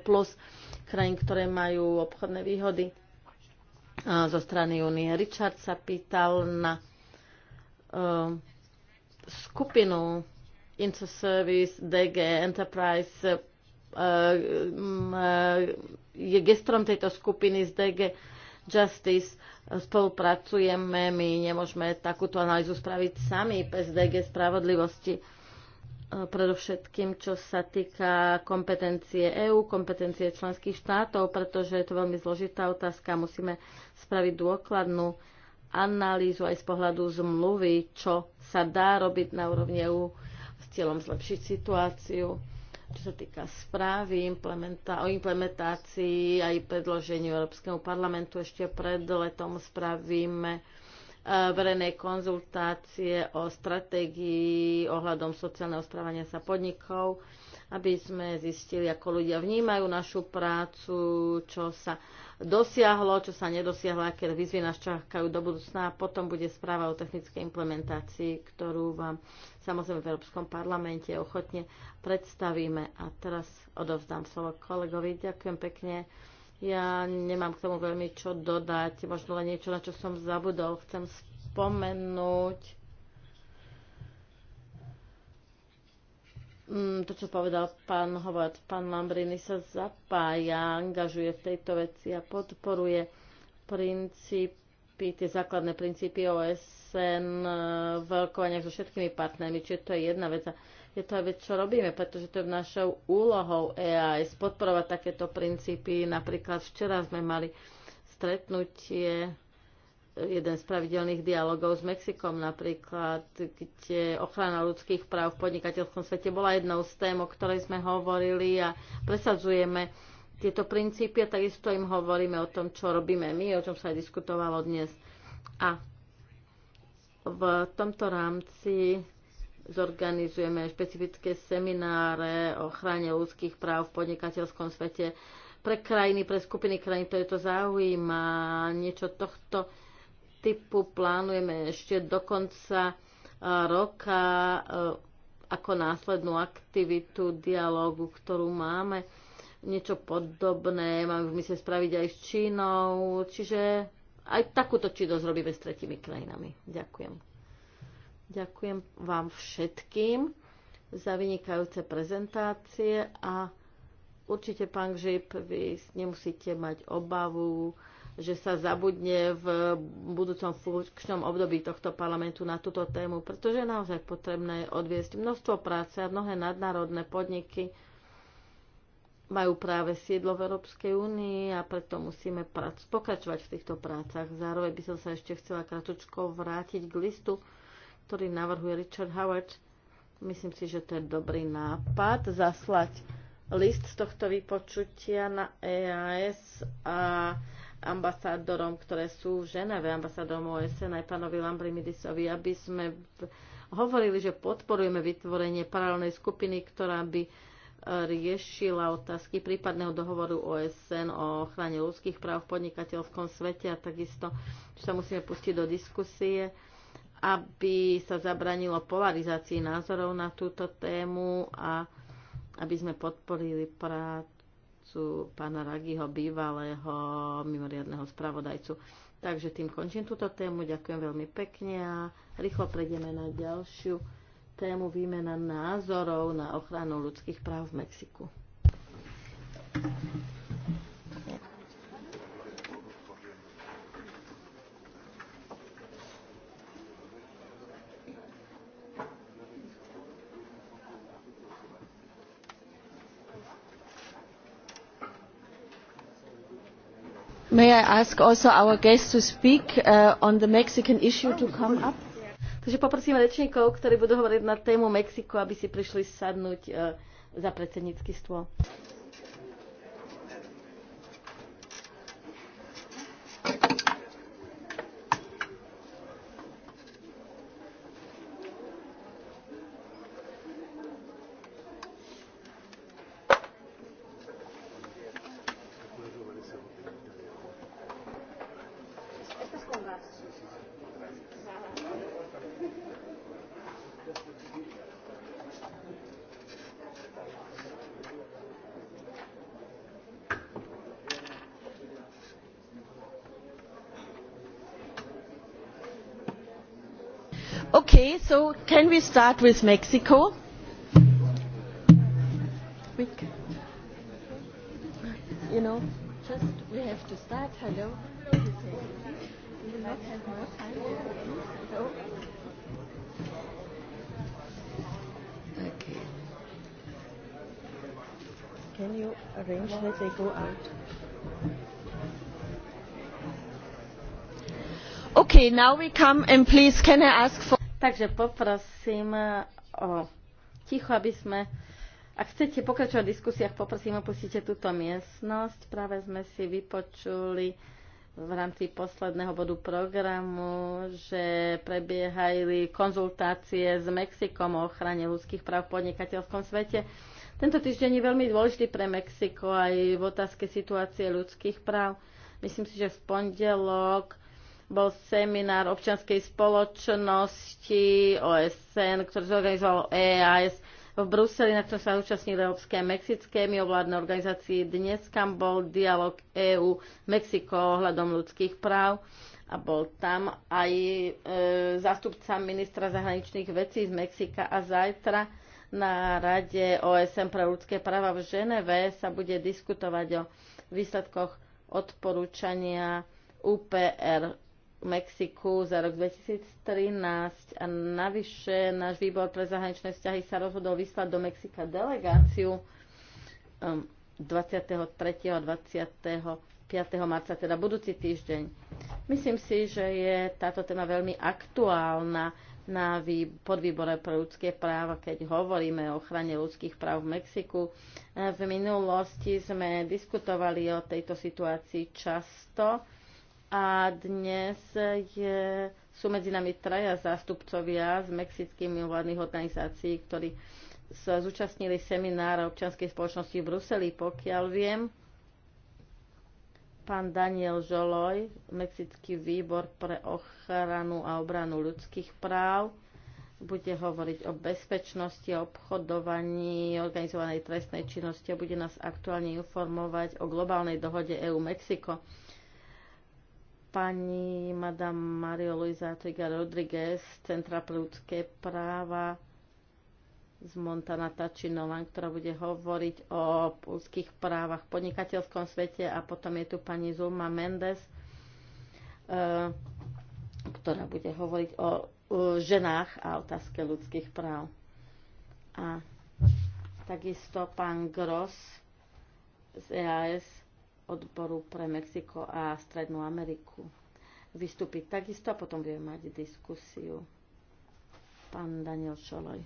S3: krajín, ktoré majú obchodné výhody a zo strany Unie. Richard sa pýtal na uh, skupinu InterService DG Enterprise uh, uh, je gestorom tejto skupiny z DG Justice spolupracujeme, my nemôžeme takúto analýzu spraviť sami DG spravodlivosti. E, predovšetkým, čo sa týka kompetencie EÚ, kompetencie členských štátov, pretože je to veľmi zložitá otázka. Musíme spraviť dôkladnú analýzu aj z pohľadu zmluvy, čo sa dá robiť na úrovni EÚ s cieľom zlepšiť situáciu čo sa týka správy implementa- o implementácii aj predloženiu Európskeho parlamentu. Ešte pred letom spravíme e, verejnej konzultácie o stratégii ohľadom sociálneho správania sa podnikov, aby sme zistili, ako ľudia vnímajú našu prácu, čo sa dosiahlo, čo sa nedosiahlo, aké výzvy nás čakajú do budúcna a potom bude správa o technickej implementácii, ktorú vám samozrejme v Európskom parlamente ochotne predstavíme. A teraz odovzdám slovo kolegovi. Ďakujem pekne. Ja nemám k tomu veľmi čo dodať, možno len niečo, na čo som zabudol. Chcem spomenúť Mm, to, čo povedal pán Hovat, pán Lambrini sa zapája, angažuje v tejto veci a podporuje princípy, tie základné princípy OSN v rokovaniach so všetkými partnermi, čiže to je jedna vec. A je to aj vec, čo robíme, pretože to je našou úlohou EAS podporovať takéto princípy. Napríklad včera sme mali stretnutie jeden z pravidelných dialogov s Mexikom napríklad, kde ochrana ľudských práv v podnikateľskom svete bola jednou z tém, o ktorej sme hovorili a presadzujeme tieto princípy a takisto im hovoríme o tom, čo robíme my, o čom sa aj diskutovalo dnes. A v tomto rámci zorganizujeme špecifické semináre o ochrane ľudských práv v podnikateľskom svete pre krajiny, pre skupiny krajín, ktoré to zaujíma. Niečo tohto typu plánujeme ešte do konca roka ako následnú aktivitu dialógu, ktorú máme. Niečo podobné máme v mysle spraviť aj s Čínou, čiže aj takúto činnosť robíme s tretimi krajinami. Ďakujem. Ďakujem vám všetkým za vynikajúce prezentácie a určite, pán Žip, vy nemusíte mať obavu, že sa zabudne v budúcom funkčnom období tohto parlamentu na túto tému, pretože je naozaj potrebné odviesť množstvo práce a mnohé nadnárodné podniky majú práve sídlo v Európskej únii a preto musíme prac- pokračovať v týchto prácach. Zároveň by som sa ešte chcela kratučko vrátiť k listu, ktorý navrhuje Richard Howard. Myslím si, že to je dobrý nápad zaslať list z tohto vypočutia na EAS a ambasádorom, ktoré sú v Ženeve, ambasádorom OSN aj pánovi Lambrimidisovi, aby sme hovorili, že podporujeme vytvorenie paralelnej skupiny, ktorá by e, riešila otázky prípadného dohovoru OSN o ochrane ľudských práv v podnikateľskom svete a takisto, že sa musíme pustiť do diskusie, aby sa zabranilo polarizácii názorov na túto tému a aby sme podporili prácu prácu pána Ragiho, bývalého mimoriadného spravodajcu. Takže tým končím túto tému. Ďakujem veľmi pekne a rýchlo prejdeme na ďalšiu tému výmena názorov na ochranu ľudských práv v Mexiku.
S1: May I ask also our guests to speak uh, on the Mexican issue to come up?
S3: Takže poprosím rečníkov, ktorí budú hovoriť na tému Mexiko, aby si prišli sadnúť uh, za predsednícky stôl.
S1: So can we start with Mexico? can. You know, just we have to start. Hello. We will not have more time. Hello. Okay. Can you arrange that they go out?
S3: Okay, now we come and please can I ask for Takže poprosím eh, o ticho, aby sme... Ak chcete pokračovať v diskusiách, poprosím, opustite túto miestnosť. Práve sme si vypočuli v rámci posledného bodu programu, že prebiehali konzultácie s Mexikom o ochrane ľudských práv v podnikateľskom svete. Tento týždeň je veľmi dôležitý pre Mexiko aj v otázke situácie ľudských práv. Myslím si, že v pondelok bol seminár občianskej spoločnosti OSN, ktorý zorganizoval EAS v Bruseli, na ktorom sa zúčastnili európske a mexické mimovládne organizácie. Dnes kam bol dialog EU-Mexiko ohľadom ľudských práv a bol tam aj e, zástupca ministra zahraničných vecí z Mexika a zajtra na Rade OSN pre ľudské práva v Ženeve sa bude diskutovať o výsledkoch odporúčania UPR Mexiku za rok 2013 a navyše náš výbor pre zahraničné vzťahy sa rozhodol vyslať do Mexika delegáciu 23. Um, a 25. marca, teda budúci týždeň. Myslím si, že je táto téma veľmi aktuálna na podvýbore pre ľudské práva, keď hovoríme o ochrane ľudských práv v Mexiku. V minulosti sme diskutovali o tejto situácii často a dnes je, sú medzi nami traja zástupcovia z mexických mimovládnych organizácií, ktorí sa zúčastnili seminára občianskej spoločnosti v Bruseli, pokiaľ viem. Pán Daniel Žoloj, Mexický výbor pre ochranu a obranu ľudských práv, bude hovoriť o bezpečnosti, obchodovaní, organizovanej trestnej činnosti a bude nás aktuálne informovať o globálnej dohode EU-Mexiko pani Madame Mario Luisa Tega Rodriguez z Centra pre ľudské práva z Montana Tačinovan, ktorá bude hovoriť o ľudských právach v podnikateľskom svete a potom je tu pani Zulma Mendes, e, ktorá bude hovoriť o ženách a otázke ľudských práv. A takisto pán Gross z EAS odboru pre Mexiko a Strednú Ameriku vystúpiť takisto a potom budeme mať diskusiu. Pán Daniel Šoloj.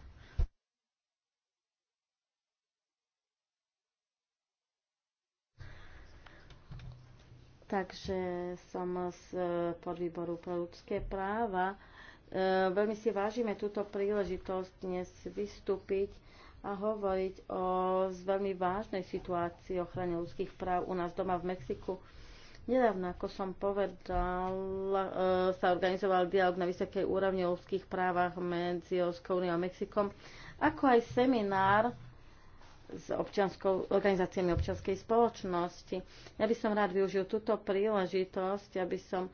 S3: Takže som z eh, podvýboru pre ľudské práva. Eh, veľmi si vážime túto príležitosť dnes vystúpiť a hovoriť o veľmi vážnej situácii ochrane ľudských práv u nás doma v Mexiku. Nedávno, ako som povedal, e, sa organizoval dialog na vysokej úrovni o ľudských právach medzi Európskou úniou a Mexikom, ako aj seminár s občianskou, organizáciami občianskej spoločnosti. Ja by som rád využil túto príležitosť, aby som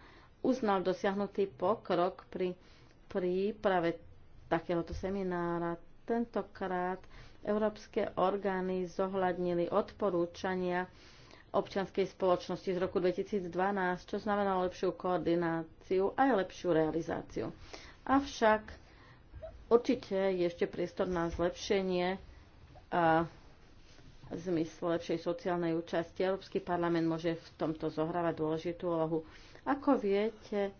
S3: uznal dosiahnutý pokrok pri príprave takéhoto seminára. Tentokrát európske orgány zohľadnili odporúčania občianskej spoločnosti z roku 2012, čo znamená lepšiu koordináciu a aj lepšiu realizáciu. Avšak určite je ešte priestor na zlepšenie a v zmysle lepšej sociálnej účasti. Európsky parlament môže v tomto zohrávať dôležitú úlohu. Ako viete,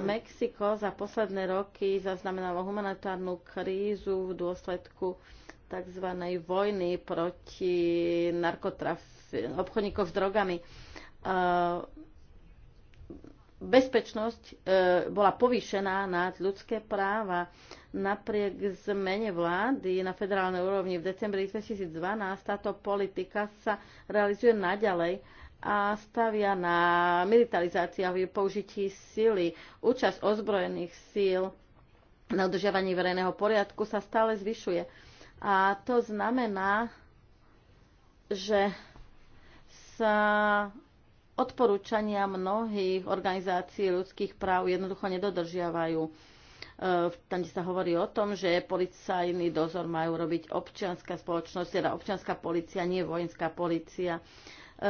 S3: Mexiko za posledné roky zaznamenalo humanitárnu krízu v dôsledku tzv. vojny proti narkotraf- obchodníkov s drogami. Bezpečnosť e, bola povýšená nad ľudské práva. Napriek zmene vlády na federálnej úrovni v decembri 2012 táto politika sa realizuje naďalej a stavia na militarizácii a použití sily. Účasť ozbrojených síl na udržiavaní verejného poriadku sa stále zvyšuje. A to znamená, že sa odporúčania mnohých organizácií ľudských práv jednoducho nedodržiavajú. E, tam, kde sa hovorí o tom, že policajný dozor majú robiť občianská spoločnosť, teda občianská policia, nie vojenská policia E,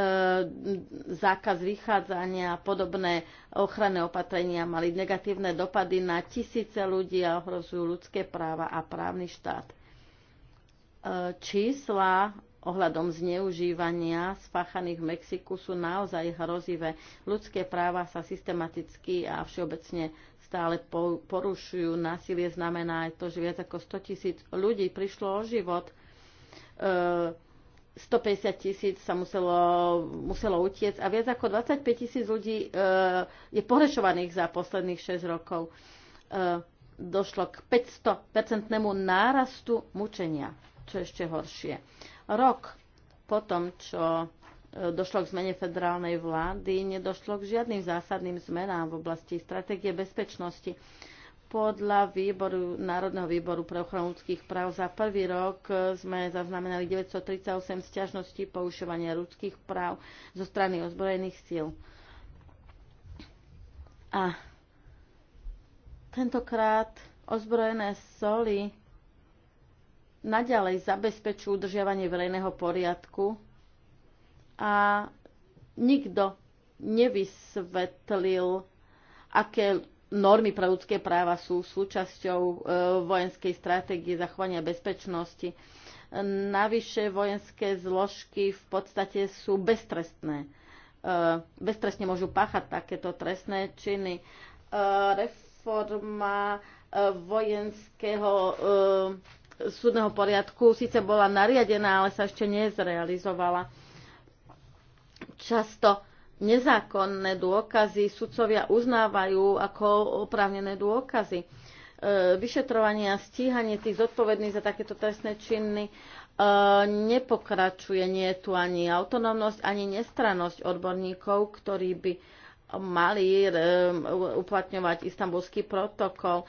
S3: zákaz vychádzania a podobné ochranné opatrenia mali negatívne dopady na tisíce ľudí a ohrozujú ľudské práva a právny štát. E, čísla ohľadom zneužívania spáchaných v Mexiku sú naozaj hrozivé. Ľudské práva sa systematicky a všeobecne stále porušujú. Násilie znamená aj to, že viac ako 100 tisíc ľudí prišlo o život. E, 150 tisíc sa muselo, muselo utiec a viac ako 25 tisíc ľudí e, je porešovaných za posledných 6 rokov. E, došlo k 500-percentnému nárastu mučenia, čo je ešte horšie. Rok po tom, čo e, došlo k zmene federálnej vlády, nedošlo k žiadnym zásadným zmenám v oblasti stratégie bezpečnosti. Podľa výboru, Národného výboru pre ochranu ľudských práv za prvý rok e, sme zaznamenali 938 stiažností poušovania ľudských práv zo strany ozbrojených síl. A tentokrát ozbrojené soli naďalej zabezpečujú udržiavanie verejného poriadku a nikto nevysvetlil, aké normy pre ľudské práva sú súčasťou e, vojenskej stratégie zachovania bezpečnosti. Navyše vojenské zložky v podstate sú beztrestné. E, beztrestne môžu páchať takéto trestné činy. E, reforma vojenského súdneho poriadku síce bola nariadená, ale sa ešte nezrealizovala. Často nezákonné dôkazy sudcovia uznávajú ako oprávnené dôkazy. E, vyšetrovanie a stíhanie tých zodpovedných za takéto trestné činy e, nepokračuje. Nie je tu ani autonómnosť, ani nestrannosť odborníkov, ktorí by mali e, uplatňovať istambulský protokol.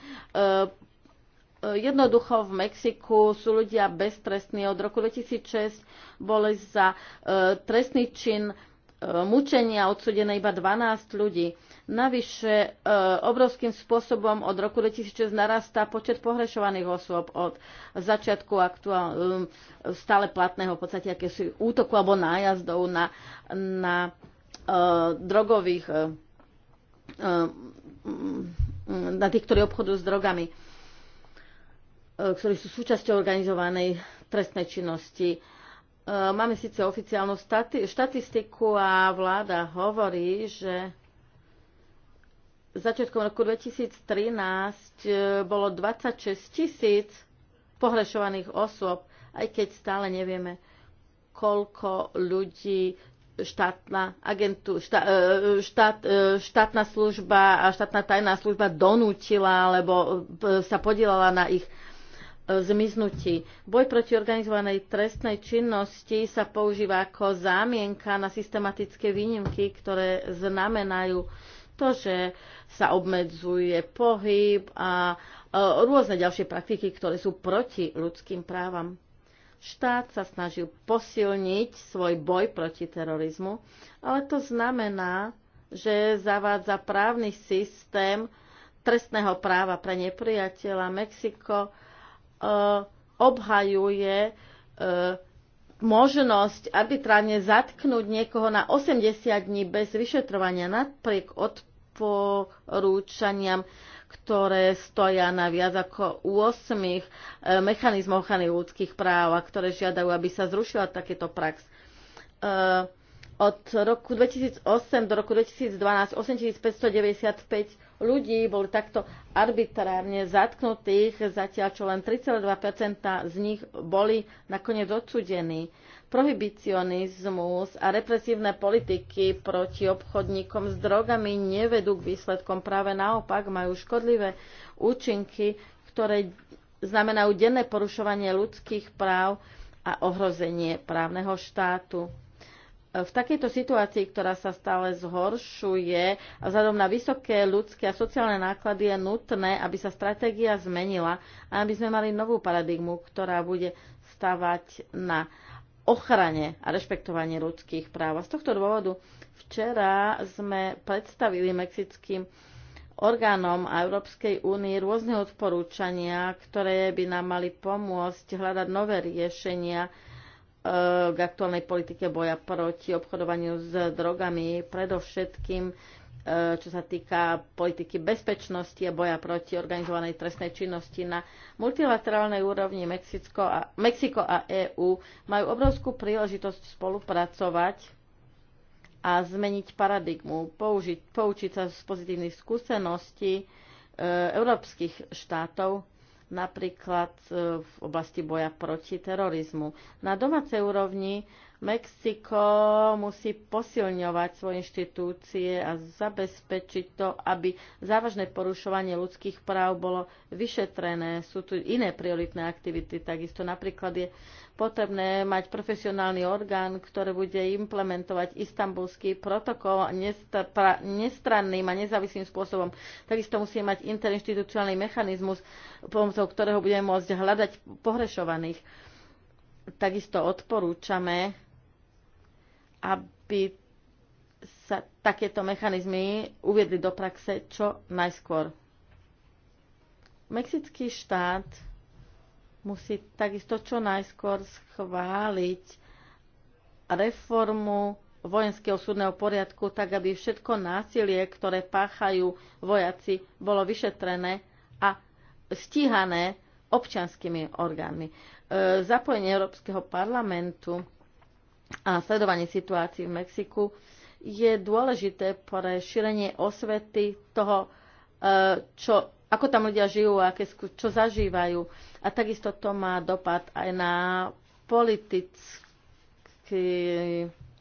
S3: Jednoducho v Mexiku sú ľudia beztrestní. Od roku 2006 boli za trestný čin E, mučenia odsudené iba 12 ľudí. Navyše e, obrovským spôsobom od roku 2006 narastá počet pohrešovaných osôb od začiatku aktuál, e, stále platného v podstate akési útoku alebo nájazdov na, na uh, drogových uh, na tých, ktorí obchodujú s drogami, uh, ktorí sú súčasťou organizovanej trestnej činnosti. Uh, Eh, máme síce oficiálnu stati- štatistiku a vláda hovorí, že začiatkom roku 2013 eh, bolo 26 tisíc pohrešovaných osôb, aj keď stále nevieme, koľko ľudí štátna, agentu, eh, štát, štát, štátna služba a štátna tajná služba donútila alebo sa podielala na ich zmiznutí. Boj proti organizovanej trestnej činnosti sa používa ako zámienka na systematické výnimky, ktoré znamenajú to, že sa obmedzuje pohyb a e, rôzne ďalšie praktiky, ktoré sú proti ľudským právam. Štát sa snažil posilniť svoj boj proti terorizmu, ale to znamená, že zavádza právny systém trestného práva pre nepriateľa. Mexiko Eh, obhajuje eh, možnosť arbitrálne zatknúť niekoho na 80 dní bez vyšetrovania napriek odporúčaniam, ktoré stoja na viac ako 8 eh, mechanizmov ochrany ľudských práv a ktoré žiadajú, aby sa zrušila takéto prax. Od roku 2008 do roku 2012 8595 ľudí boli takto arbitrárne zatknutých, zatiaľ čo len 3,2 z nich boli nakoniec odsudení. Prohibicionizmus a represívne politiky proti obchodníkom s drogami nevedú k výsledkom, práve naopak majú škodlivé účinky, ktoré znamenajú denné porušovanie ľudských práv a ohrozenie právneho štátu v takejto situácii, ktorá sa stále zhoršuje, a vzhľadom na vysoké ľudské a sociálne náklady je nutné, aby sa stratégia zmenila a aby sme mali novú paradigmu, ktorá bude stavať na ochrane a rešpektovanie ľudských práv. A z tohto dôvodu včera sme predstavili mexickým orgánom a Európskej únii rôzne odporúčania, ktoré by nám mali pomôcť hľadať nové riešenia E, k aktuálnej politike boja proti obchodovaniu s drogami, predovšetkým e, čo sa týka politiky bezpečnosti a boja proti organizovanej trestnej činnosti na multilaterálnej úrovni Mexicko a, Mexiko a EÚ majú obrovskú príležitosť spolupracovať a zmeniť paradigmu, použiť, poučiť sa z pozitívnych skúseností e, európskych štátov napríklad e, v oblasti boja proti terorizmu. Na domácej úrovni Mexiko musí posilňovať svoje inštitúcie a zabezpečiť to, aby závažné porušovanie ľudských práv bolo vyšetrené. Sú tu iné prioritné aktivity, takisto napríklad je potrebné mať profesionálny orgán, ktorý bude implementovať istambulský protokol nestranným a nezávislým spôsobom. Takisto musí mať interinstitucionálny mechanizmus, pomocou ktorého budeme môcť hľadať pohrešovaných. Takisto odporúčame aby sa takéto mechanizmy uviedli do praxe čo najskôr. Mexický štát musí takisto čo najskôr schváliť reformu vojenského súdneho poriadku, tak aby všetko násilie, ktoré páchajú vojaci, bolo vyšetrené a stíhané občanskými orgánmi. E, zapojenie Európskeho parlamentu a sledovanie situácií v Mexiku je dôležité pre šírenie osvety toho, e, čo, ako tam ľudia žijú, aké, čo zažívajú. A takisto to má dopad aj na politický,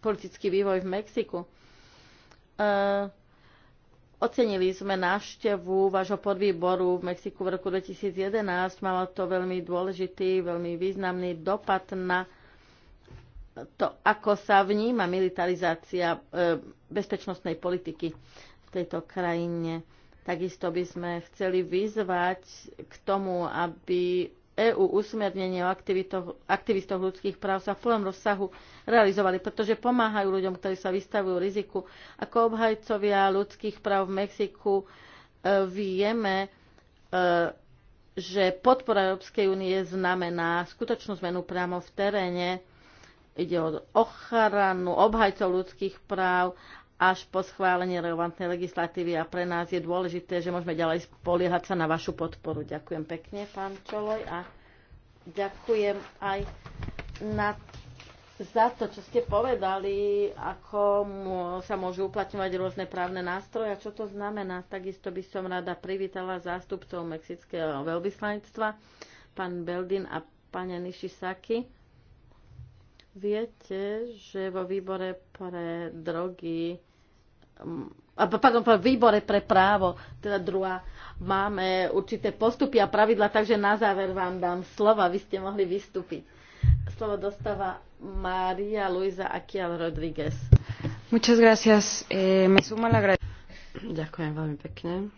S3: politický vývoj v Mexiku. E, ocenili sme návštevu vášho podvýboru v Mexiku v roku 2011. Malo to veľmi dôležitý, veľmi významný dopad na to, ako sa vníma militarizácia e, bezpečnostnej politiky v tejto krajine. Takisto by sme chceli vyzvať k tomu, aby EU usmernenie o aktivistoch ľudských práv sa v plnom rozsahu realizovali, pretože pomáhajú ľuďom, ktorí sa vystavujú riziku. Ako obhajcovia ľudských práv v Mexiku e, vieme, e, že podpora Európskej únie znamená skutočnú zmenu priamo v teréne Ide o ochranu obhajcov ľudských práv až po schválenie relevantnej legislatívy a pre nás je dôležité, že môžeme ďalej spoliehať sa na vašu podporu. Ďakujem pekne, pán Čoloj, a ďakujem aj na za to, čo ste povedali, ako sa môžu uplatňovať rôzne právne nástroje a čo to znamená. Takisto by som rada privítala zástupcov Mexického veľvyslanectva, pán Beldin a pani Nishisaki Viete, že vo výbore pre drogy pardon, v výbore pre právo, teda druhá, máme určité postupy a pravidla, takže na záver vám dám slovo, aby ste mohli vystúpiť. Slovo dostáva Maria Luisa Akial Rodriguez.
S4: Muchas gracias. Eh, me suma la gra- Ďakujem veľmi pekne.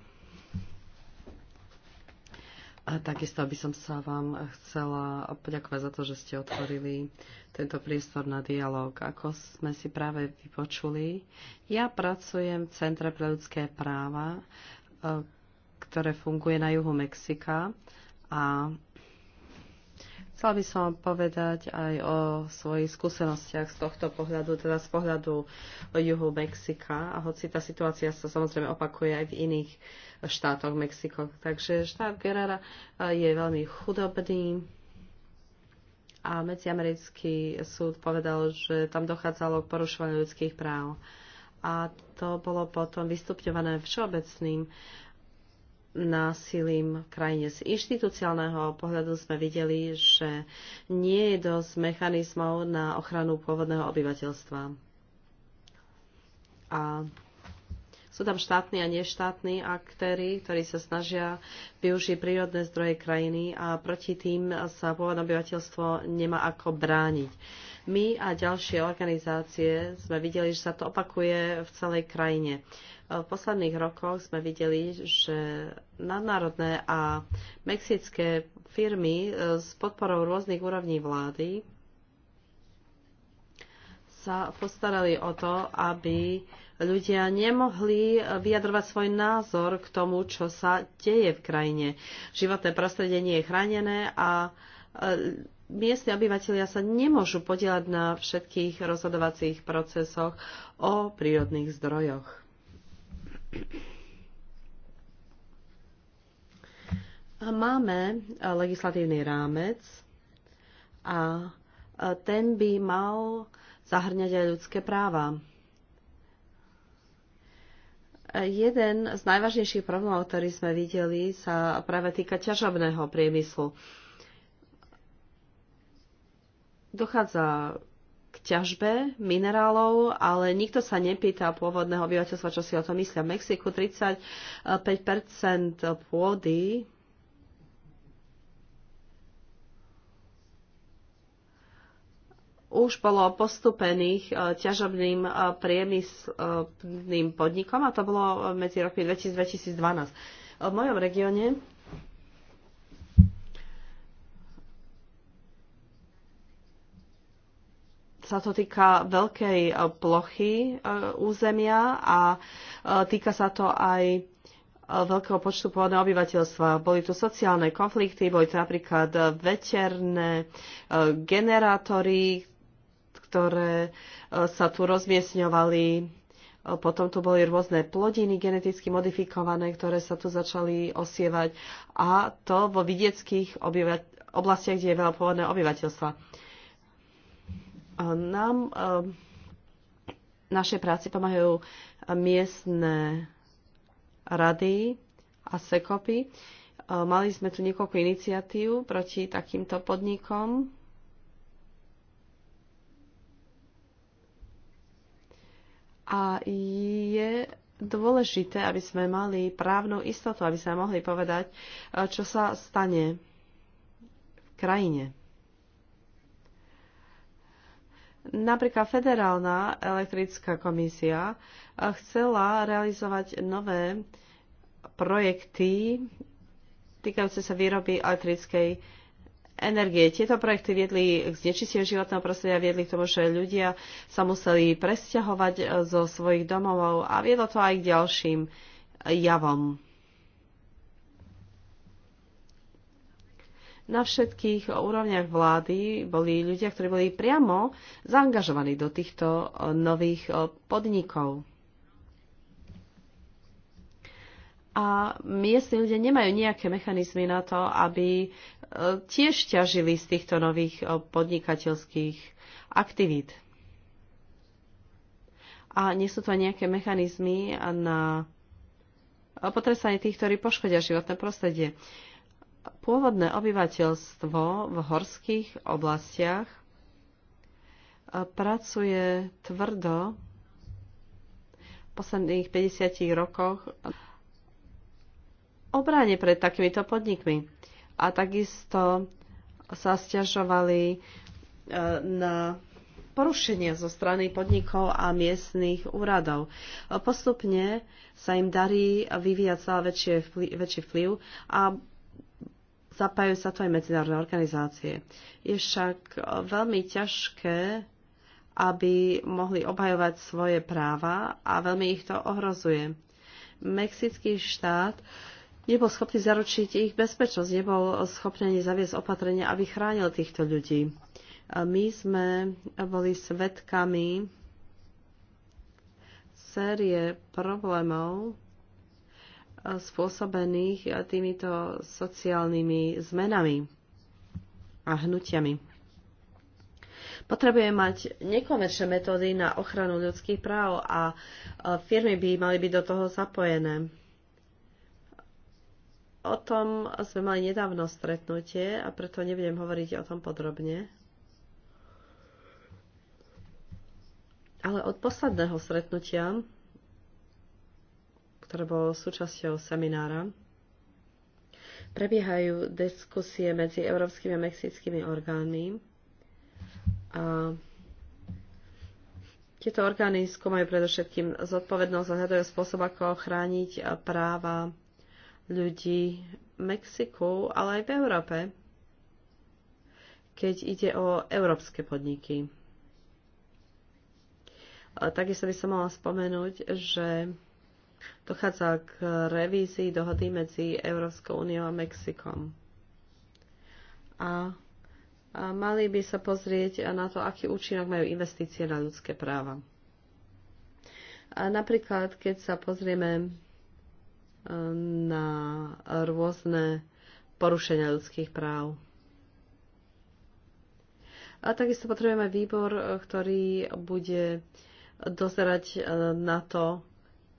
S4: A takisto by som sa vám chcela poďakovať za to, že ste otvorili tento priestor na dialog. Ako sme si práve vypočuli, ja pracujem v Centre pre ľudské práva, e, ktoré funguje na juhu Mexika a Chcela by som vám povedať aj o svojich skúsenostiach z tohto pohľadu, teda z pohľadu juhu Mexika. A hoci tá situácia sa samozrejme opakuje aj v iných štátoch Mexiko. Takže štát Gerrara je veľmi chudobný a medziamerický súd povedal, že tam dochádzalo k porušovaniu ľudských práv. A to bolo potom vystupňované všeobecným násilím v krajine. Z inštitúciálneho pohľadu sme videli, že nie je dosť mechanizmov na ochranu pôvodného obyvateľstva. A sú tam štátni a neštátni aktéry, ktorí sa snažia využiť prírodné zdroje krajiny a proti tým sa pôvodné obyvateľstvo nemá ako brániť. My a ďalšie organizácie sme videli, že sa to opakuje v celej krajine. V posledných rokoch sme videli, že nadnárodné a mexické firmy s podporou rôznych úrovní vlády sa postarali o to, aby ľudia nemohli eh, vyjadrovať svoj názor k tomu, čo sa deje v krajine. Životné prostredie nie je chránené a eh, miestni obyvateľia sa nemôžu podielať na všetkých rozhodovacích procesoch o prírodných zdrojoch. A máme eh, legislatívny rámec a ten by mal zahrňať aj ľudské práva. Jeden z najvážnejších problémov, ktorý sme videli, sa práve týka ťažobného priemyslu. Dochádza k ťažbe minerálov, ale nikto sa nepýta pôvodného obyvateľstva, čo si o tom myslia. V Mexiku 35 pôdy už bolo postupených e, ťažobným e, priemyslným podnikom a to bolo e, medzi rokmi 2000-2012. V mojom regióne sa to týka veľkej plochy územia a týka sa to aj veľkého počtu pôvodného obyvateľstva. Boli tu sociálne konflikty, boli tu napríklad veterné generátory, ktoré e, sa tu rozmiesňovali. E, potom tu boli rôzne plodiny geneticky modifikované, ktoré sa tu začali osievať. A to vo vidieckých oblastiach, kde je veľa pôvodné obyvateľstva. E, nám našej práci pomáhajú miestne rady a sekopy. Mali sme tu niekoľko iniciatív proti takýmto podnikom. A je dôležité, aby sme mali právnu istotu, aby sme mohli povedať, e, čo sa stane v krajine. Napríklad Federálna elektrická komisia e, chcela realizovať nové projekty týkajúce sa výroby elektrickej energie. Tieto projekty viedli k znečisteniu životného prostredia, viedli k tomu, že ľudia sa museli presťahovať eh, zo svojich domov a viedlo to aj k ďalším eh, javom. Na všetkých úrovniach vlády boli ľudia, ktorí boli priamo zaangažovaní do týchto eh, nových podnikov. A miestni ľudia nemajú nejaké mechanizmy na to, aby tiež ťažili z týchto nových eh, podnikateľských aktivít. A nie sú to aj nejaké mechanizmy na potresanie tých, ktorí poškodia životné prostredie. Pôvodné obyvateľstvo v horských oblastiach eh, pracuje tvrdo v posledných 50 rokoch obráne pred takýmito podnikmi a takisto sa stiažovali e, na porušenia zo strany podnikov a miestnych úradov. E, postupne sa im darí vyvíjať celá väčšie vplyv, väčší vplyv a zapájajú sa to aj medzinárodné organizácie. Je však e, veľmi ťažké, aby mohli obhajovať svoje práva a veľmi ich to ohrozuje. Mexický štát uh, nebol schopný zaručiť ich bezpečnosť, nebol schopný ani zaviesť opatrenia, aby chránil týchto ľudí. My sme boli svetkami série problémov spôsobených týmito sociálnymi zmenami a hnutiami. Potrebuje mať nekomerčné metódy na ochranu ľudských práv a firmy by mali byť do toho zapojené. O tom sme mali nedávno stretnutie a preto nebudem hovoriť o tom podrobne. Ale od posledného stretnutia, ktoré bolo súčasťou seminára, prebiehajú diskusie medzi európskymi a mexickými orgánmi. A tieto orgány skúmajú predovšetkým zodpovednosť a hľadajú spôsob, ako chrániť práva ľudí v Mexiku, ale aj v Európe, keď ide o európske podniky. Takisto by som mala spomenúť, že dochádza k revízii dohody medzi Európskou úniou a Mexikom. A, mali by sa pozrieť na to, aký účinok majú investície na ľudské práva. A napríklad, keď sa pozrieme na rôzne porušenia ľudských práv. A takisto potrebujeme výbor, ktorý bude dozerať e, na to,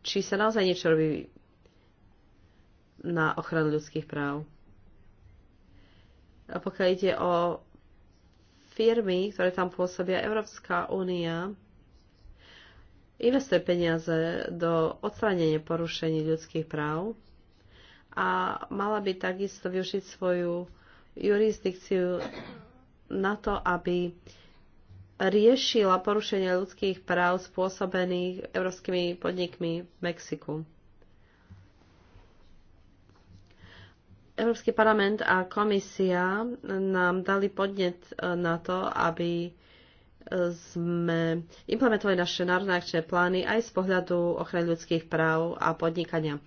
S4: či sa naozaj niečo robí na ochranu ľudských práv. A pokiaľ ide o firmy, ktoré tam pôsobia, Európska únia investuje peniaze do odstránenia porušení ľudských práv a mala by takisto využiť svoju jurisdikciu na to, aby riešila porušenie ľudských práv spôsobených európskymi podnikmi v Mexiku. Európsky parlament a komisia nám dali podnet eh, na to, aby sme implementovali naše národné akčné plány aj z pohľadu ochrany ľudských práv a podnikania.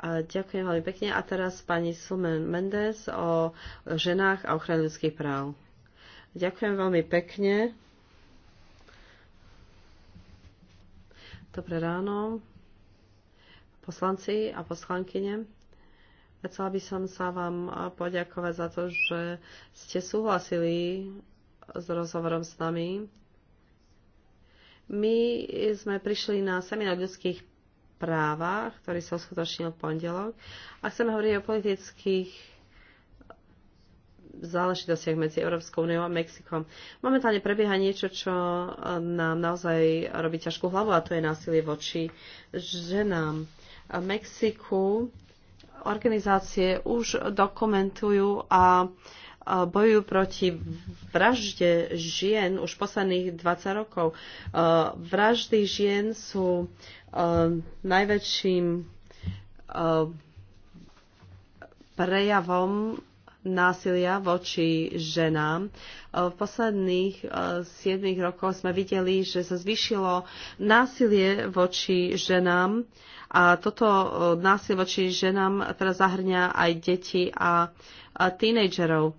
S4: A ďakujem veľmi pekne. A teraz pani Sumen Mendes o ženách a ochrane ľudských práv. Ďakujem veľmi pekne. Dobré ráno, poslanci a poslankyne. Chcela by som sa vám poďakovať za to, že ste súhlasili s rozhovorom s nami. My sme prišli na seminár ľudských právach, ktorý sa uskutočnil v pondelok a chceme hovoriť o politických záležitostiach medzi Európskou úniou a Mexikom. Momentálne prebieha niečo, čo nám naozaj robí ťažkú hlavu a to je násilie voči ženám. V Mexiku organizácie už dokumentujú a uh, bojujú proti vražde žien už posledných 20 rokov. E, vraždy žien sú e, najväčším e, prejavom násilia voči ženám. E, v posledných 7 e, rokoch sme videli, že sa zvyšilo násilie voči ženám a toto e, násilie voči ženám teraz zahrňa aj deti a tínejdžerov.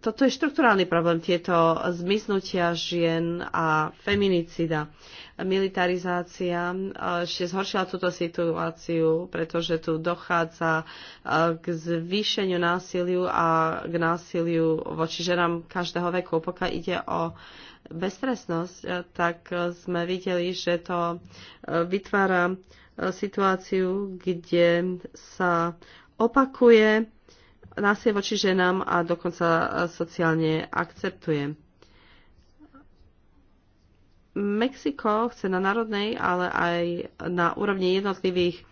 S4: Toto je štruktúrálny problém, tieto zmiznutia žien a feminicida militarizácia e, ešte zhoršila túto situáciu, pretože tu dochádza e, k zvýšeniu násiliu a k násiliu voči ženám každého veku. Pokiaľ ide o bezstresnosť, e, tak sme videli, že to vytvára situáciu, kde sa opakuje násilie voči ženám a dokonca sociálne akceptuje. Mexiko chce na národnej, ale aj na úrovni jednotlivých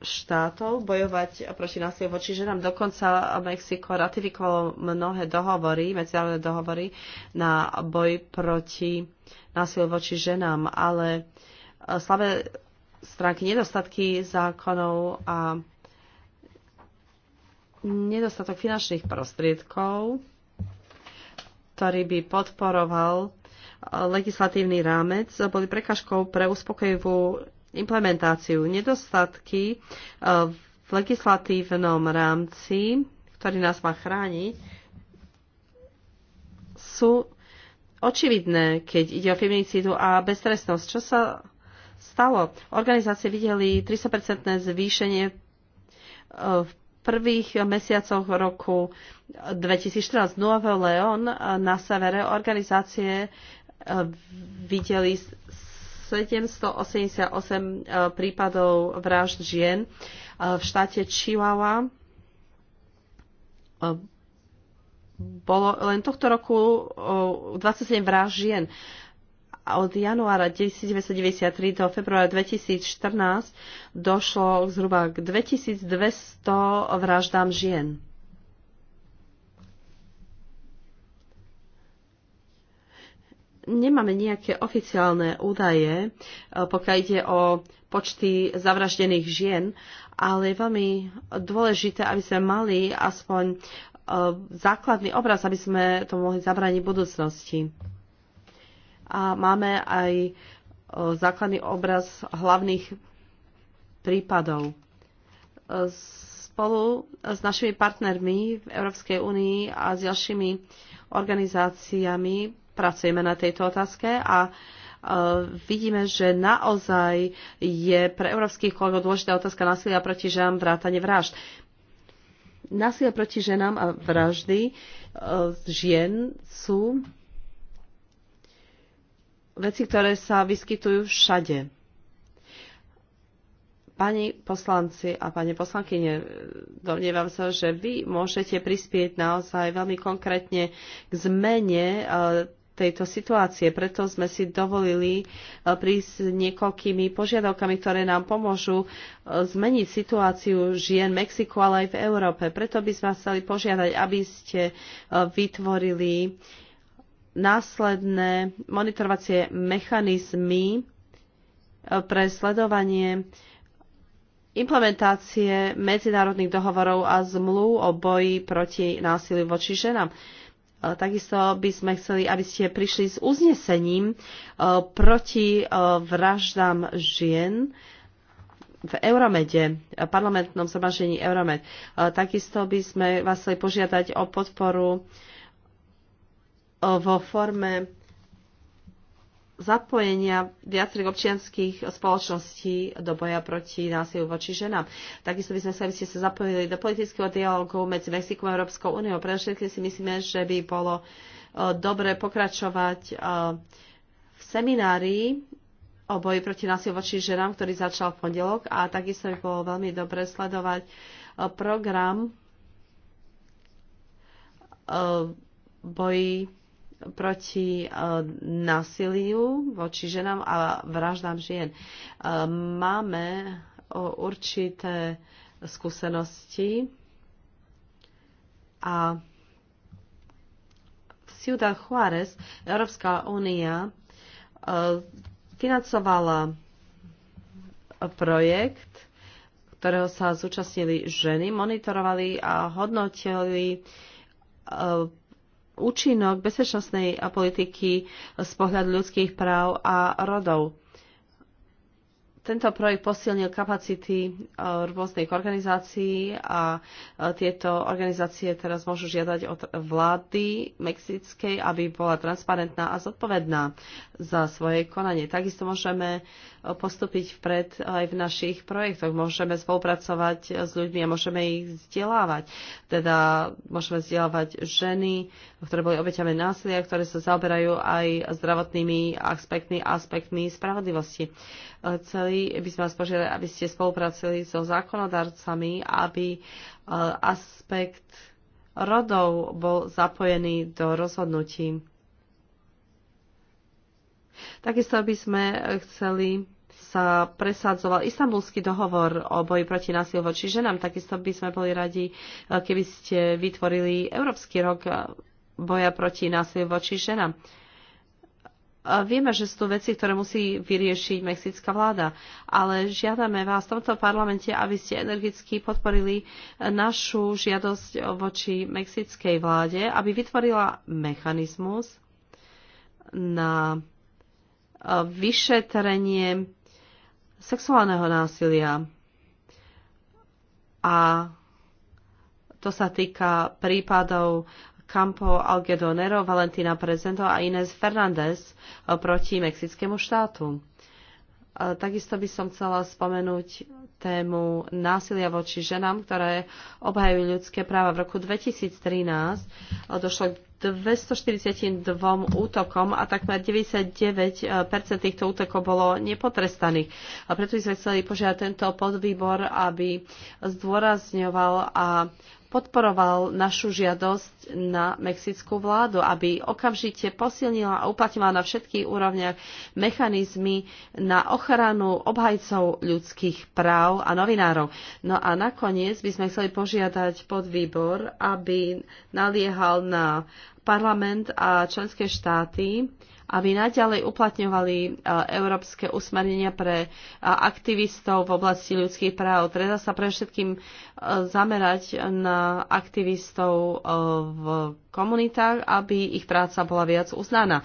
S4: štátov bojovať proti násiliu voči ženám. Dokonca Mexiko ratifikovalo mnohé dohovory, medzinárodné dohovory na boj proti násiliu voči ženám, ale eh, slabé stránky, nedostatky zákonov a nedostatok finančných prostriedkov ktorý by podporoval legislatívny rámec, boli prekažkou pre uspokojivú implementáciu. Nedostatky e, v legislatívnom rámci, ktorý nás má chrániť, sú očividné, keď ide o feminicídu a beztrestnosť. Čo sa stalo? Organizácie videli 300% zvýšenie e, v prvých mesiacoch roku 2014 Nuevo Leon na severe organizácie e, videli 788 e, prípadov vražd žien e, v štáte Chihuahua. Bolo len tohto roku 27 vražd žien od januára 1993 do februára 2014 došlo zhruba k 2200 vraždám žien. Nemáme nejaké oficiálne údaje, eh, pokiaľ ide o počty zavraždených žien, ale je veľmi dôležité, aby sme mali aspoň eh, základný obraz, aby sme to mohli zabrániť v budúcnosti a máme aj e, základný obraz hlavných prípadov. E, spolu s našimi partnermi v Európskej únii a s ďalšími organizáciami pracujeme na tejto otázke a e, vidíme, že naozaj je pre európskych kolegov dôležitá otázka násilia proti ženám vrátane vražd. Násilia proti ženám a vraždy žien sú veci, ktoré sa vyskytujú všade. Pani poslanci a pani poslankyne, domnievam sa, že vy môžete prispieť naozaj veľmi konkrétne k zmene e, tejto situácie. Preto sme si dovolili e, prísť s niekoľkými požiadavkami, ktoré nám pomôžu e, zmeniť situáciu žien v Mexiku, ale aj v Európe. Preto by sme chceli požiadať, aby ste vytvorili následné monitorovacie mechanizmy e, pre sledovanie implementácie medzinárodných dohovorov a zmluv o boji proti násiliu voči ženám. Takisto by sme chceli, aby ste prišli s uznesením e, proti e, vraždám žien v Euromede, parlamentnom zhromaždení Euromed. Takisto by sme vás chceli požiadať o podporu vo forme zapojenia viacerých občianských spoločností do boja proti násiliu voči ženám. Takisto by sme chceli, aby ste sa zapojili do politického dialogu medzi Mexikom a Európskou úniou. Pre si myslíme, že by bolo dobre pokračovať v seminári o boji proti násiliu voči ženám, ktorý začal v pondelok a takisto by bolo veľmi dobre sledovať program boji proti e, násiliu voči ženám a vraždám žien. E, máme e, určité skúsenosti a v Ciudad Juárez Európska únia financovala projekt, ktorého sa zúčastnili ženy, monitorovali a hodnotili účinok bezpečnostnej politiky z pohľadu ľudských práv a rodov. Tento projekt posilnil kapacity e, rôznych organizácií a e, tieto organizácie teraz môžu žiadať od vlády mexickej, aby bola transparentná a zodpovedná za svoje konanie. Takisto môžeme postúpiť vpred aj v našich projektoch. Môžeme spolupracovať s ľuďmi a môžeme ich vzdelávať. Teda môžeme vzdelávať ženy, ktoré boli obeťami násilia, ktoré sa zaoberajú aj zdravotnými aspektmi, aspektmi spravodlivosti. Chceli by sme vás požiadali, aby ste spolupracovali so zákonodarcami, aby e, aspekt rodov bol zapojený do rozhodnutí. Takisto by sme chceli sa presadzoval istambulský dohovor o boji proti násilu voči ženám. Takisto by sme boli radi, e, keby ste vytvorili Európsky rok e, boja proti násilu voči ženám. E, vieme, že sú tu veci, ktoré musí vyriešiť mexická vláda, ale žiadame vás v tomto parlamente, aby ste energicky podporili našu žiadosť voči mexickej vláde, aby vytvorila mechanizmus na vyšetrenie sexuálneho násilia. A to sa týka prípadov Campo Algedonero, Valentina Prezento a Inés Fernández proti Mexickému štátu. Takisto by som chcela spomenúť tému násilia voči ženám, ktoré obhajujú ľudské práva. V roku 2013 došlo k 242 útokom a takmer 99% týchto útokov bolo nepotrestaných. A preto sme chceli požiadať tento podvýbor, aby zdôrazňoval a podporoval našu žiadosť na mexickú vládu, aby okamžite posilnila a uplatnila na všetkých úrovniach mechanizmy na ochranu obhajcov ľudských práv a novinárov. No a nakoniec by sme chceli požiadať podvýbor, aby naliehal na parlament a členské štáty, aby naďalej uplatňovali e, európske usmernenia pre e, aktivistov v oblasti ľudských práv. Treba sa pre všetkým e, zamerať na aktivistov v komunitách, aby ich práca bola viac uznaná.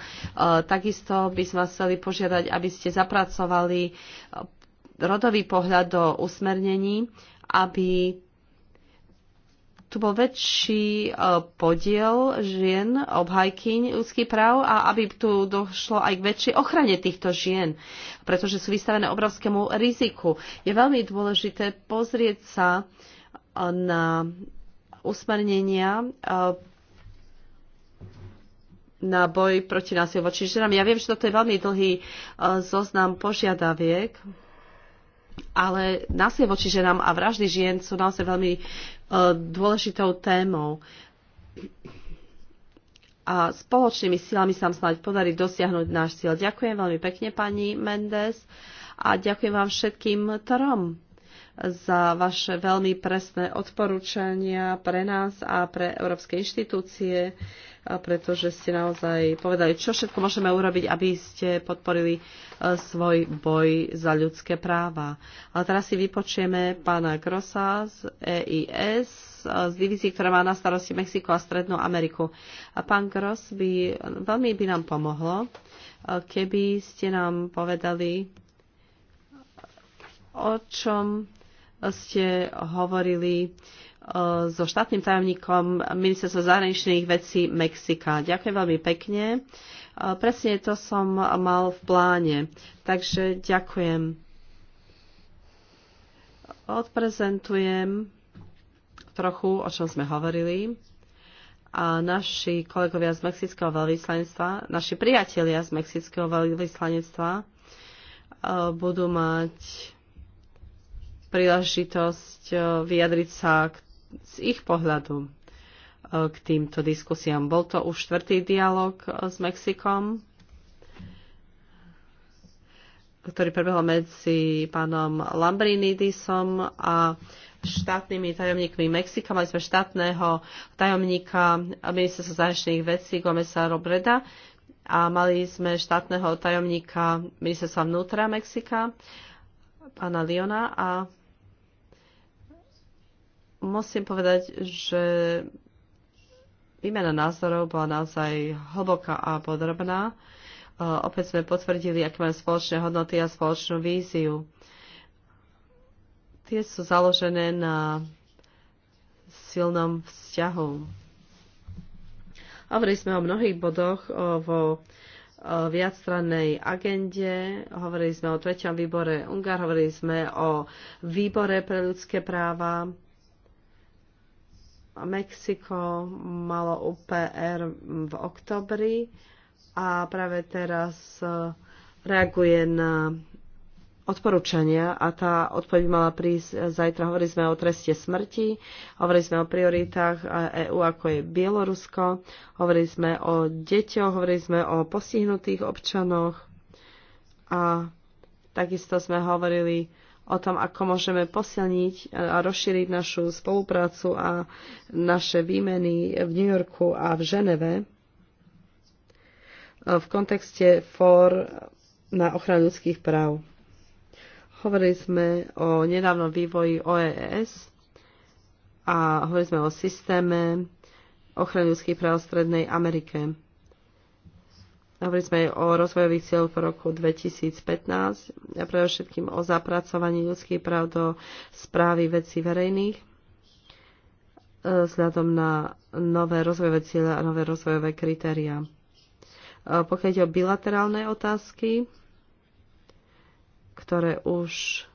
S4: Takisto by sme chceli požiadať, aby ste zapracovali rodový pohľad do usmernení, aby tu bol väčší e, podiel žien, obhajkyň ľudských práv a aby tu došlo aj k väčšej ochrane týchto žien, pretože sú vystavené obrovskému riziku. Je veľmi dôležité pozrieť sa e, na usmernenia e, na boj proti násilu voči ženám. Ja viem, že toto je veľmi dlhý zoznam požiadaviek, ale násilie voči ženám a vraždy žien sú naozaj veľmi e, dôležitou témou. A spoločnými silami sa snáď podarí dosiahnuť náš cieľ. Ďakujem veľmi pekne, pani Mendes, a ďakujem vám všetkým trom za vaše veľmi presné odporúčania pre nás a pre európske inštitúcie, pretože ste naozaj povedali, čo všetko môžeme urobiť, aby ste podporili e, svoj boj za ľudské práva. A teraz si vypočujeme pána Grossa z EIS, e, z divízie, ktorá má na starosti Mexiko a Strednú Ameriku. A pán Gross by, veľmi by nám pomohlo, e, keby ste nám povedali, o čom ste hovorili e, so štátnym tajomníkom ministerstva zahraničných vecí Mexika. Ďakujem veľmi pekne. E, presne to som mal v pláne. Takže ďakujem. Odprezentujem trochu, o čom sme hovorili. A naši kolegovia z Mexického veľvyslanectva, naši priatelia z Mexického veľvyslanectva e, budú mať príležitosť e, vyjadriť sa k, z ich pohľadu e, k týmto diskusiám. Bol to už štvrtý dialog e, s Mexikom, ktorý prebehol medzi pánom Lambrinidisom a štátnymi tajomníkmi Mexika. Mali sme štátneho tajomníka ministerstva zahraničných vecí Gomesa Robreda a mali sme štátneho tajomníka ministerstva vnútra Mexika, pána Liona a musím povedať, že výmena názorov bola naozaj hlboká a podrobná. E, opäť sme potvrdili, aké máme spoločné hodnoty a spoločnú víziu. Tie sú založené na silnom vzťahu. Hovorili sme o mnohých bodoch, vo viacstrannej agende, hovorili sme o treťom výbore Ungar, hovorili sme o výbore pre ľudské práva, Mexiko malo UPR v oktobri a práve teraz e, reaguje na odporúčania a tá odpoveď mala prísť e, zajtra. Hovorili sme o treste smrti, hovorili sme o prioritách EÚ, e ako je Bielorusko, hovorili sme o deťoch, hovorili sme o postihnutých občanoch a takisto sme hovorili o tom, ako môžeme posilniť e, a rozšíriť našu spoluprácu a naše výmeny v New Yorku a v Ženeve e, v kontexte for na ochranu ľudských práv. Hovorili sme o nedávnom vývoji OES a hovorili sme o systéme ochrany ľudských práv v Strednej Amerike. Hovorili sme o rozvojových cieľoch v roku 2015 a pre všetkým o zapracovaní ľudských práv do správy vecí verejných e, vzhľadom na nové rozvojové cieľe a nové rozvojové kritéria. E, pokiaľ ide o bilaterálne otázky, ktoré už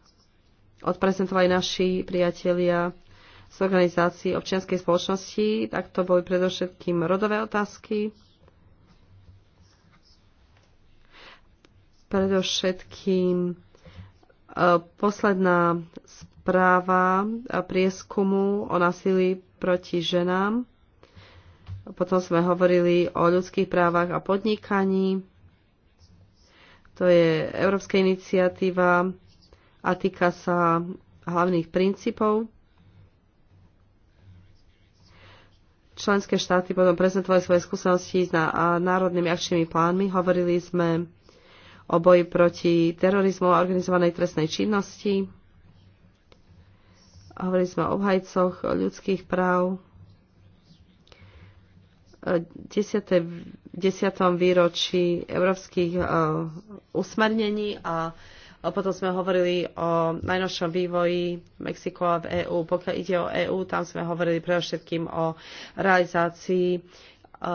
S4: odprezentovali naši priatelia z organizácií občianskej spoločnosti, tak to boli predovšetkým rodové otázky, Predovšetkým e, posledná správa e, prieskumu o násilí proti ženám. Potom sme hovorili o ľudských právach a podnikaní. To je európska iniciatíva a týka sa hlavných princípov. Členské štáty potom prezentovali svoje skúsenosti s národnými akčnými plánmi. Hovorili sme o boji proti terorizmu a organizovanej trestnej činnosti. Hovorili sme o obhajcoch o ľudských práv. V desiatom výročí európskych e, usmernení a a potom sme hovorili o najnovšom vývoji Mexiko a v EÚ. Pokiaľ ide o EÚ, tam sme hovorili predovšetkým o realizácii E,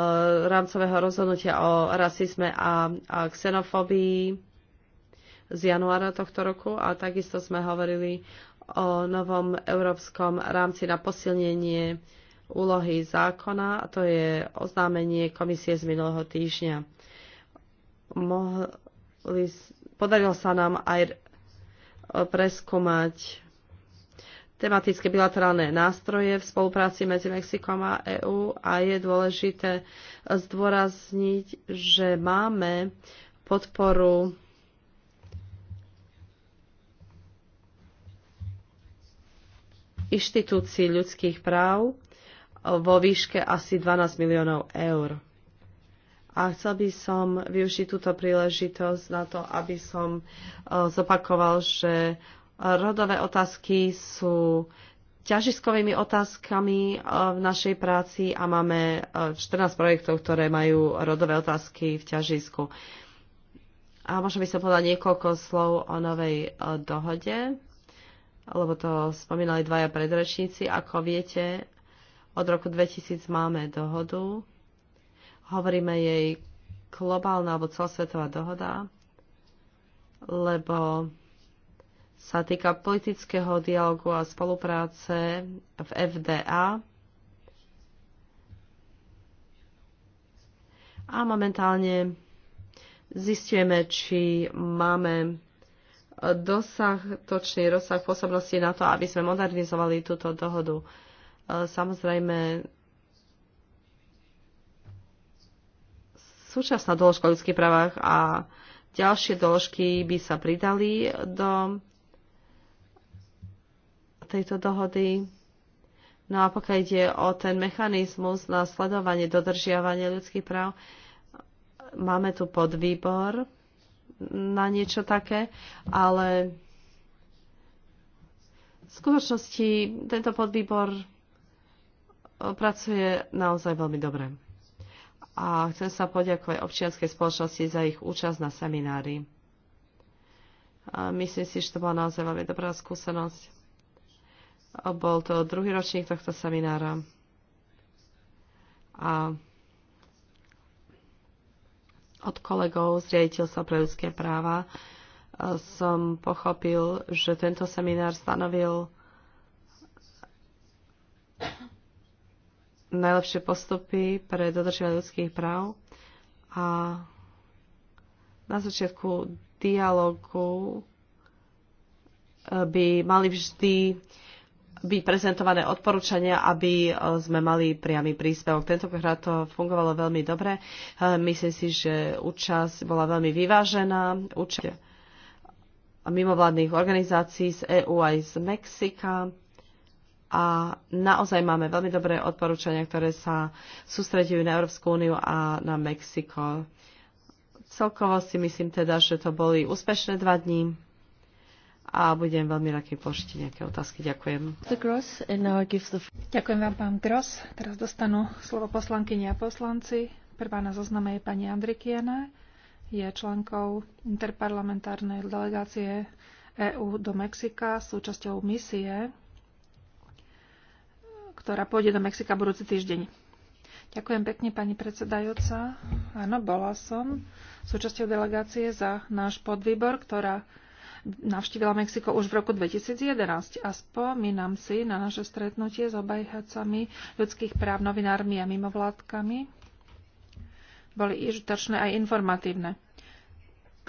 S4: rámcového rozhodnutia o rasizme a, a xenofóbii z januára tohto roku a takisto sme hovorili o novom európskom rámci na posilnenie úlohy zákona, a to je oznámenie komisie z minulého týždňa. Mohli, podarilo sa nám aj preskúmať tematické bilaterálne nástroje v spolupráci medzi Mexikom a EÚ a je dôležité zdôrazniť, že máme podporu inštitúcií ľudských práv vo výške asi 12 miliónov eur. A chcel by som využiť túto príležitosť na to, aby som eh, zopakoval, že Rodové otázky sú ťažiskovými otázkami eh, v našej práci a máme 14 eh, projektov, ktoré majú rodové otázky v ťažisku. A možno by som povedala niekoľko slov o novej eh, dohode, lebo to spomínali dvaja predrečníci. Ako viete, od roku 2000 máme dohodu. Hovoríme jej globálna alebo celosvetová dohoda, lebo sa týka politického dialogu a spolupráce v FDA. A momentálne zistujeme, či máme dosah, točný rozsah pôsobnosti na to, aby sme modernizovali túto dohodu. E, samozrejme, súčasná doložka o ľudských právach a ďalšie doložky by sa pridali do tejto dohody. No a pokiaľ ide o ten mechanizmus na sledovanie dodržiavania ľudských práv, máme tu podvýbor na niečo také, ale v skutočnosti tento podvýbor e, pracuje naozaj veľmi dobre. A chcem sa poďakovať občianskej spoločnosti za ich účasť na seminári. A myslím si, že to bola naozaj veľmi dobrá skúsenosť. Bol to druhý ročník tohto seminára. A od kolegov z riaditeľstva pre ľudské práva e, som pochopil, že tento seminár stanovil najlepšie postupy pre dodržiavanie ľudských práv a na začiatku dialogu e, by mali vždy byť prezentované odporúčania, aby e, sme mali priamy príspevok. krát to fungovalo veľmi dobre. E, myslím si, že účasť bola veľmi vyvážená. Účasť mimovládnych organizácií z EÚ aj z Mexika. A naozaj máme veľmi dobré odporúčania, ktoré sa sústredujú na Európsku úniu a na Mexiko. Celkovo si myslím teda, že to boli úspešné dva dní a budem veľmi rád, keď položíte nejaké otázky. Ďakujem.
S2: Ďakujem vám, pán Gross. Teraz dostanú slovo poslankyne a poslanci. Prvá na zozname je pani Andrikiana. Je členkou interparlamentárnej delegácie EÚ do Mexika, súčasťou misie, ktorá pôjde do Mexika budúci týždeň. Ďakujem pekne, pani predsedajúca. Áno, bola som súčasťou delegácie za náš podvýbor, ktorá navštívila Mexiko už v roku 2011 a spomínam si na naše stretnutie s obajhacami ľudských práv, novinármi a mimovládkami. Boli užitočné aj informatívne.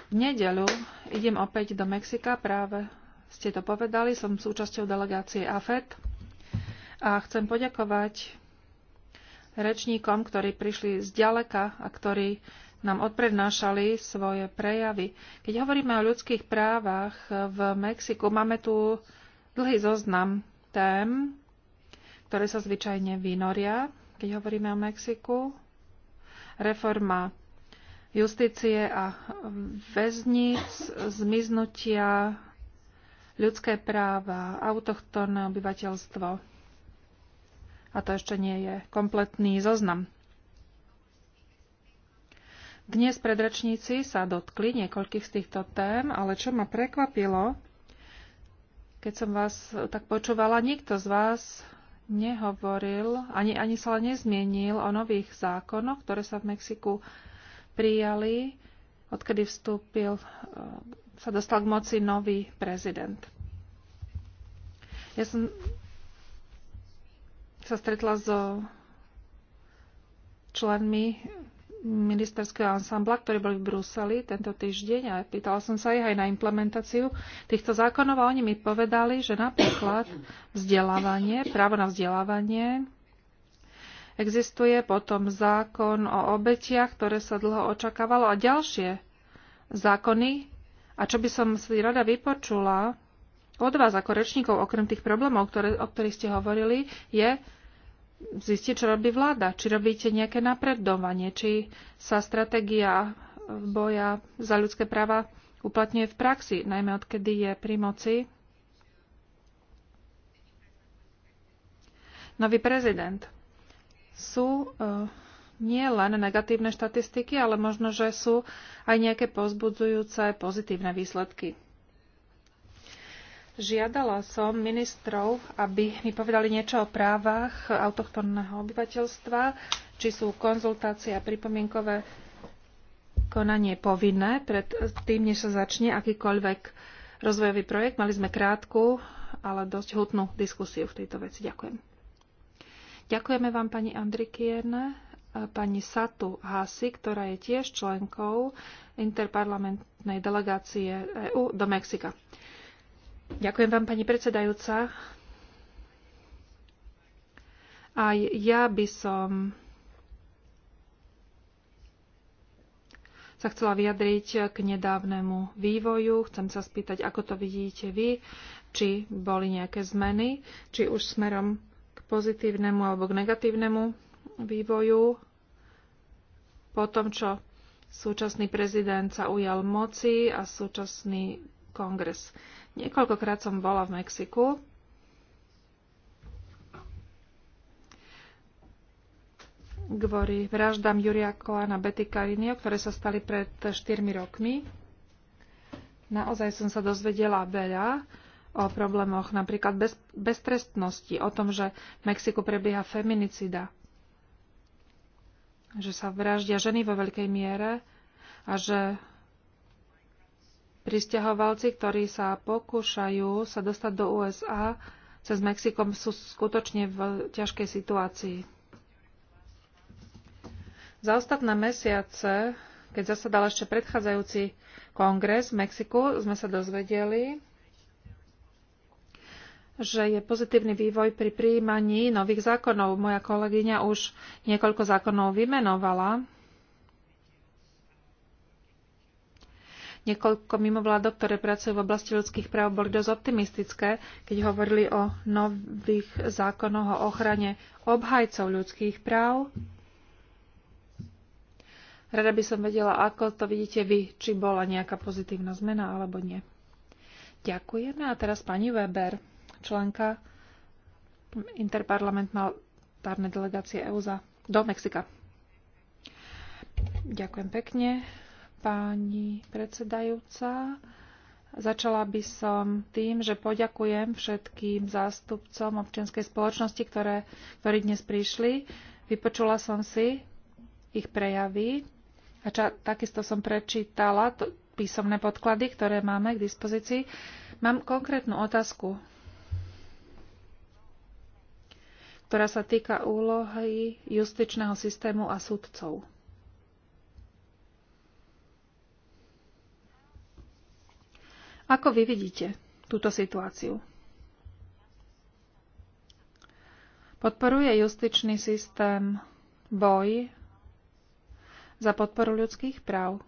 S2: V nedeľu idem opäť do Mexika, práve ste to povedali, som súčasťou delegácie AFET a chcem poďakovať rečníkom, ktorí prišli z ďaleka a ktorí nám odprednášali svoje prejavy. Keď hovoríme o ľudských právach v Mexiku, máme tu dlhý zoznam tém, ktoré sa zvyčajne vynoria, keď hovoríme o Mexiku. Reforma justície a väznic, zmiznutia, ľudské práva, autochtónne obyvateľstvo. A to ešte nie je kompletný zoznam. Dnes predračníci sa dotkli niekoľkých z týchto tém, ale čo ma prekvapilo, keď som vás tak počúvala, nikto z vás nehovoril, ani, ani sa nezmienil o nových zákonoch, ktoré sa v Mexiku prijali, odkedy vstúpil, e, sa dostal k moci nový prezident. Ja som sa stretla so členmi ministerského ansambla, ktorí boli v Bruseli tento týždeň a pýtala som sa ich aj na implementáciu týchto zákonov a oni mi povedali, že napríklad vzdelávanie, právo na vzdelávanie existuje, potom zákon o obetiach, ktoré sa dlho očakávalo a ďalšie zákony. A čo by som si rada vypočula od vás ako rečníkov, okrem tých problémov, ktoré, o ktorých ste hovorili, je, zistiť, čo robí vláda. Či robíte nejaké napredovanie, či sa stratégia boja za ľudské práva uplatňuje v praxi, najmä odkedy je pri moci nový prezident. Sú uh, nie len negatívne štatistiky, ale možno, že sú aj nejaké pozbudzujúce pozitívne výsledky. Žiadala som ministrov, aby mi povedali niečo o právach autochtónneho obyvateľstva, či sú konzultácie a pripomienkové konanie povinné pred tým, než sa začne akýkoľvek rozvojový projekt. Mali sme krátku, ale dosť hutnú diskusiu v tejto veci. Ďakujem. Ďakujeme vám, pani Andrikierne, pani Satu Hasi, ktorá je tiež členkou interparlamentnej delegácie EU do Mexika. Ďakujem vám, pani predsedajúca. Aj ja by som sa chcela vyjadriť k nedávnemu vývoju. Chcem sa spýtať, ako to vidíte vy, či boli nejaké zmeny, či už smerom k pozitívnemu alebo k negatívnemu vývoju po tom, čo súčasný prezident sa ujal moci a súčasný kongres. Niekoľkokrát som bola v Mexiku. kvôli vraždám Juria na Betty Karinio, ktoré sa stali pred 4 rokmi. Naozaj som sa dozvedela veľa o problémoch napríklad bez, beztrestnosti, o tom, že v Mexiku prebieha feminicida, že sa vraždia ženy vo veľkej miere a že Pristahovalci, ktorí sa pokúšajú sa dostať do USA cez Mexikom, sú skutočne v ťažkej situácii. Za ostatné mesiace, keď zasadal ešte predchádzajúci kongres v Mexiku, sme sa dozvedeli, že je pozitívny vývoj pri príjmaní nových zákonov. Moja kolegyňa už niekoľko zákonov vymenovala. Niekoľko mimovládok, ktoré pracujú v oblasti ľudských práv, boli dosť optimistické, keď hovorili o nových zákonoch o ochrane obhajcov ľudských práv. Rada by som vedela, ako to vidíte vy, či bola nejaká pozitívna zmena alebo nie. Ďakujeme. A teraz pani Weber, členka interparlamentárnej delegácie e za, do Mexika. Ďakujem pekne pani predsedajúca. Začala by som tým, že poďakujem všetkým zástupcom občianskej spoločnosti, ktoré, ktorí dnes prišli. Vypočula som si ich prejavy a ča, takisto som prečítala to, písomné podklady, ktoré máme k dispozícii. Mám konkrétnu otázku, ktorá sa týka úlohy justičného systému a súdcov. Ako vy vidíte túto situáciu? Podporuje justičný systém boj za podporu ľudských práv.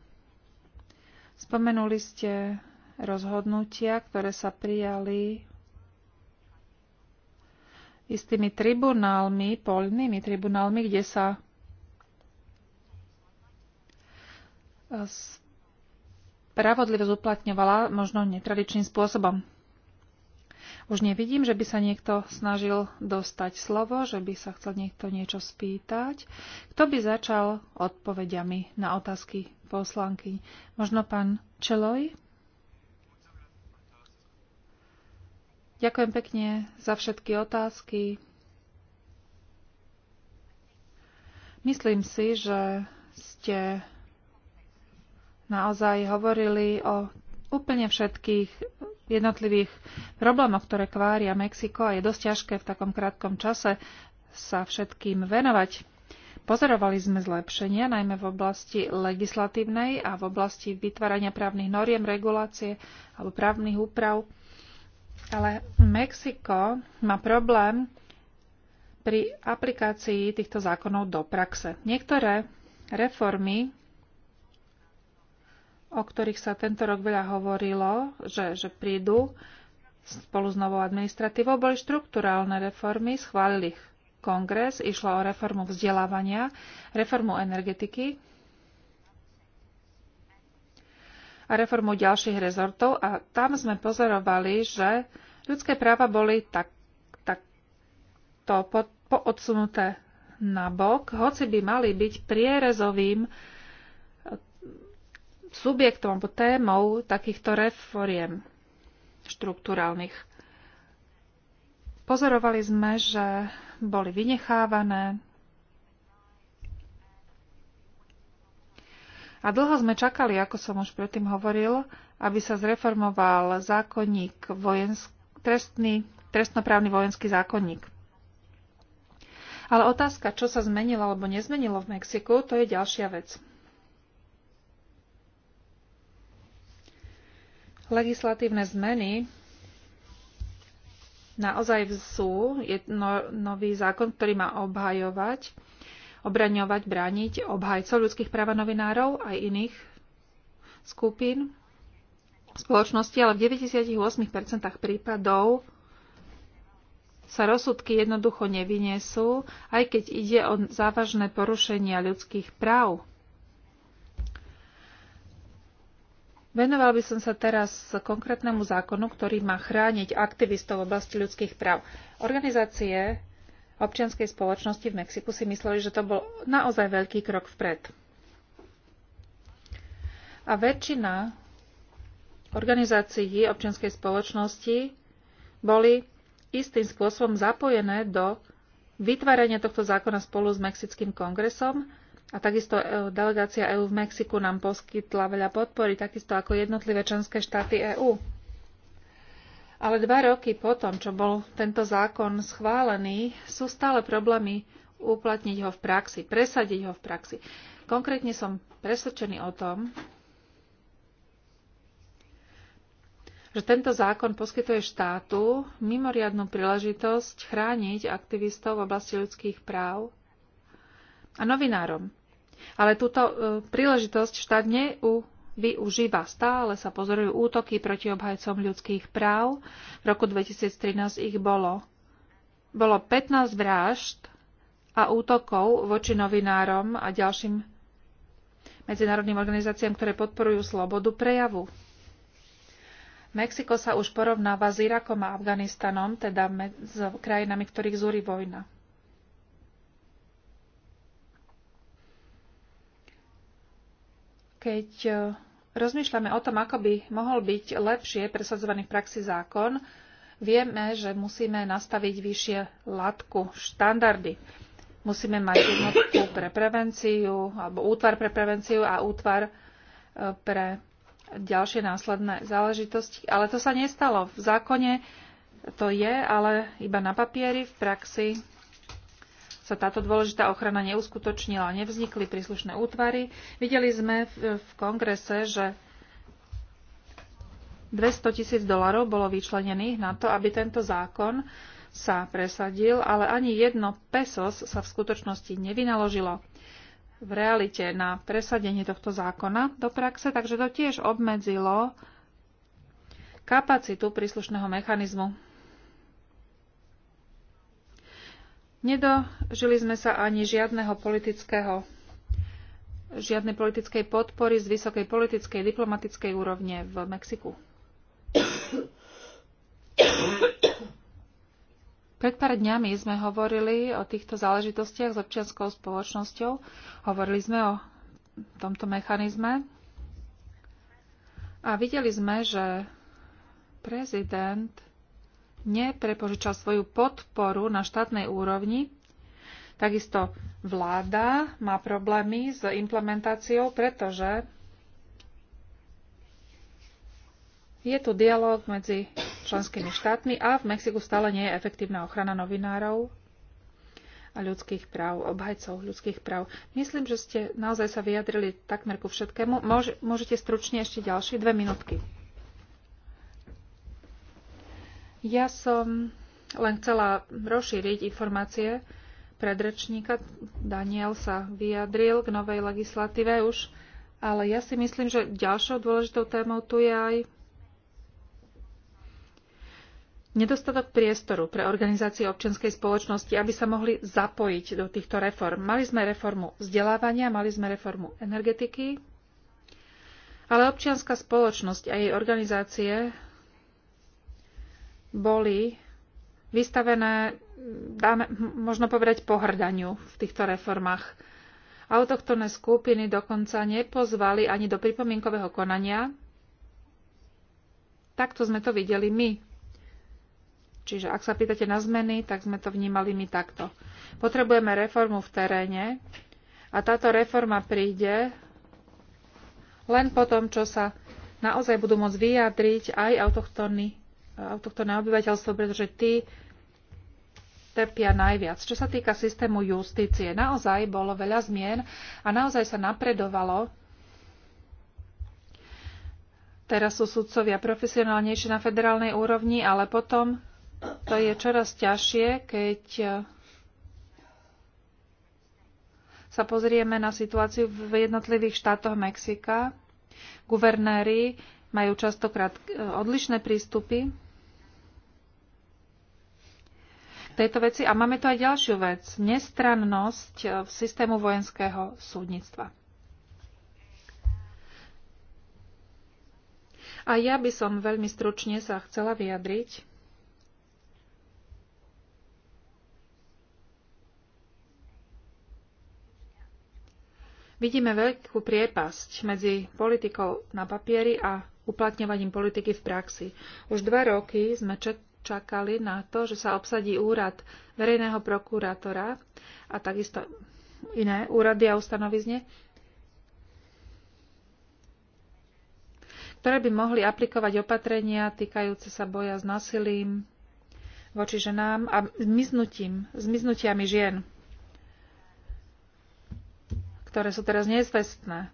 S2: Spomenuli ste rozhodnutia, ktoré sa prijali istými tribunálmi, poľnými tribunálmi, kde sa spravodlivosť uplatňovala možno netradičným spôsobom. Už nevidím, že by sa niekto snažil dostať slovo, že by sa chcel niekto niečo spýtať. Kto by začal odpovediami na otázky poslanky? Možno pán Čeloj? Ďakujem pekne za všetky otázky. Myslím si, že ste naozaj hovorili o úplne všetkých jednotlivých problémoch, ktoré kvária Mexiko a je dosť ťažké v takom krátkom čase sa všetkým venovať. Pozorovali sme zlepšenia, najmä v oblasti legislatívnej a v oblasti vytvárania právnych noriem, regulácie alebo právnych úprav. Ale Mexiko má problém pri aplikácii týchto zákonov do praxe. Niektoré reformy o ktorých sa tento rok veľa hovorilo, že, že prídu spolu s novou administratívou, boli štruktúrálne reformy, schválil ich kongres, išlo o reformu vzdelávania, reformu energetiky a reformu ďalších rezortov a tam sme pozorovali, že ľudské práva boli tak, takto po, poodsunuté nabok, hoci by mali byť prierezovým subjektom alebo témou takýchto reforiem štruktúrálnych. Pozorovali sme, že boli vynechávané a dlho sme čakali, ako som už predtým hovoril, aby sa zreformoval zákonník vojensk, trestný, trestnoprávny vojenský zákonník. Ale otázka, čo sa zmenilo alebo nezmenilo v Mexiku, to je ďalšia vec. Legislatívne zmeny naozaj sú. Je no, nový zákon, ktorý má obhajovať, obraňovať, brániť obhajcov ľudských práv novinárov aj iných skupín spoločnosti, ale v 98% prípadov sa rozsudky jednoducho nevyniesú, aj keď ide o závažné porušenia ľudských práv. Venoval by som sa teraz konkrétnemu zákonu, ktorý má chrániť aktivistov v oblasti ľudských práv. Organizácie občianskej spoločnosti v Mexiku si mysleli, že to bol naozaj veľký krok vpred. A väčšina organizácií občianskej spoločnosti boli istým spôsobom zapojené do vytvárania tohto zákona spolu s Mexickým kongresom a takisto e, delegácia EÚ v Mexiku nám poskytla veľa podpory, takisto ako jednotlivé členské štáty EÚ. Ale dva roky potom, čo bol tento zákon schválený, sú stále problémy uplatniť ho v praxi, presadiť ho v praxi. Konkrétne som presvedčený o tom, že tento zákon poskytuje štátu mimoriadnú príležitosť chrániť aktivistov v oblasti ľudských práv a novinárom. Ale túto e, príležitosť štát využíva Stále sa pozorujú útoky proti obhajcom ľudských práv. V roku 2013 ich bolo. Bolo 15 vražd a útokov voči novinárom a ďalším medzinárodným organizáciám, ktoré podporujú slobodu prejavu. Mexiko sa už porovnáva s Irakom a Afganistanom, teda s krajinami, ktorých zúri vojna. Keď e, rozmýšľame o tom, ako by mohol byť lepšie presadzovaný v praxi zákon, vieme, že musíme nastaviť vyššie latku, štandardy. Musíme mať jednotku pre prevenciu, alebo útvar pre prevenciu a útvar e, pre ďalšie následné záležitosti. Ale to sa nestalo. V zákone to je, ale iba na papieri, v praxi sa táto dôležitá ochrana neuskutočnila, nevznikli príslušné útvary. Videli sme v, v kongrese, že 200 tisíc dolarov bolo vyčlenených na to, aby tento zákon sa presadil, ale ani jedno pesos sa v skutočnosti nevynaložilo v realite na presadenie tohto zákona do praxe, takže to tiež obmedzilo kapacitu príslušného mechanizmu. Nedožili sme sa ani žiadneho politického žiadnej politickej podpory z vysokej politickej diplomatickej úrovne v Mexiku. Pred pár dňami sme hovorili o týchto záležitostiach s občianskou spoločnosťou. Hovorili sme o tomto mechanizme. A videli sme, že prezident neprepožičal svoju podporu na štátnej úrovni. Takisto vláda má problémy s implementáciou, pretože je tu dialog medzi členskými štátmi a v Mexiku stále nie je efektívna ochrana novinárov a ľudských práv, obhajcov ľudských práv. Myslím, že ste naozaj sa vyjadrili takmer ku všetkému. Môžete stručne ešte ďalšie dve minútky. Ja som len chcela rozšíriť informácie predrečníka. Daniel sa vyjadril k novej legislatíve už, ale ja si myslím, že ďalšou dôležitou témou tu je aj Nedostatok priestoru pre organizácie občianskej spoločnosti, aby sa mohli zapojiť do týchto reform. Mali sme reformu vzdelávania, mali sme reformu energetiky, ale občianská spoločnosť a jej organizácie boli vystavené, dáme, možno povedať, pohrdaniu v týchto reformách. Autochtónne skupiny dokonca nepozvali ani do pripomienkového konania. Takto sme to videli my. Čiže ak sa pýtate na zmeny, tak sme to vnímali my takto. Potrebujeme reformu v teréne a táto reforma príde len po tom, čo sa naozaj budú môcť vyjadriť aj autochtónni autochtónne obyvateľstvo, pretože tí trpia najviac. Čo sa týka systému justície, naozaj bolo veľa zmien a naozaj sa napredovalo. Teraz sú sudcovia profesionálnejšie na federálnej úrovni, ale potom to je čoraz ťažšie, keď sa pozrieme na situáciu v jednotlivých štátoch Mexika. Guvernéri majú častokrát e, odlišné prístupy tejto veci. A máme tu aj ďalšiu vec. Nestrannosť e, v systému vojenského súdnictva. A ja by som veľmi stručne sa chcela vyjadriť. Vidíme veľkú priepasť medzi politikou na papieri a uplatňovaním politiky v praxi. Už dva roky sme čakali na to, že sa obsadí úrad verejného prokurátora a takisto iné úrady a ustanovizne, ktoré by mohli aplikovať opatrenia týkajúce sa boja s násilím voči ženám a zmiznutím, zmiznutiami žien, ktoré sú teraz nezvestné.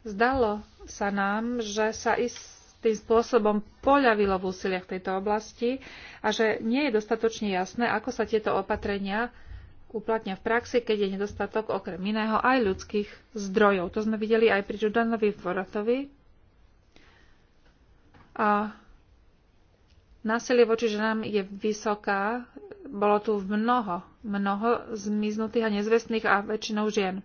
S2: Zdalo sa nám, že sa ist tým spôsobom poľavilo v úsiliach tejto oblasti a že nie je dostatočne jasné, ako sa tieto opatrenia uplatňa v praxi, keď je nedostatok okrem iného aj ľudských zdrojov. To sme videli aj pri Judanovi Voratovi. A násilie voči ženám je vysoká. Bolo tu mnoho, mnoho zmiznutých a nezvestných a väčšinou žien.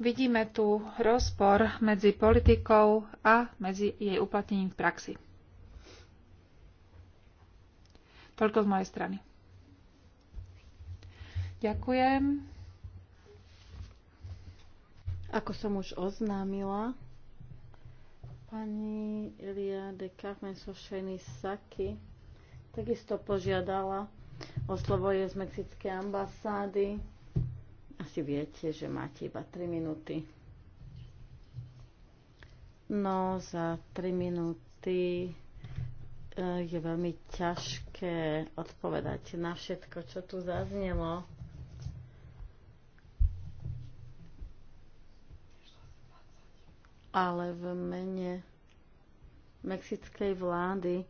S2: Vidíme tu rozpor medzi politikou a medzi jej uplatnením v praxi. Toľko z mojej strany. Ďakujem. Ako som už oznámila,
S3: pani Ilia de Carmen Sošeny Saki takisto požiadala o slovo je z Mexickej ambasády asi viete, že máte iba 3 minúty. No, za 3 minúty e, je veľmi ťažké odpovedať na všetko, čo tu zaznelo. Ale v mene mexickej vlády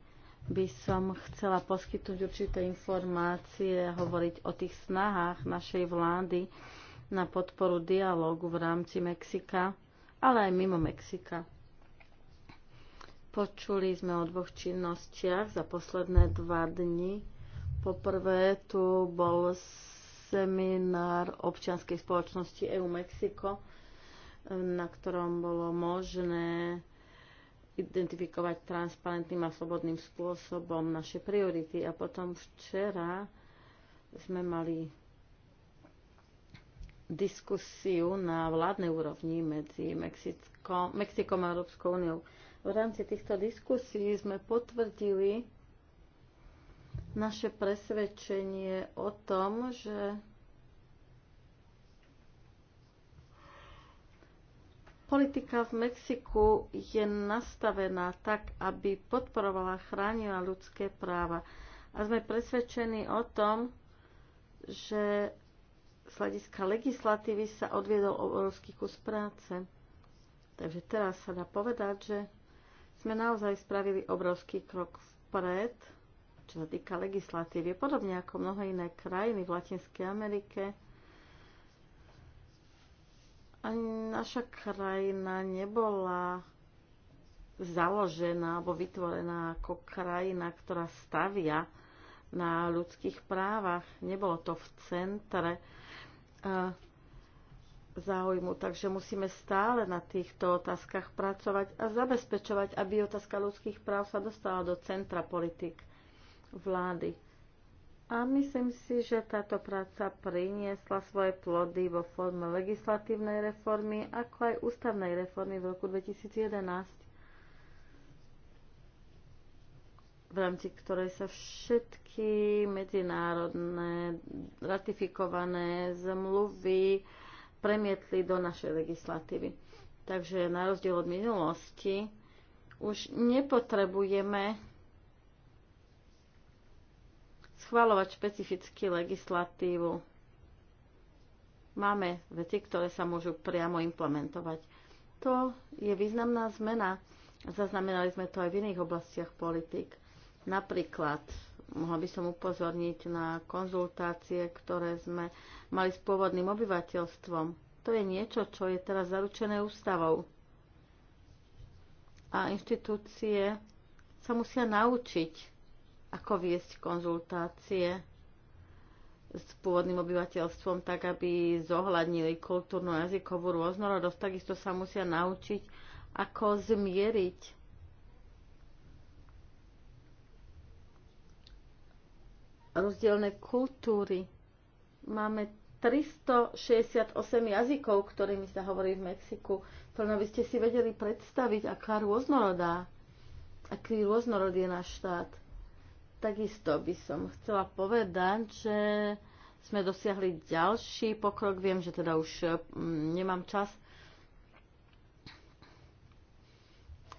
S3: by som chcela poskytnúť určité informácie a hovoriť o tých snahách našej vlády na podporu dialógu v rámci Mexika, ale aj mimo Mexika. Počuli sme o dvoch činnostiach za posledné dva dni. Poprvé tu bol seminár občianskej spoločnosti EU Mexiko, na ktorom bolo možné identifikovať transparentným a slobodným spôsobom naše priority. A potom včera sme mali diskusiu na vládnej úrovni medzi Mexicko, Mexikom a Európskou úniou. V rámci týchto diskusí sme potvrdili naše presvedčenie o tom, že Politika v Mexiku je nastavená tak, aby podporovala, chránila ľudské práva. A sme presvedčení o tom, že z hľadiska legislatívy sa odviedol obrovský kus práce. Takže teraz sa dá povedať, že sme naozaj spravili obrovský krok vpred, čo sa týka legislatívy. Podobne ako mnohé iné krajiny v Latinskej Amerike, ani naša krajina nebola založená alebo vytvorená ako krajina, ktorá stavia na ľudských právach. Nebolo to v centre eh, záujmu, takže musíme stále na týchto otázkach pracovať a zabezpečovať, aby otázka ľudských práv sa dostala do centra politik vlády. A myslím si, že táto práca priniesla svoje plody vo forme legislatívnej reformy, ako aj ústavnej reformy v roku 2011, v rámci ktorej sa všetky medzinárodné ratifikované zmluvy premietli do našej legislatívy. Takže na rozdiel od minulosti už nepotrebujeme schváľovať špecificky legislatívu. Máme veci, ktoré sa môžu priamo implementovať. To je významná zmena. Zaznamenali sme to aj v iných oblastiach politik. Napríklad mohla by som upozorniť na konzultácie, ktoré sme mali s pôvodným obyvateľstvom. To je niečo, čo je teraz zaručené ústavou. A inštitúcie sa musia naučiť ako viesť konzultácie s pôvodným obyvateľstvom, tak aby zohľadnili kultúrnu jazykovú rôznorodosť. Takisto sa musia naučiť, ako zmieriť rozdielne kultúry. Máme 368 jazykov, ktorými sa hovorí v Mexiku. To by ste si vedeli predstaviť, aká rôznorodá, aký rôznorod je náš štát. Takisto by som chcela povedať, že sme dosiahli ďalší pokrok. Viem, že teda už mm, nemám čas.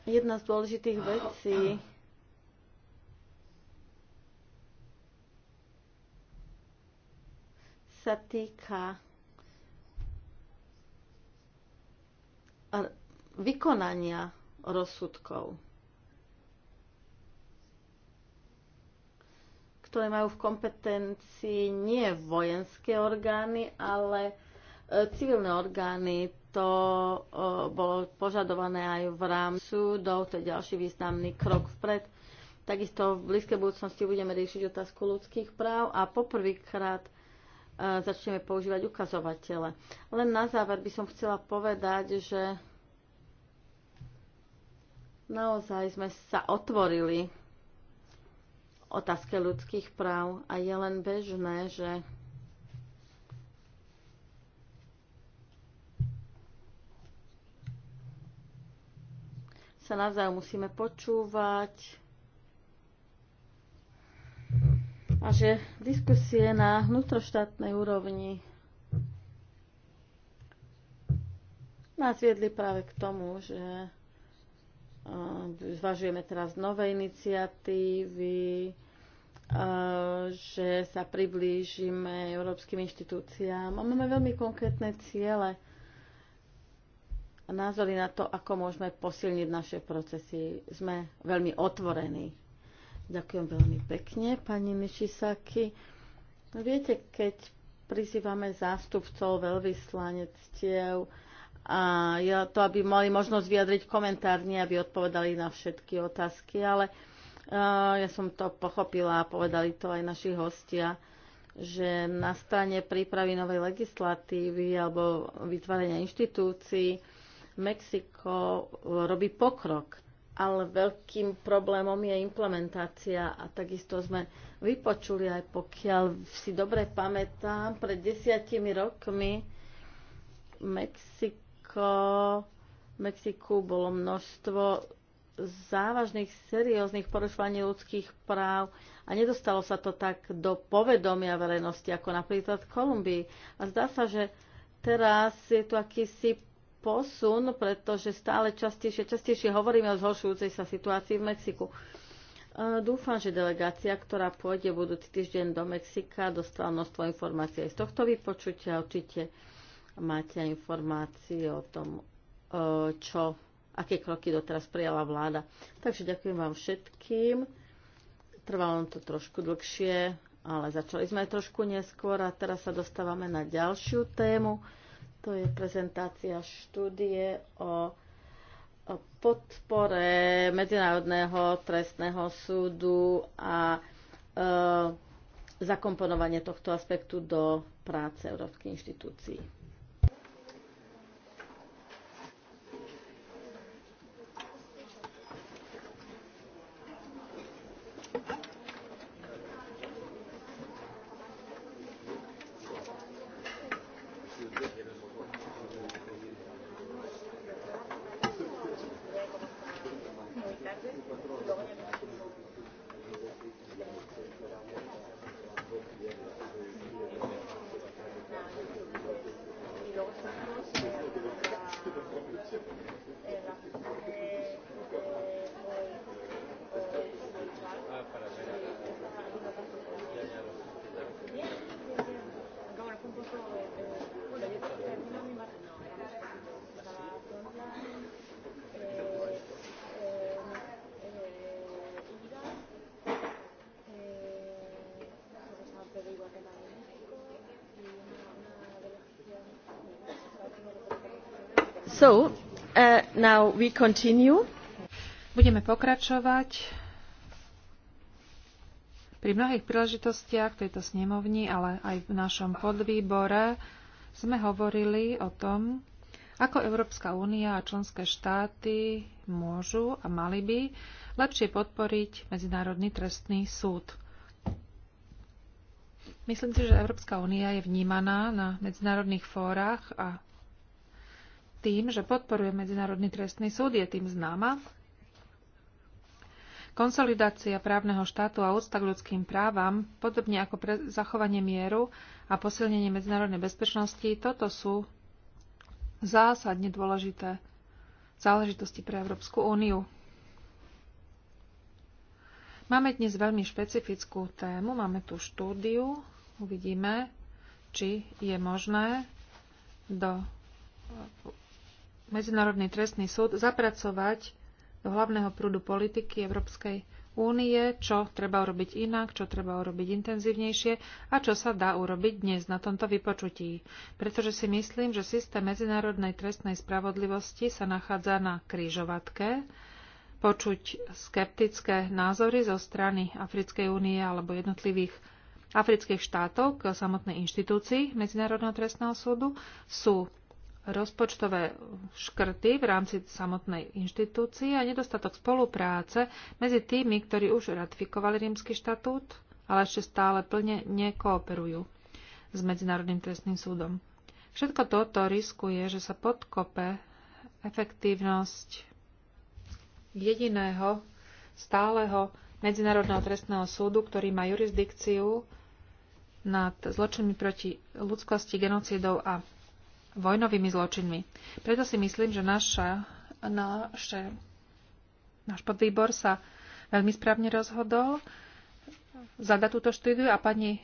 S3: Jedna z dôležitých vecí, sa týka vykonania rozsudkov. ktoré majú v kompetencii nie vojenské orgány, ale e, civilné orgány. To e, bolo požadované aj v rámci súdov, to je ďalší významný krok vpred. Takisto v blízkej budúcnosti budeme riešiť otázku ľudských práv a poprvýkrát e, začneme používať ukazovatele. Len na záver by som chcela povedať, že naozaj sme sa otvorili otázke ľudských práv a je len bežné, že sa navzájom musíme počúvať a že diskusie na vnútroštátnej úrovni nás viedli práve k tomu, že Ehm, zvažujeme teraz nové iniciatívy, ehm, že sa priblížime európskym inštitúciám. A máme veľmi konkrétne ciele a názory na to, ako môžeme posilniť naše procesy. Sme veľmi otvorení. Ďakujem veľmi pekne, pani Nišisaki. Viete, keď prizývame zástupcov veľvyslanectiev, a ja to, aby mali možnosť vyjadriť komentárne, aby odpovedali na všetky otázky, ale e, ja som to pochopila a povedali to aj naši hostia, že na strane prípravy novej legislatívy alebo vytvárania inštitúcií Mexiko e, robí pokrok, ale veľkým problémom je implementácia a takisto sme vypočuli aj pokiaľ si dobre pamätám, pred desiatimi rokmi Mexiko Mexiko. V Mexiku bolo množstvo závažných, serióznych porušovaní ľudských práv a nedostalo sa to tak do povedomia verejnosti, ako napríklad v Kolumbii. A zdá sa, že teraz je tu akýsi posun, pretože stále častejšie, častejšie hovoríme o zhoršujúcej sa situácii v Mexiku. E, dúfam, že delegácia, ktorá pôjde budúci týždeň do Mexika, dostala množstvo informácií aj z tohto vypočutia. Určite máte informácie o tom, e, čo, aké kroky doteraz prijala vláda. Takže ďakujem vám všetkým. Trvalo to trošku dlhšie, ale začali sme trošku neskôr a teraz sa dostávame na ďalšiu tému. To je prezentácia štúdie o podpore Medzinárodného trestného súdu a e, zakomponovanie tohto aspektu do práce európskych inštitúcií.
S2: Budeme pokračovať pri mnohých príležitostiach v tejto snemovni, ale aj v našom podvýbore sme hovorili o tom, ako Európska únia a členské štáty môžu a mali by lepšie podporiť Medzinárodný trestný súd. Myslím si, že Európska únia je vnímaná na medzinárodných fórach a tým, že podporuje Medzinárodný trestný súd, je tým známa. Konsolidácia právneho štátu a úcta k ľudským právam, podobne ako pre zachovanie mieru a posilnenie medzinárodnej bezpečnosti, toto sú zásadne dôležité záležitosti pre Európsku úniu. Máme dnes veľmi špecifickú tému, máme tu štúdiu, uvidíme, či je možné do Medzinárodný trestný súd zapracovať do hlavného prúdu politiky Európskej únie, čo treba urobiť inak, čo treba urobiť intenzívnejšie a čo sa dá urobiť dnes na tomto vypočutí. Pretože si myslím, že systém medzinárodnej trestnej spravodlivosti sa nachádza na krížovatke, počuť skeptické názory zo strany Africkej únie alebo jednotlivých afrických štátov k samotnej inštitúcii Medzinárodného trestného súdu sú rozpočtové škrty v rámci samotnej inštitúcie a nedostatok spolupráce medzi tými, ktorí už ratifikovali rímsky štatút, ale ešte stále plne nekooperujú s Medzinárodným trestným súdom. Všetko toto riskuje, že sa podkope efektívnosť jediného stáleho Medzinárodného trestného súdu, ktorý má jurisdikciu nad zločinmi proti ľudskosti, genocidou a vojnovými zločinmi. Preto si myslím, že naša, naše, náš podvýbor sa veľmi správne rozhodol zadať túto štúdiu a pani e,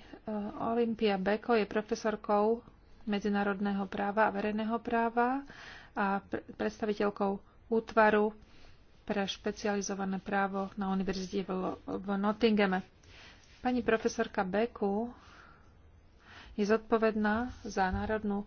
S2: Olympia Beko je profesorkou medzinárodného práva a verejného práva a predstaviteľkou útvaru pre špecializované právo na univerzite v Nottingeme. Pani profesorka Beku je zodpovedná za národnú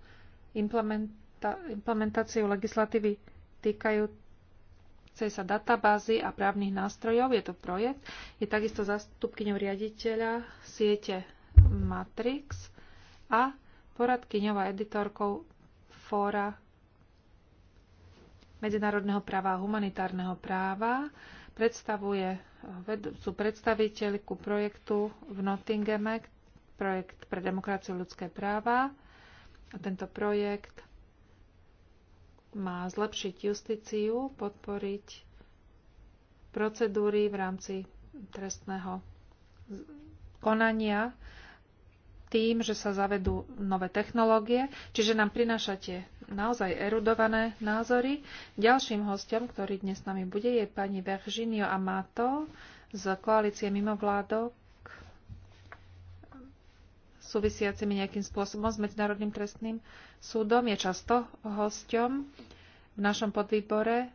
S2: implementáciu legislatívy týkajúcej sa databázy a právnych nástrojov. Je to projekt. Je takisto zastupkyňou riaditeľa siete Matrix a poradkyňou a editorkou Fóra medzinárodného práva a humanitárneho práva. Predstavuje vedúcu predstaviteľku projektu v Nottingeme, projekt pre demokraciu ľudské práva tento projekt má zlepšiť justíciu, podporiť procedúry v rámci trestného konania tým, že sa zavedú nové technológie, čiže nám prinášate naozaj erudované názory. Ďalším hostom, ktorý dnes s nami bude, je pani Virginio Amato z koalície mimovládok súvisiacimi nejakým spôsobom s Medzinárodným trestným súdom. Je často hosťom v našom podvýbore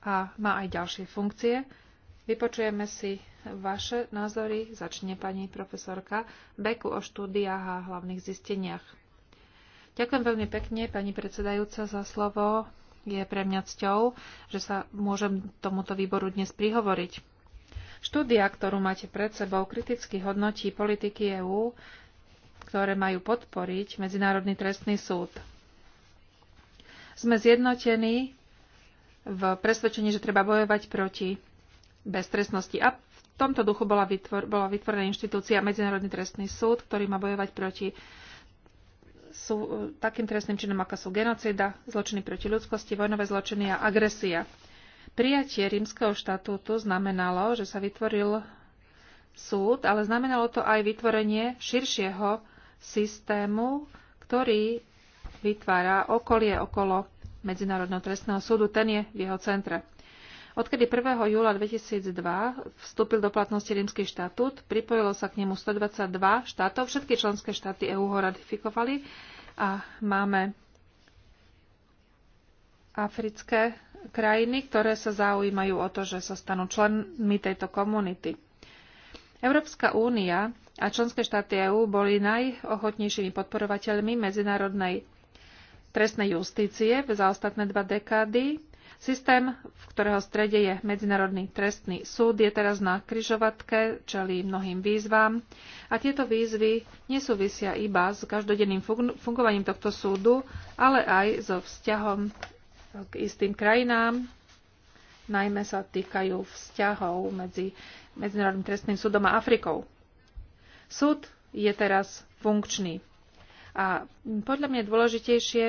S2: a má aj ďalšie funkcie. Vypočujeme si vaše názory. Začne pani profesorka Beku o štúdiách a hlavných zisteniach. Ďakujem veľmi pekne, pani predsedajúca, za slovo. Je pre mňa cťou, že sa môžem tomuto výboru dnes prihovoriť. Štúdia, ktorú máte pred sebou, kriticky hodnotí politiky EÚ, ktoré majú podporiť Medzinárodný trestný súd. Sme zjednotení v presvedčení, že treba bojovať proti beztrestnosti. A v tomto duchu bola, vytvor, bola vytvorená inštitúcia Medzinárodný trestný súd, ktorý má bojovať proti sú takým trestným činom, ako sú genocida, zločiny proti ľudskosti, vojnové zločiny a agresia. Prijatie rímskeho štatútu znamenalo, že sa vytvoril súd, ale znamenalo to aj vytvorenie širšieho systému, ktorý vytvára okolie okolo Medzinárodného trestného súdu. Ten je v jeho centre. Odkedy 1. júla 2002 vstúpil do platnosti rímsky štatút, pripojilo sa k nemu 122 štátov, všetky členské štáty EÚ ho ratifikovali a máme africké krajiny, ktoré sa zaujímajú o to, že sa stanú členmi tejto komunity. Európska únia a členské štáty EÚ boli najochotnejšími podporovateľmi medzinárodnej trestnej justície za ostatné dva dekády. Systém, v ktorého strede je Medzinárodný trestný súd, je teraz na kryžovatke, čelí mnohým výzvam a tieto výzvy nesúvisia iba s každodenným fungovaním tohto súdu, ale aj so vzťahom k istým krajinám, najmä sa týkajú vzťahov medzi Medzinárodným trestným súdom a Afrikou. Súd je teraz funkčný. A podľa mňa je dôležitejšie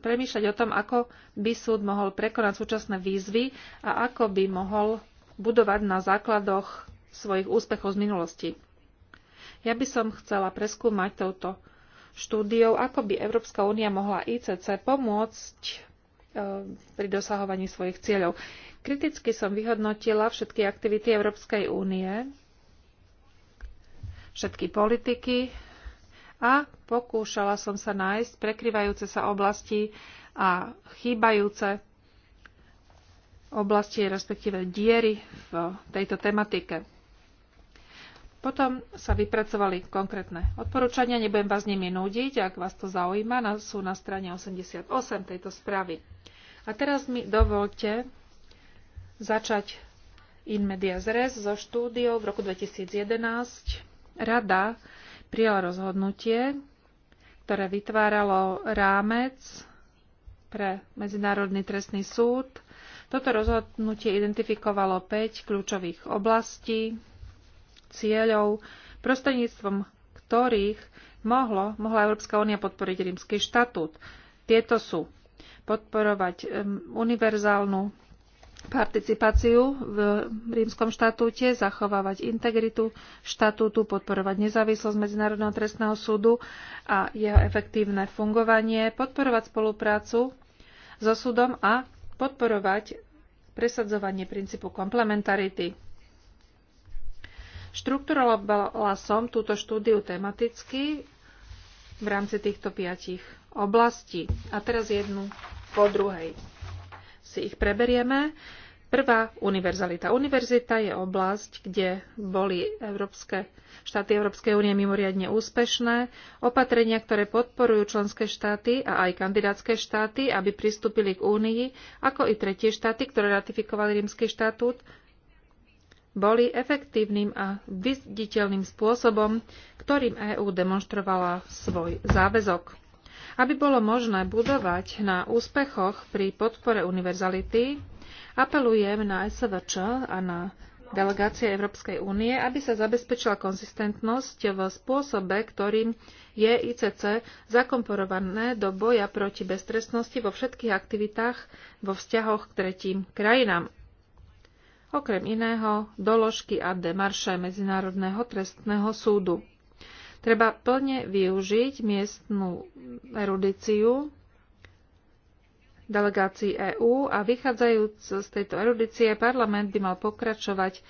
S2: premýšľať o tom, ako by súd mohol prekonať súčasné výzvy a ako by mohol budovať na základoch svojich úspechov z minulosti. Ja by som chcela preskúmať touto štúdiou, ako by Európska únia mohla ICC pomôcť Eh, pri dosahovaní svojich cieľov. Kriticky som vyhodnotila všetky aktivity Európskej únie, všetky politiky a pokúšala som sa nájsť prekryvajúce sa oblasti a chýbajúce oblasti, respektíve diery v tejto tematike. Potom sa vypracovali konkrétne odporúčania, nebudem vás nimi núdiť, ak vás to zaujíma, sú na strane 88 tejto správy. A teraz mi dovolte začať in medias res so štúdiou v roku 2011. Rada prijala rozhodnutie, ktoré vytváralo rámec pre Medzinárodný trestný súd. Toto rozhodnutie identifikovalo 5 kľúčových oblastí, cieľov, prostredníctvom ktorých mohlo, mohla Európska únia podporiť rímsky štatút. Tieto sú podporovať univerzálnu participáciu v rímskom štatúte, zachovávať integritu štatútu, podporovať nezávislosť Medzinárodného trestného súdu a jeho efektívne fungovanie, podporovať spoluprácu so súdom a podporovať presadzovanie princípu komplementarity. Štrukturovala som túto štúdiu tematicky v rámci týchto piatich oblasti. A teraz jednu po druhej. Si ich preberieme. Prvá univerzalita. Univerzita je oblasť, kde boli európske, štáty Európskej únie mimoriadne úspešné. Opatrenia, ktoré podporujú členské štáty a aj kandidátske štáty, aby pristúpili k únii, ako i tretie štáty, ktoré ratifikovali rímsky štatút, boli efektívnym a viditeľným spôsobom, ktorým EÚ demonstrovala svoj záväzok. Aby bolo možné budovať na úspechoch pri podpore univerzality, apelujem na SVČ a na delegácie Európskej únie, aby sa zabezpečila konzistentnosť v spôsobe, ktorým je ICC zakomporované do boja proti beztrestnosti vo všetkých aktivitách vo vzťahoch k tretím krajinám. Okrem iného doložky a demarše Medzinárodného trestného súdu. Treba plne využiť miestnú erudíciu delegácií EÚ a vychádzajúc z tejto erudície, parlament by mal pokračovať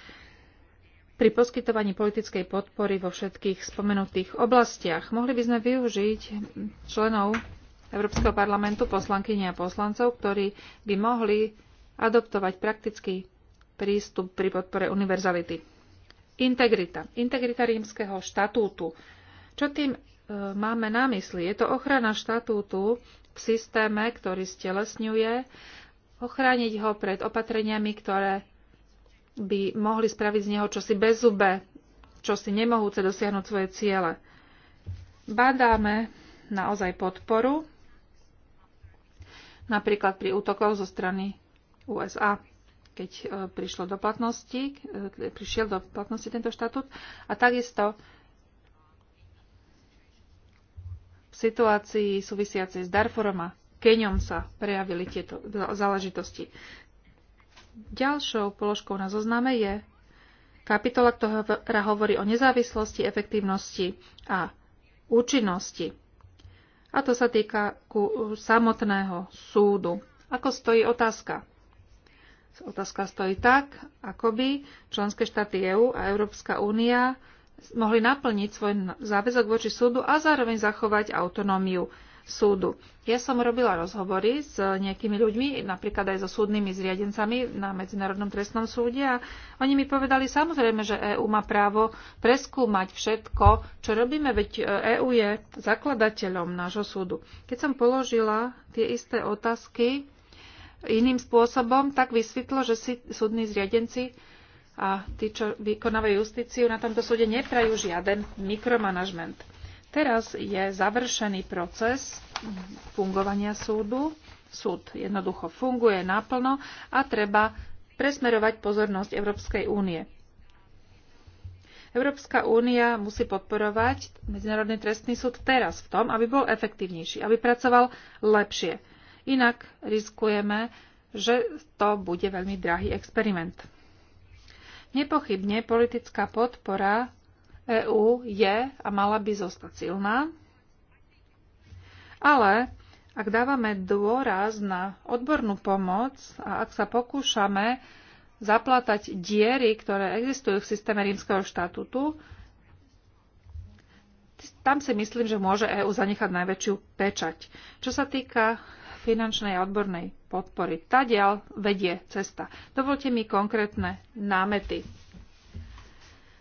S2: pri poskytovaní politickej podpory vo všetkých spomenutých oblastiach. Mohli by sme využiť členov Európskeho parlamentu, poslankyne a poslancov, ktorí by mohli adoptovať praktický prístup pri podpore univerzality. Integrita. Integrita rímskeho štatútu čo tým e, máme na mysli? Je to ochrana štatútu v systéme, ktorý stelesňuje, ochrániť ho pred opatreniami, ktoré by mohli spraviť z neho čosi čo čosi nemohúce dosiahnuť svoje ciele. Badáme naozaj podporu, napríklad pri útokov zo strany USA, keď e, prišlo do platnosti, e, prišiel do platnosti tento štatút a takisto v situácii súvisiacej s darforom a Keňom sa prejavili tieto záležitosti. Ďalšou položkou na zozname je kapitola, ktorá hovorí o nezávislosti, efektívnosti a účinnosti. A to sa týka ku samotného súdu. Ako stojí otázka? Otázka stojí tak, ako by členské štáty EÚ a Európska únia mohli naplniť svoj záväzok voči súdu a zároveň zachovať autonómiu súdu. Ja som robila rozhovory s nejakými ľuďmi, napríklad aj so súdnymi zriadencami na Medzinárodnom trestnom súde a oni mi povedali samozrejme, že EÚ má právo preskúmať všetko, čo robíme, veď EÚ e je zakladateľom nášho súdu. Keď som položila tie isté otázky iným spôsobom, tak vysvetlo, že si súdni zriadenci a tí, čo vykonávajú justíciu, na tomto súde neprajú žiaden mikromanagement. Teraz je završený proces fungovania súdu. Súd jednoducho funguje naplno a treba presmerovať pozornosť Európskej únie. Európska únia musí podporovať Medzinárodný trestný súd teraz v tom, aby bol efektívnejší, aby pracoval lepšie. Inak riskujeme, že to bude veľmi drahý experiment. Nepochybne politická podpora EÚ je a mala by zostať silná, ale ak dávame dôraz na odbornú pomoc a ak sa pokúšame zaplatať diery, ktoré existujú v systéme rímskeho štatútu, tam si myslím, že môže EÚ zanechať najväčšiu pečať. Čo sa týka finančnej a odbornej podpory. Tadiaľ vedie cesta. Dovolte mi konkrétne námety.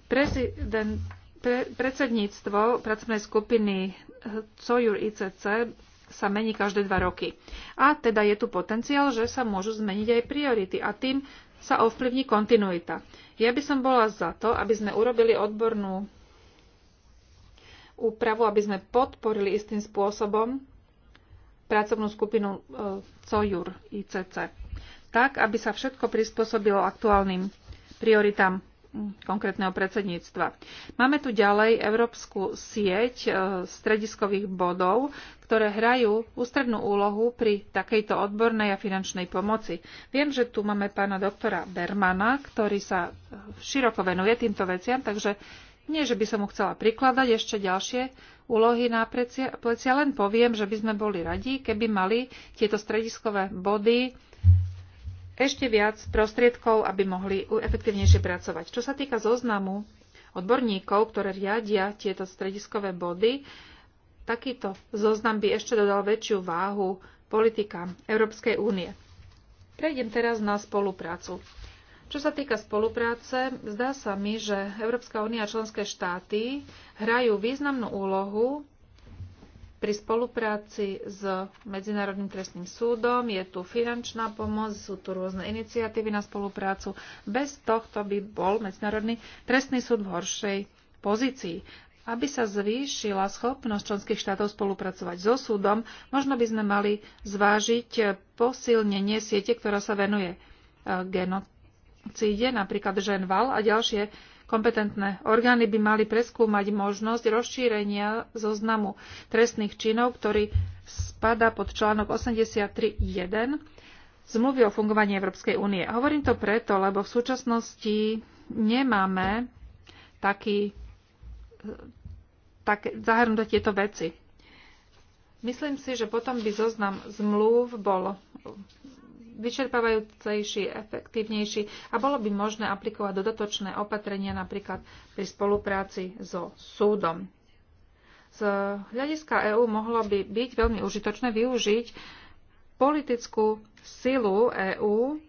S2: Prezident, pre, predsedníctvo pracovnej skupiny COJUR eh, ICC sa mení každé dva roky. A teda je tu potenciál, že sa môžu zmeniť aj priority a tým sa ovplyvní kontinuita. Ja by som bola za to, aby sme urobili odbornú úpravu, aby sme podporili istým spôsobom pracovnú skupinu e, COJUR ICC, tak, aby sa všetko prispôsobilo aktuálnym prioritám mm, konkrétneho predsedníctva. Máme tu ďalej európsku sieť e, strediskových bodov, ktoré hrajú ústrednú úlohu pri takejto odbornej a finančnej pomoci. Viem, že tu máme pána doktora Bermana, ktorý sa e, široko venuje týmto veciam, takže nie, že by som mu chcela prikladať ešte ďalšie úlohy na plecia, len poviem, že by sme boli radi, keby mali tieto strediskové body ešte viac prostriedkov, aby mohli efektívnejšie pracovať. Čo sa týka zoznamu odborníkov, ktoré riadia tieto strediskové body, takýto zoznam by ešte dodal väčšiu váhu politikám Európskej únie. Prejdem teraz na spoluprácu. Čo sa týka spolupráce, zdá sa mi, že Európska únia a členské štáty hrajú významnú úlohu pri spolupráci s Medzinárodným trestným súdom. Je tu finančná pomoc, sú tu rôzne iniciatívy na spoluprácu. Bez tohto by bol Medzinárodný trestný súd v horšej pozícii. Aby sa zvýšila schopnosť členských štátov spolupracovať so súdom, možno by sme mali zvážiť posilnenie siete, ktorá sa venuje eh, genot CIDE, napríklad Ženval a ďalšie kompetentné orgány by mali preskúmať možnosť rozšírenia zoznamu trestných činov, ktorý spada pod článok 83.1 zmluvy o fungovaní Európskej únie. Hovorím to preto, lebo v súčasnosti nemáme taký, tak, zahrnuté tieto veci. Myslím si, že potom by zoznam zmluv bol vyčerpávajúcejší, efektívnejší a bolo by možné aplikovať dodatočné opatrenia napríklad pri spolupráci so súdom. Z hľadiska EÚ mohlo by byť veľmi užitočné využiť politickú silu EÚ,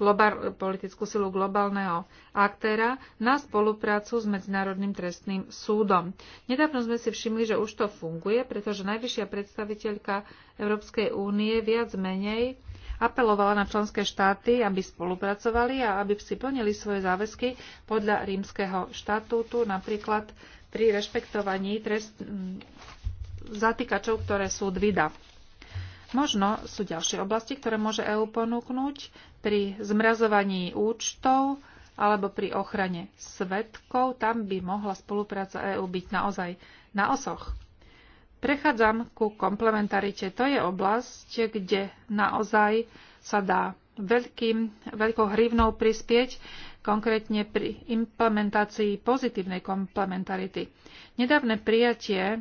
S2: globál, politickú silu globálneho aktéra na spoluprácu s Medzinárodným trestným súdom. Nedávno sme si všimli, že už to funguje, pretože najvyššia predstaviteľka Európskej únie viac menej apelovala na členské štáty, aby spolupracovali a aby si plnili svoje záväzky podľa rímskeho štatútu, napríklad pri rešpektovaní trest, zatýkačov, ktoré súd vydá. Možno sú ďalšie oblasti, ktoré môže EÚ ponúknuť pri zmrazovaní účtov alebo pri ochrane svetkov. Tam by mohla spolupráca EÚ byť naozaj na osoch. Prechádzam ku komplementarite. To je oblasť, kde naozaj sa dá veľkým, veľkou hrivnou prispieť, konkrétne pri implementácii pozitívnej komplementarity. Nedávne prijatie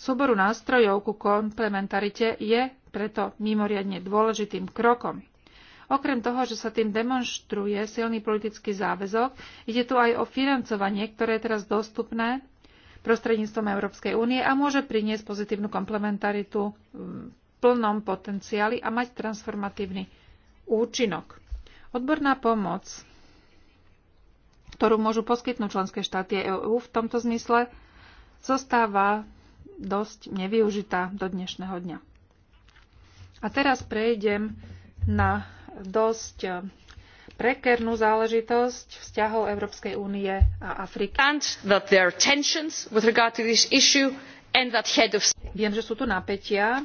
S2: súboru nástrojov ku komplementarite je preto mimoriadne dôležitým krokom. Okrem toho, že sa tým demonstruje silný politický záväzok, ide tu aj o financovanie, ktoré je teraz dostupné prostredníctvom Európskej únie a môže priniesť pozitívnu komplementaritu v plnom potenciáli a mať transformatívny účinok. Odborná pomoc, ktorú môžu poskytnúť členské štáty EÚ v tomto zmysle, zostáva dosť nevyužitá do dnešného dňa. A teraz prejdem na dosť prekernú záležitosť vzťahov Európskej únie a Afriky. Viem, že sú tu napätia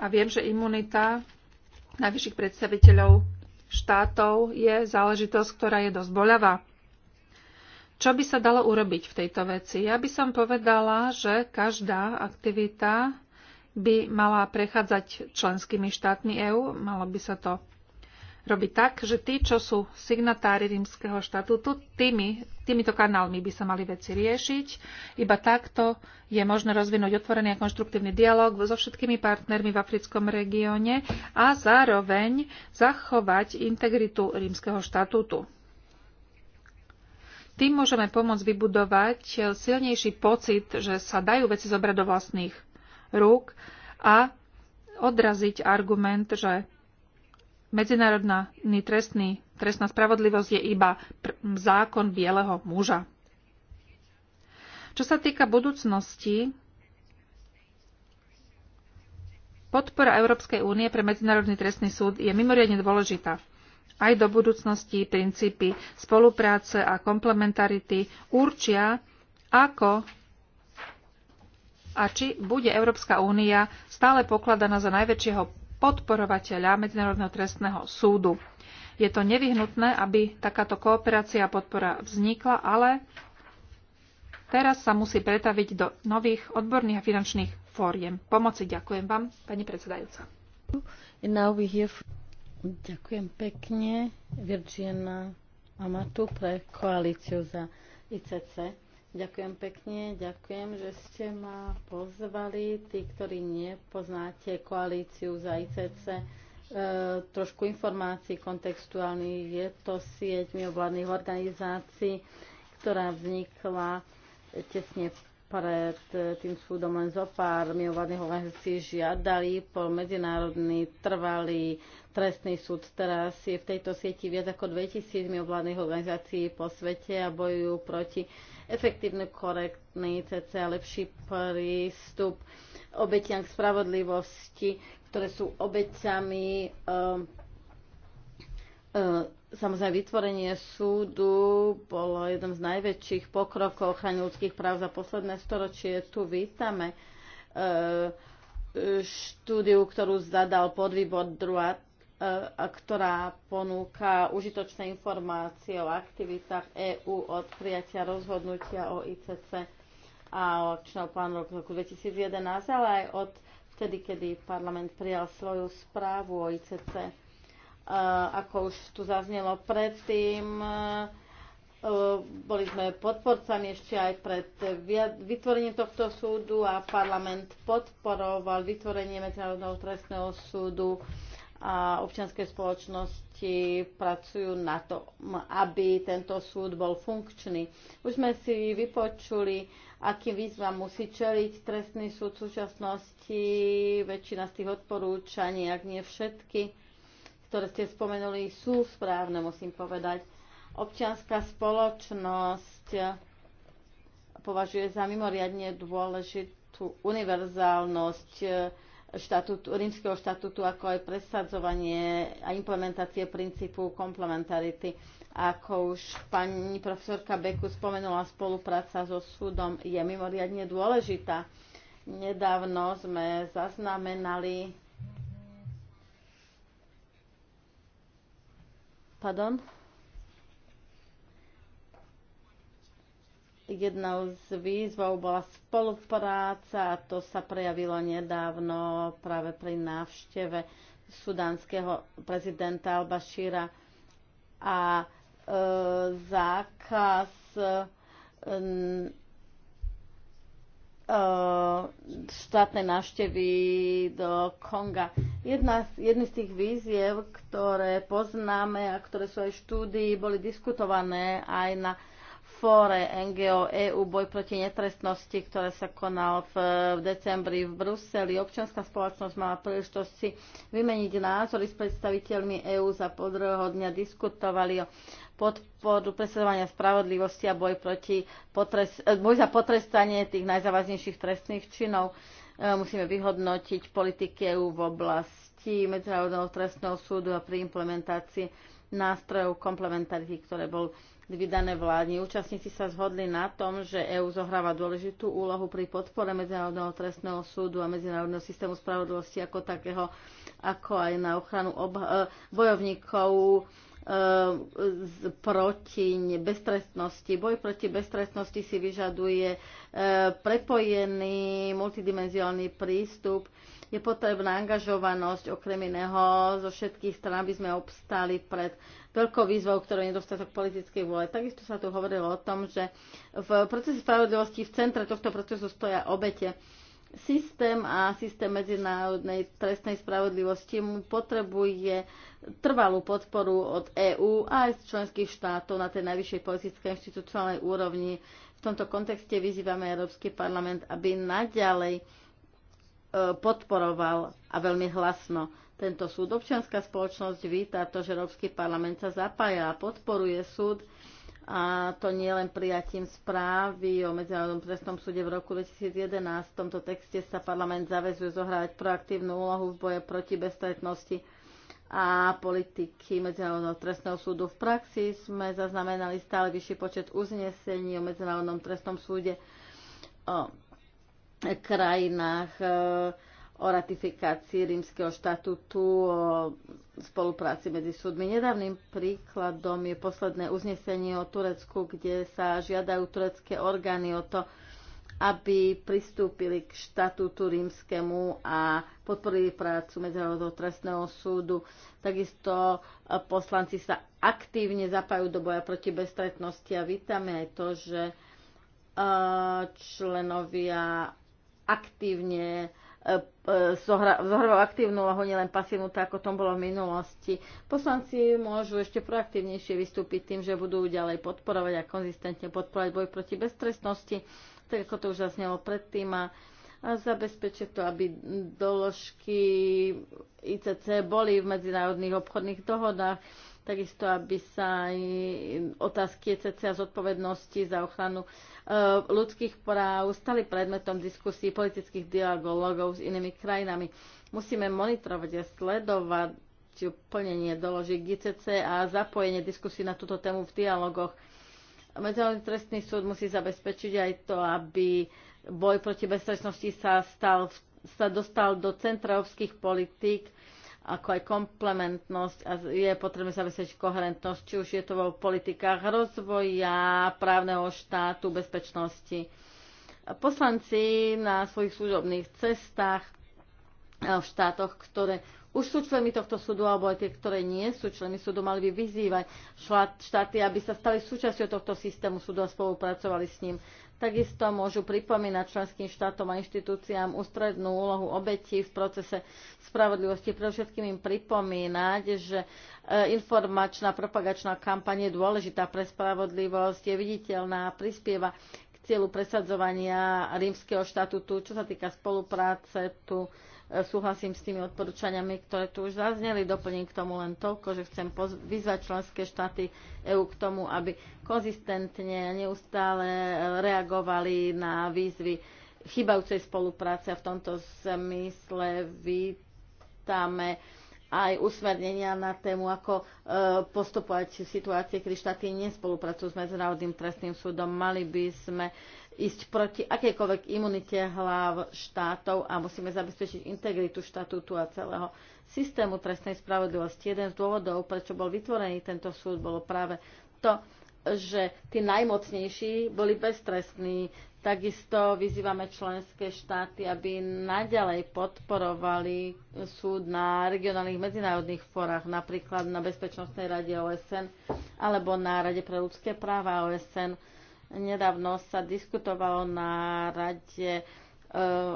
S2: a viem, že imunita najvyšších predstaviteľov štátov je záležitosť, ktorá je dosť boľavá. Čo by sa dalo urobiť v tejto veci? Ja by som povedala, že každá aktivita by mala prechádzať členskými štátmi EÚ, malo by sa to robí tak, že tí, čo sú signatári rímskeho štatútu, tými, týmito kanálmi by sa mali veci riešiť. Iba takto je možné rozvinúť otvorený a konštruktívny dialog so všetkými partnermi v africkom regióne a zároveň zachovať integritu rímskeho štatútu. Tým môžeme pomôcť vybudovať silnejší pocit, že sa dajú veci zobrať do vlastných rúk a odraziť argument, že medzinárodný trestný, trestná spravodlivosť je iba zákon bieleho muža. Čo sa týka budúcnosti, podpora Európskej únie pre Medzinárodný trestný súd je mimoriadne dôležitá. Aj do budúcnosti princípy spolupráce a komplementarity určia, ako a či bude Európska únia stále pokladaná za najväčšieho podporovateľa Medzinárodného trestného súdu. Je to nevyhnutné, aby takáto kooperácia a podpora vznikla, ale teraz sa musí pretaviť do nových odborných a finančných fóriem. Pomoci ďakujem vám, pani predsedajúca.
S1: Ďakujem
S3: pekne Virginia Amatu pre koalíciu za ICC. Ďakujem pekne, ďakujem, že ste ma pozvali. Tí, ktorí nepoznáte koalíciu za ICC, e, trošku informácií kontextuálnych. Je to sieť mimovládnych organizácií, ktorá vznikla tesne pred e, tým súdom len zo pár mimovládnych organizácií žiadali po medzinárodný trvalý trestný súd. Teraz je v tejto sieti viac ako 2000 mimovládnych organizácií po svete a bojujú proti efektívny, korektný CC a lepší prístup obetiam k spravodlivosti, ktoré sú obeťami um, Samozrejme, vytvorenie súdu bolo jednom z najväčších pokrokov ochrany ľudských práv za posledné storočie. Tu vítame ehm, štúdiu, ktorú zadal podvýbor DRUAT E, ktorá ponúka užitočné informácie o aktivitách EÚ od prijatia rozhodnutia o ICC a o akčného plánu roku 2011, ale aj od vtedy, kedy parlament prijal svoju správu o ICC. E, ako už tu zaznelo predtým, e, boli sme podporcami ešte aj pred vytvorením tohto súdu a parlament podporoval vytvorenie Medzinárodného trestného súdu a občianskej spoločnosti pracujú na tom, aby tento súd bol funkčný. Už sme si vypočuli, akým výzvam musí čeliť trestný súd v súčasnosti. Väčšina z tých odporúčaní, ak nie všetky, ktoré ste spomenuli, sú správne, musím povedať. Občianská spoločnosť považuje za mimoriadne dôležitú univerzálnosť štatutu rímskeho štatútu, ako aj presadzovanie a implementácie princípu komplementarity. Ako už pani profesorka Beku spomenula, spolupráca so súdom je mimoriadne dôležitá. Nedávno sme zaznamenali Pardon? Jednou z výzvou bola spolupráca a to sa prejavilo nedávno práve pri návšteve sudánskeho prezidenta Al-Bashira a e, zákaz e, štátnej návštevy do Konga. Jedna, z jedny z tých výziev, ktoré poznáme a ktoré sú aj štúdii, boli diskutované aj na fóre NGO EU Boj proti netrestnosti, ktoré sa konal v, decembri v Bruseli. Občianská spoločnosť mala príležitosť si vymeniť názory s predstaviteľmi EÚ za podruhého dňa diskutovali o podporu presledovania spravodlivosti a boj, proti potres, e, boj za potrestanie tých najzávaznejších trestných činov. E, musíme vyhodnotiť politiky EÚ v oblasti Medzinárodného trestného súdu a pri implementácii nástrojov komplementarity, ktoré bol vydané vládni. Účastníci sa zhodli na tom, že EÚ zohráva dôležitú úlohu pri podpore Medzinárodného trestného súdu a Medzinárodného systému spravodlivosti ako takého, ako aj na ochranu e, bojovníkov e, proti beztrestnosti. Boj proti beztrestnosti si vyžaduje e, prepojený multidimenziálny prístup je potrebná angažovanosť okrem iného zo všetkých strán, aby sme obstáli pred veľkou výzvou, ktorú je nedostatok politickej vôle. Takisto sa tu hovorilo o tom, že v procese spravodlivosti v centre tohto procesu stoja obete. Systém a systém medzinárodnej trestnej spravodlivosti mu potrebuje trvalú podporu od EÚ a aj z členských štátov na tej najvyššej politickej inštitúciálnej úrovni. V tomto kontexte vyzývame Európsky parlament, aby naďalej podporoval a veľmi hlasno tento súd. Občianská spoločnosť víta to, že Európsky parlament sa zapája a podporuje súd a to nie len prijatím správy o Medzinárodnom trestnom súde v roku 2011. V tomto texte sa parlament zavezuje zohrávať proaktívnu úlohu v boje proti bezstretnosti a politiky Medzinárodného trestného súdu. V praxi sme zaznamenali stále vyšší počet uznesení o Medzinárodnom trestnom súde. O krajinách e, o ratifikácii rímskeho štatútu, o spolupráci medzi súdmi. Nedávnym príkladom je posledné uznesenie o Turecku, kde sa žiadajú turecké orgány o to, aby pristúpili k štatútu rímskemu a podporili prácu Medzinárodného trestného súdu. Takisto e, poslanci sa aktívne zapajú do boja proti bestretnosti a vítame aj to, že e, členovia aktívne e, zohrávajú aktívnu lohu, nielen pasívnu, tak ako tom bolo v minulosti. Poslanci môžu ešte proaktívnejšie vystúpiť tým, že budú ďalej podporovať a konzistentne podporovať boj proti beztrestnosti, tak ako to už zaznelo predtým. A a zabezpečia to, aby doložky ICC boli v medzinárodných obchodných dohodách takisto aby sa aj otázky CC a zodpovednosti za ochranu e, ľudských práv stali predmetom diskusí politických dialogov s inými krajinami. Musíme monitorovať a sledovať plnenie doložiek ICC a zapojenie diskusí na túto tému v dialogoch. Medzinárodný trestný súd musí zabezpečiť aj to, aby boj proti bezpečnosti sa, stal, sa dostal do centrovských politík, ako aj komplementnosť a je potrebné zabezpečiť koherentnosť, či už je to vo politikách rozvoja, právneho štátu, bezpečnosti. Poslanci na svojich služobných cestách eh, v štátoch, ktoré už sú členmi tohto súdu, alebo aj tie, ktoré nie sú členmi súdu, mali by vyzývať štáty, aby sa stali súčasťou tohto systému súdu a spolupracovali s ním Takisto môžu pripomínať členským štátom a inštitúciám ústrednú úlohu obetí v procese spravodlivosti. Pre všetkým im pripomínať, že e, informačná propagačná kampaň je dôležitá pre spravodlivosť, je viditeľná a prispieva k cieľu presadzovania rímskeho štatutu. Čo sa týka spolupráce, tu E, súhlasím s tými odporúčaniami, ktoré tu už zazneli. Doplním k tomu len toľko, že chcem vyzvať členské štáty EÚ k tomu, aby konzistentne a neustále reagovali na výzvy chybajúcej spolupráce a v tomto zmysle vítame aj usmernenia na tému, ako e, postupovať v situácii, kedy štáty nespolupracujú s Medzinárodným trestným súdom. Mali by sme ísť proti akékoľvek imunite hlav štátov a musíme zabezpečiť integritu štatútu a celého systému trestnej spravodlivosti. Jeden z dôvodov, prečo bol vytvorený tento súd, bolo práve to, že tí najmocnejší boli beztrestní. Takisto vyzývame členské štáty, aby naďalej podporovali súd na regionálnych medzinárodných forách, napríklad na Bezpečnostnej rade OSN alebo na Rade pre ľudské práva OSN Nedávno sa diskutovalo na rade e,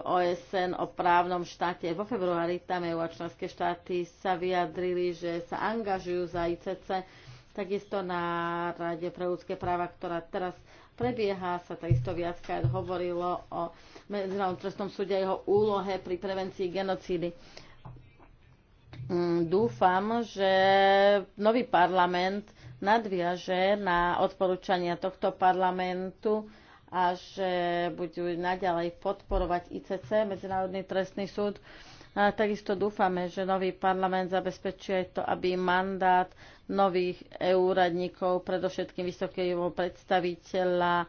S3: OSN o právnom štáte. Vo februári tam EU a členské štáty sa vyjadrili, že sa angažujú za ICC, takisto na Rade pre ľudské práva, ktorá teraz prebieha, sa takisto viackrát hovorilo o Medzinárodnom trestnom súde a jeho úlohe pri prevencii genocídy. Mm, dúfam, že nový parlament nadviaže na odporúčania tohto parlamentu a že budú naďalej podporovať ICC, Medzinárodný trestný súd. A takisto dúfame, že nový parlament zabezpečí aj to, aby mandát nových EU radníkov, predovšetkým vysokého predstaviteľa,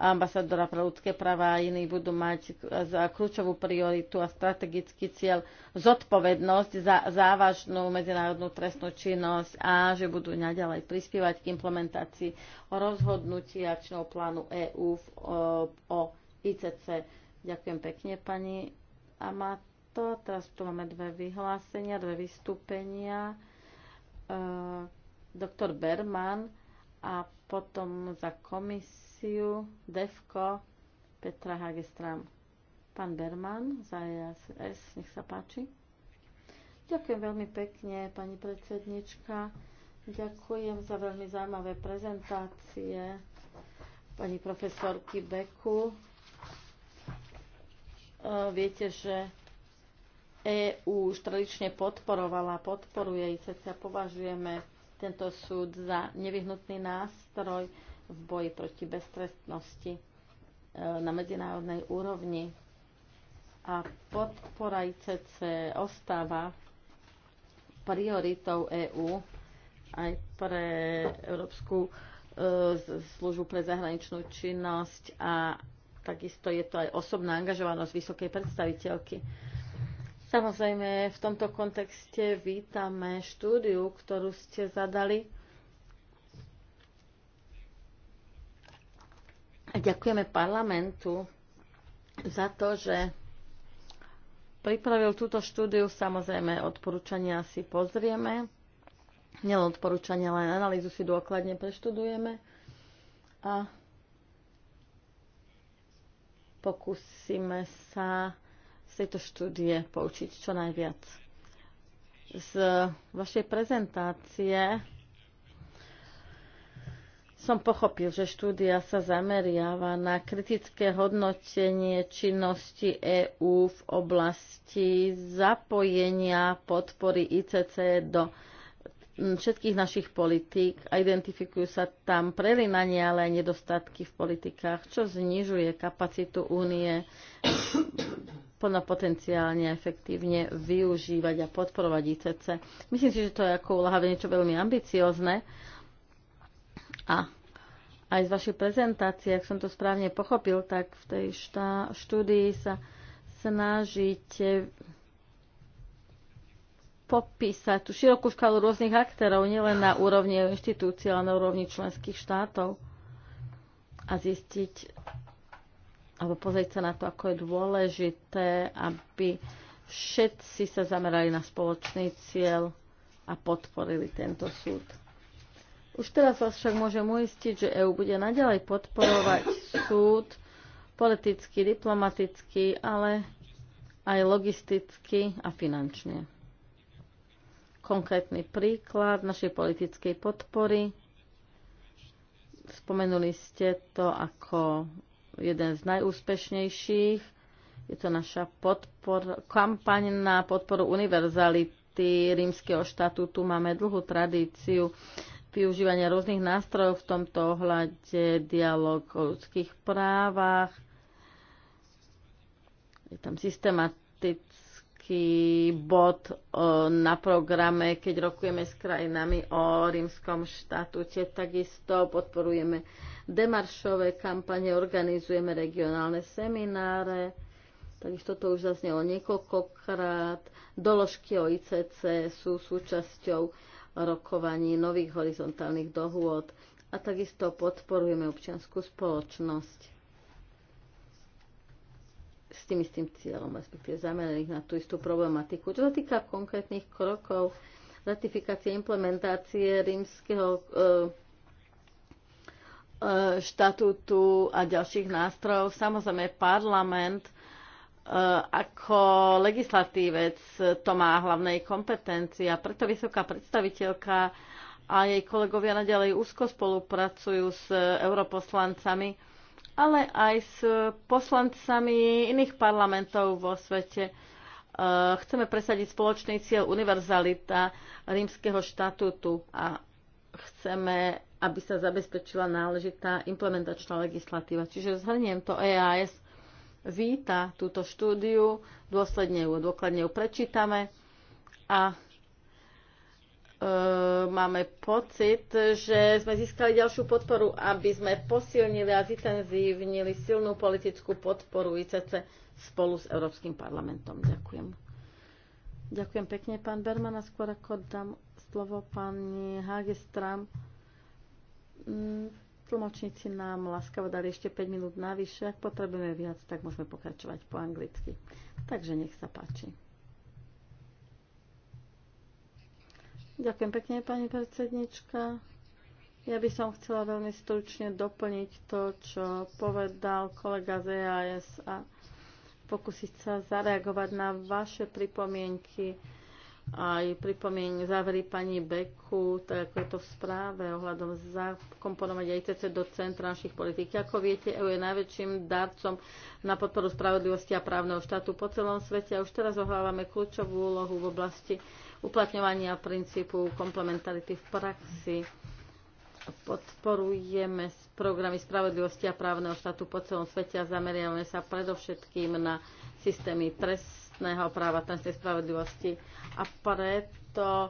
S3: ambasadora pre ľudské práva a iní budú mať za kľúčovú prioritu a strategický cieľ zodpovednosť za závažnú medzinárodnú trestnú činnosť a že budú naďalej prispievať k implementácii rozhodnutí akčného plánu EÚ o, ICC. Ďakujem pekne, pani Amato. Teraz tu máme dve vyhlásenia, dve vystúpenia. E, doktor Berman a potom za komisiu DEFCO Petra Hagestram. Pán Berman za ESS, nech sa páči. Ďakujem veľmi pekne, pani predsednička. Ďakujem za veľmi zaujímavé prezentácie pani profesorky Beku. E, viete, že EÚ už tradične podporovala, podporuje ICC a považujeme tento súd za nevyhnutný nástroj v boji proti beztrestnosti e, na medzinárodnej úrovni. A podpora ICC ostáva prioritou EÚ aj pre Európsku e, službu pre zahraničnú činnosť a takisto je to aj osobná angažovanosť vysokej predstaviteľky. Samozrejme, v tomto kontexte vítame štúdiu, ktorú ste zadali. A ďakujeme parlamentu za to, že pripravil túto štúdiu. Samozrejme, odporúčania si pozrieme. Nielen odporúčania, ale analýzu si dôkladne preštudujeme. A pokúsime sa z tejto štúdie poučiť čo najviac. Z vašej prezentácie som pochopil, že štúdia sa zameriava na kritické hodnotenie činnosti EÚ v oblasti zapojenia podpory ICC do všetkých našich politík. Identifikujú sa tam prelinania, ale aj nedostatky v politikách, čo znižuje kapacitu únie plnopotenciálne, potenciálne efektívne využívať a podporovať ICC. Myslím si, že to je ako úlaha niečo veľmi ambiciozne a aj z vašej prezentácie, ak som to správne pochopil, tak v tej štá, štúdii sa snažíte popísať tú širokú škálu rôznych aktérov, nielen na úrovni inštitúcií, ale na úrovni členských štátov a zistiť, alebo pozrieť sa na to, ako je dôležité, aby všetci sa zamerali na spoločný cieľ a podporili tento súd. Už teraz vás však môžem uistiť, že EÚ bude naďalej podporovať súd politicky, diplomaticky, ale aj logisticky a finančne. Konkrétny príklad našej politickej podpory. Spomenuli ste to ako jeden z najúspešnejších. Je to naša podpor, kampaň na podporu univerzality rímskeho štatútu. Máme dlhú tradíciu využívania rôznych nástrojov v tomto ohľade, dialog o ľudských právach. Je tam systematický bod e, na programe, keď rokujeme s krajinami o rímskom štatúte. Takisto podporujeme demaršové kampane, organizujeme regionálne semináre, takisto to už zaznelo niekoľkokrát. Doložky o ICC sú súčasťou rokovaní nových horizontálnych dohôd a takisto podporujeme občianskú spoločnosť s tým istým cieľom, respektíve zameraných na tú istú problematiku. Čo sa týka konkrétnych krokov, ratifikácie implementácie rímskeho e, E, štatútu a ďalších nástrojov. Samozrejme, parlament e, ako legislatívec to má hlavnej kompetencie a preto vysoká predstaviteľka a jej kolegovia naďalej úzko spolupracujú s europoslancami, ale aj s poslancami iných parlamentov vo svete. E, chceme presadiť spoločný cieľ univerzalita rímskeho štatútu a chceme, aby sa zabezpečila náležitá implementačná legislatíva. Čiže zhrniem to EAS víta túto štúdiu, dôsledne ju, dôkladne ju prečítame a e, máme pocit, že sme získali ďalšiu podporu, aby sme posilnili a zintenzívnili silnú politickú podporu ICC spolu s Európskym parlamentom. Ďakujem. Ďakujem pekne, pán Berman, a skôr ako dám slovo pani Hagestram. Mm, tlmočníci nám láskavo dali ešte 5 minút navyše. Ak potrebujeme viac, tak môžeme pokračovať po anglicky. Takže nech sa páči. Ďakujem pekne, pani predsednička. Ja by som chcela veľmi stručne doplniť to, čo povedal kolega z EAS a pokúsiť sa zareagovať na vaše pripomienky aj pripomien závery pani Beku, tak ako je to v správe ohľadom zakomponovať ICC do centra našich politik. Ako viete, EU je najväčším darcom na podporu spravodlivosti a právneho štátu po celom svete a už teraz ohľávame kľúčovú úlohu v oblasti uplatňovania princípu komplementarity v praxi. Podporujeme programy spravodlivosti a právneho štátu po celom svete a zameriavame sa predovšetkým na systémy trestu trestného práva, trestnej spravodlivosti. A preto e,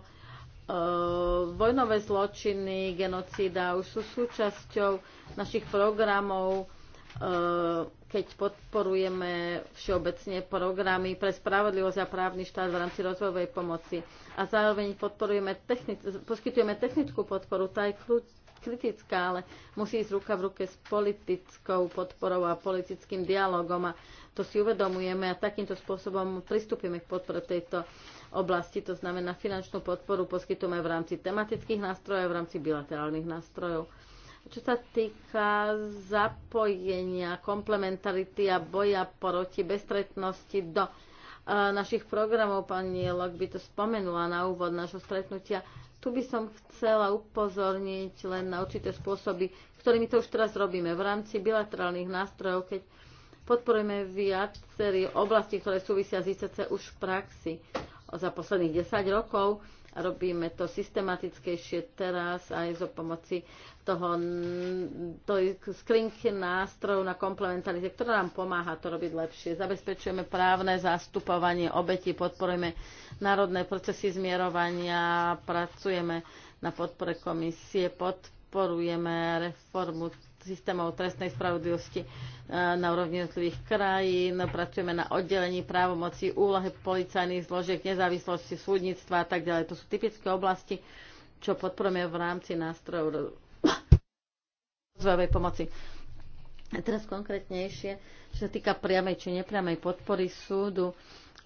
S3: vojnové zločiny, genocída už sú súčasťou našich programov, e, keď podporujeme všeobecne programy pre spravodlivosť a právny štát v rámci rozvojovej pomoci. A zároveň podporujeme technic- poskytujeme technickú podporu, tá je kľúč- kritická, ale musí ísť ruka v ruke s politickou podporou a politickým dialogom a to si uvedomujeme a takýmto spôsobom pristúpime k podpore tejto oblasti, to znamená finančnú podporu poskytujeme v rámci tematických nástrojov, v rámci bilaterálnych nástrojov. Čo sa týka zapojenia, komplementarity a boja proti bestretnosti do e, našich programov, pani Lok by to spomenula na úvod našho stretnutia, tu by som chcela upozorniť len na určité spôsoby, ktorými to už teraz robíme v rámci bilaterálnych nástrojov, keď podporujeme viacerých oblasti, ktoré súvisia s ICC už v praxi za posledných 10 rokov Robíme to systematickejšie teraz aj zo pomoci toho to skrinky nástrojov na komplementarite, ktorá nám pomáha to robiť lepšie. Zabezpečujeme právne zastupovanie obetí, podporujeme národné procesy zmierovania, pracujeme na podpore komisie, podporujeme reformu systémov trestnej spravodlivosti e, na úrovni jednotlivých krajín. Pracujeme na oddelení právomoci, úlohy policajných zložiek, nezávislosti súdnictva a tak ďalej. To sú typické oblasti, čo podporujeme v rámci nástrojov rozvojovej pomoci. A teraz konkrétnejšie, čo sa týka priamej či nepriamej podpory súdu,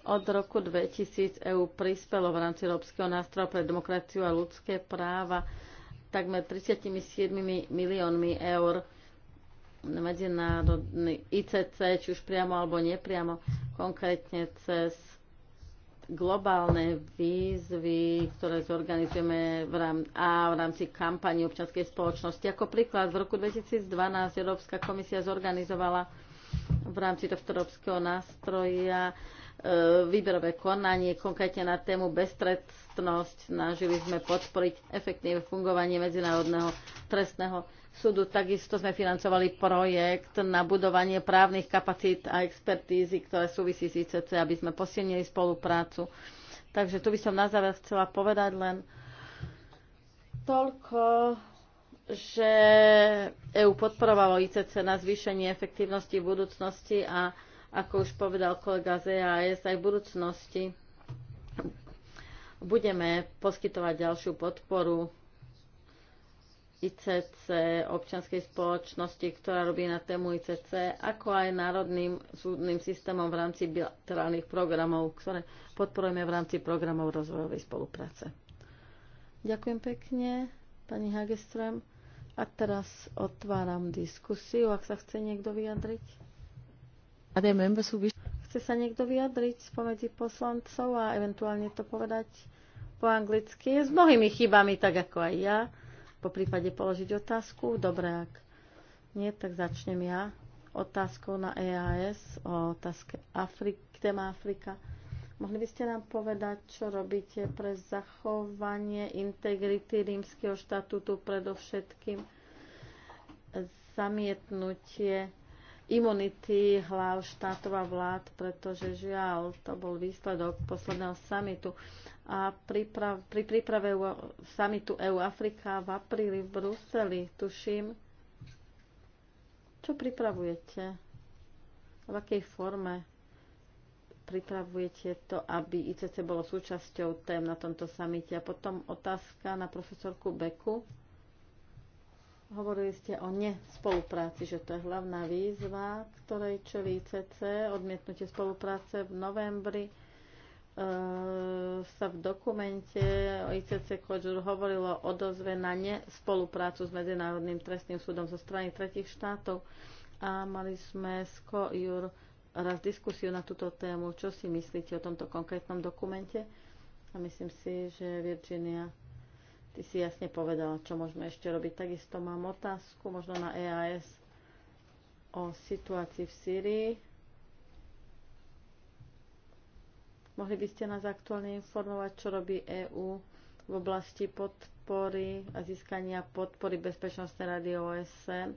S3: od roku 2000 EU prispelo v rámci Európskeho nástroja pre demokraciu a ľudské práva takmer 37 miliónmi eur medzinárodný ICC, či už priamo alebo nepriamo, konkrétne cez globálne výzvy, ktoré zorganizujeme v rám- a v rámci kampani občanskej spoločnosti. Ako príklad, v roku 2012 Európska komisia zorganizovala v rámci tohto európskeho nástroja E, výberové konanie, konkrétne na tému beztrestnosť. Snažili sme podporiť efektívne fungovanie Medzinárodného trestného súdu. Takisto sme financovali projekt na budovanie právnych kapacít a expertízy, ktoré súvisí s ICC, aby sme posilnili spoluprácu. Takže tu by som na záver chcela povedať len toľko, že EU podporovalo ICC na zvýšenie efektívnosti v budúcnosti a ako už povedal kolega z EAS, aj v budúcnosti budeme poskytovať ďalšiu podporu ICC, občianskej spoločnosti, ktorá robí na tému ICC, ako aj národným súdnym systémom v rámci bilaterálnych programov, ktoré podporujeme v rámci programov rozvojovej spolupráce. Ďakujem pekne, pani Hagestrem. A teraz otváram diskusiu, ak sa chce niekto vyjadriť.
S1: Chce
S3: sa niekto vyjadriť spomedzi poslancov a eventuálne to povedať po anglicky? S mnohými chybami, tak ako aj ja. Po prípade položiť otázku. Dobre, ak nie, tak začnem ja otázkou na EAS o otázke Afrik, téma Afrika. Mohli by ste nám povedať, čo robíte pre zachovanie integrity rímskeho štatútu, predovšetkým zamietnutie imunity hlav štátov a vlád, pretože žiaľ, to bol výsledok posledného samitu. A príprav, pri príprave samitu EU-Afrika v apríli v Bruseli, tuším, čo pripravujete? V akej forme pripravujete to, aby ICC bolo súčasťou tém na tomto samite? A potom otázka na profesorku Beku Hovorili ste o nespolupráci, že to je hlavná výzva, ktorej čelí CC, odmietnutie spolupráce v novembri. E, sa v dokumente o ICC Kodžur hovorilo o dozve na nespoluprácu s Medzinárodným trestným súdom zo strany tretich štátov a mali sme s Kojur raz diskusiu na túto tému. Čo si myslíte o tomto konkrétnom dokumente? A myslím si, že Virginia Ty si jasne povedala, čo môžeme ešte robiť. Takisto mám otázku, možno na EAS, o situácii v Syrii. Mohli by ste nás aktuálne informovať, čo robí EÚ v oblasti podpory a získania podpory Bezpečnostnej rady OSN,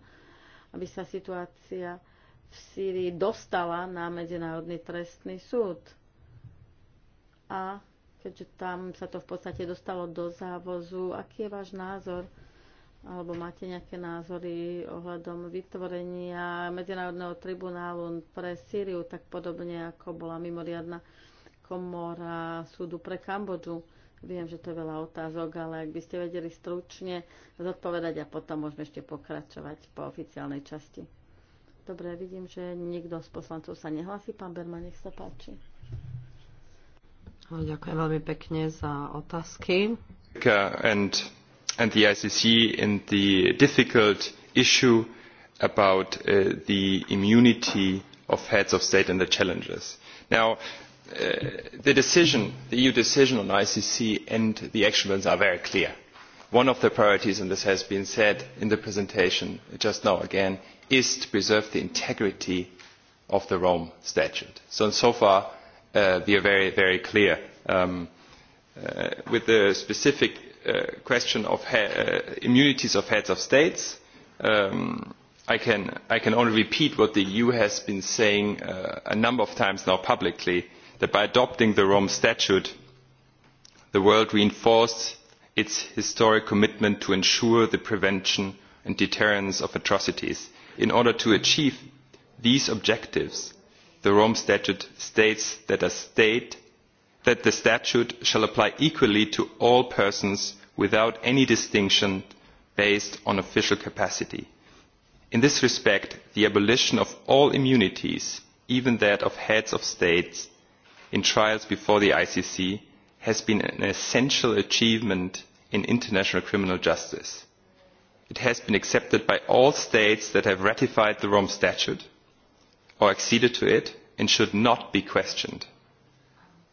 S3: aby sa situácia v Sýrii dostala na Medzinárodný trestný súd. A keďže tam sa to v podstate dostalo do závozu. Aký je váš názor? Alebo máte nejaké názory ohľadom vytvorenia Medzinárodného tribunálu pre Sýriu, tak podobne ako bola mimoriadna komora súdu pre Kambodžu? Viem, že to je veľa otázok, ale ak by ste vedeli stručne zodpovedať a potom môžeme ešte pokračovať po oficiálnej časti. Dobre, vidím, že nikto z poslancov sa nehlasí. Pán Berman, nech sa páči.
S4: Ďakujem veľmi pekne za otázky.
S5: And, and the ICC in the difficult issue about uh, the immunity of heads of state and the challenges. Now, uh, the decision, the EU decision on ICC and the action plans are very clear. One of the priorities, and this has been said in the presentation just now again, is to preserve the integrity of the Rome Statute. So, so far, be uh, very, very clear. Um, uh, with the specific uh, question of immunities of heads of states, um, I, can, only repeat what the EU has been saying a number of times now publicly, that by adopting the Rome Statute, the world reinforced its historic commitment to ensure the prevention and deterrence of atrocities. In order to achieve these objectives, the Rome Statute states that a state that the statute shall apply equally to all persons without any distinction based on official capacity. In this respect, the abolition of all immunities, even that of heads of states, in trials before the ICC has been an essential achievement in international criminal justice. It has been accepted by all states that have ratified the Rome Statute or acceded to it and should not be questioned.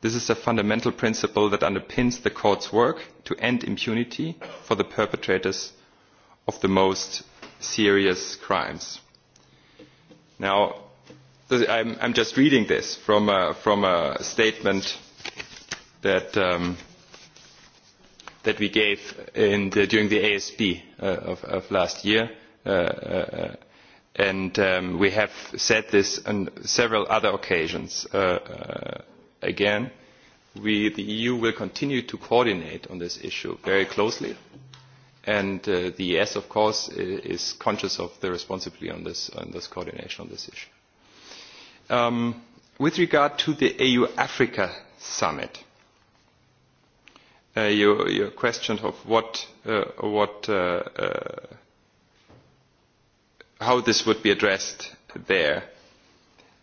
S5: This is a fundamental principle that underpins the court's work to end impunity for the perpetrators of the most serious crimes. Now, I'm, I'm just reading this from a, from a statement that, um, that we gave in the, during the ASB uh, of, of last year. Uh, uh, uh and um, we have said this on several other occasions. Uh, uh, again, we, the EU will continue to coordinate on this issue very closely, and uh, the ES, of course, is conscious of the responsibility on this, on this coordination on this issue. Um, with regard to the AU-Africa summit, uh, your your question of what, uh, what uh, uh, how this would be addressed there.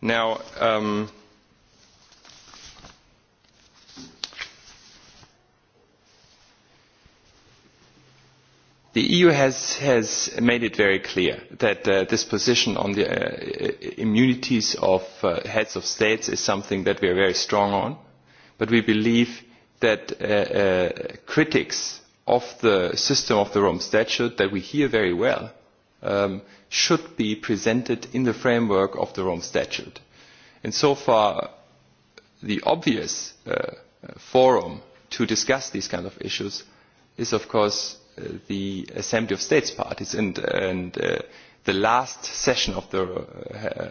S5: Now, um, the eu has, has made it very clear that uh, this position on the uh, immunities of uh, heads of States is something that we are very strong on but we believe that uh, uh, critics of the system of the rome statute that we hear very well Um, should be presented in the framework of the Rome Statute. And so far, the obvious uh, forum to discuss these kind of issues is, of course, uh, the Assembly of States parties. And, uh, the last session of the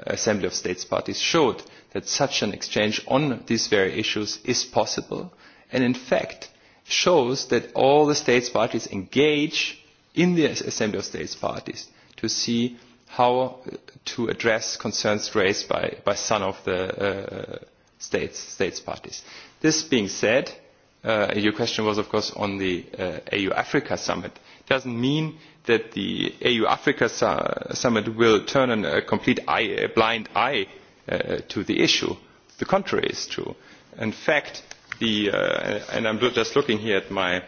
S5: Assembly of States parties showed that such an exchange on these very issues is possible. And in fact, shows that all the states parties engage in the Assembly of States parties to see how to address concerns raised by, by some of the uh, states, states parties. This being said, uh, your question was, of course, on the uh, AU-Africa summit. It doesn't mean that the AU-Africa su summit will turn an, a complete eye, a blind eye uh, to the issue. The contrary is true. In fact, the, uh, and I'm just looking here at my,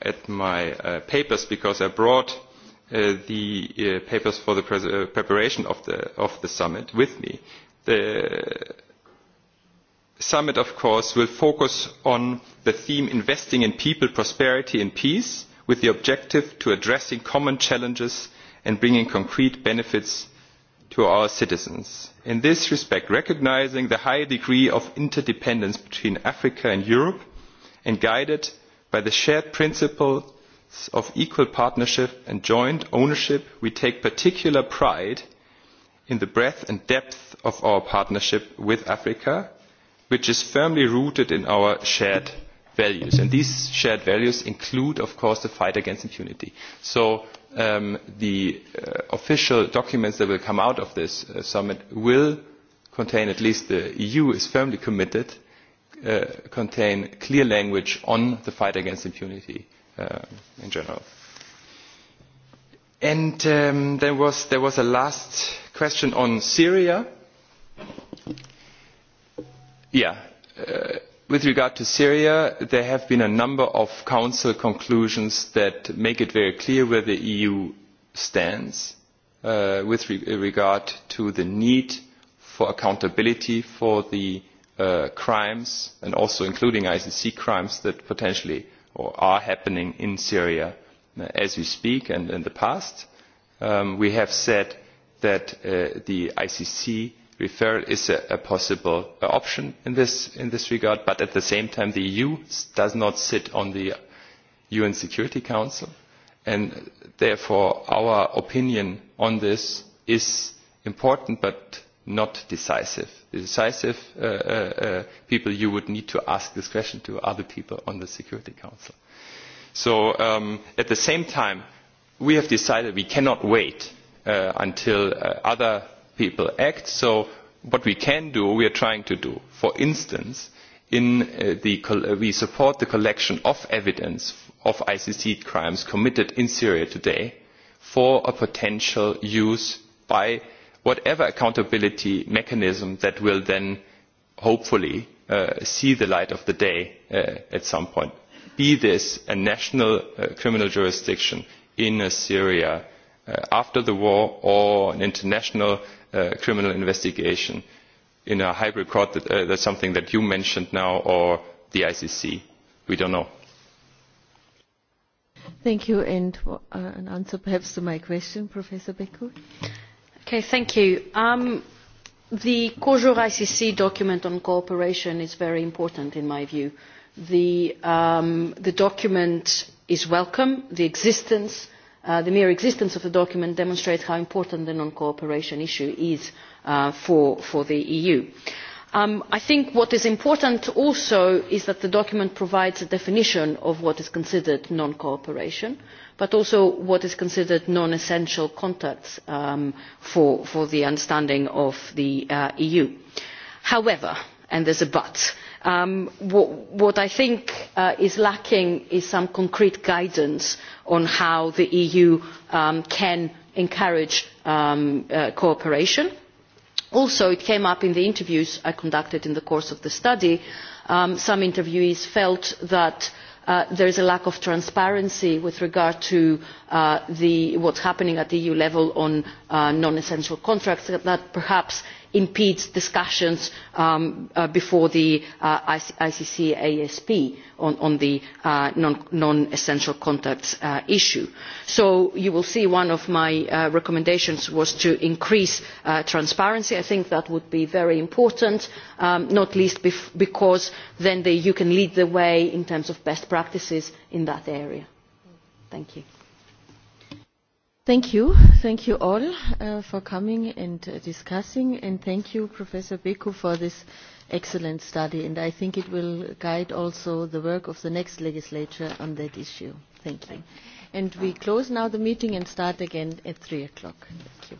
S5: at my uh, papers because I brought – Uh, the uh, papers for the pres uh, preparation of the, of the summit with me. The summit, of course, will focus on the theme investing in people, prosperity and peace with the objective to addressing common challenges and bringing concrete benefits to our citizens. In this respect, recognising the high degree of interdependence between Africa and Europe and guided by the shared principle of equal partnership and joint ownership, we take particular pride in the breadth and depth of our partnership with Africa, which is firmly rooted in our shared values. And these shared values include, of course, the fight against impunity. So um, the uh, official documents that will come out of this uh, summit will contain, at least the EU is firmly committed, uh, contain clear language on the fight against impunity uh, in general. And um, there, was, there was a last question on Syria. Yeah, uh, with regard to Syria, there have been a number of Council conclusions that make it very clear where the EU stands uh, with re regard to the need for accountability for the uh, crimes and also including ICC crimes that potentially or are happening in Syria uh, as we speak and in the past. Um, we have said that uh, the ICC referral is a, a possible uh, option in this, in this regard, but at the same time the EU does not sit on the UN Security Council, and therefore our opinion on this is important, but not decisive. The decisive uh, uh, uh, people you would need to ask this question to are the people on the Security Council. So um, at the same time, we have decided we cannot wait uh, until uh, other people act. So what we can do, we are trying to do. For instance, in uh, the uh, we support the collection of evidence of ICC crimes committed in Syria today for a potential use by whatever accountability mechanism that will then hopefully uh, see the light of the day uh, at some point be this a national uh, criminal jurisdiction in syria after the war or an international criminal investigation in a hybrid court that, uh, that's something that you mentioned now or the icc we don't know
S1: thank you and
S6: an answer perhaps to my question professor Beku. Um, the COSUR ICC document on cooperation is very important in my view. The, um, document is welcome. Uh, the mere existence of the document demonstrates how important the non-cooperation issue is uh, for, the EU. Um, i think what is important also is that the document provides a definition of what is considered non cooperation but also what is considered non essential contacts um, for, the understanding of the uh, eu. however and there is a but um, what, i think uh, is lacking is some concrete guidance on how the eu can encourage uh, cooperation also it came up in the interviews i conducted in the course of the study that um, some interviewees felt that uh, there is a lack of transparency with regard to uh, what is happening at eu e level on uh, non essential contracts that perhaps impedes discussions um, uh, before the uh, ICC ASP on, the uh, non-essential contacts issue. So you will see one of my recommendations was to increase transparency. I think that would be very important, um, not least because then the, you can lead the way in terms of best practices in that area. Thank you.
S1: Thank you. Thank you all uh, for coming and uh, discussing. And thank you, Professor Beku, for this excellent study. And I think it will guide also the work of the next legislature on that issue. Thank you. Thank you. And we close now the meeting and start again at 3 o'clock. Thank you.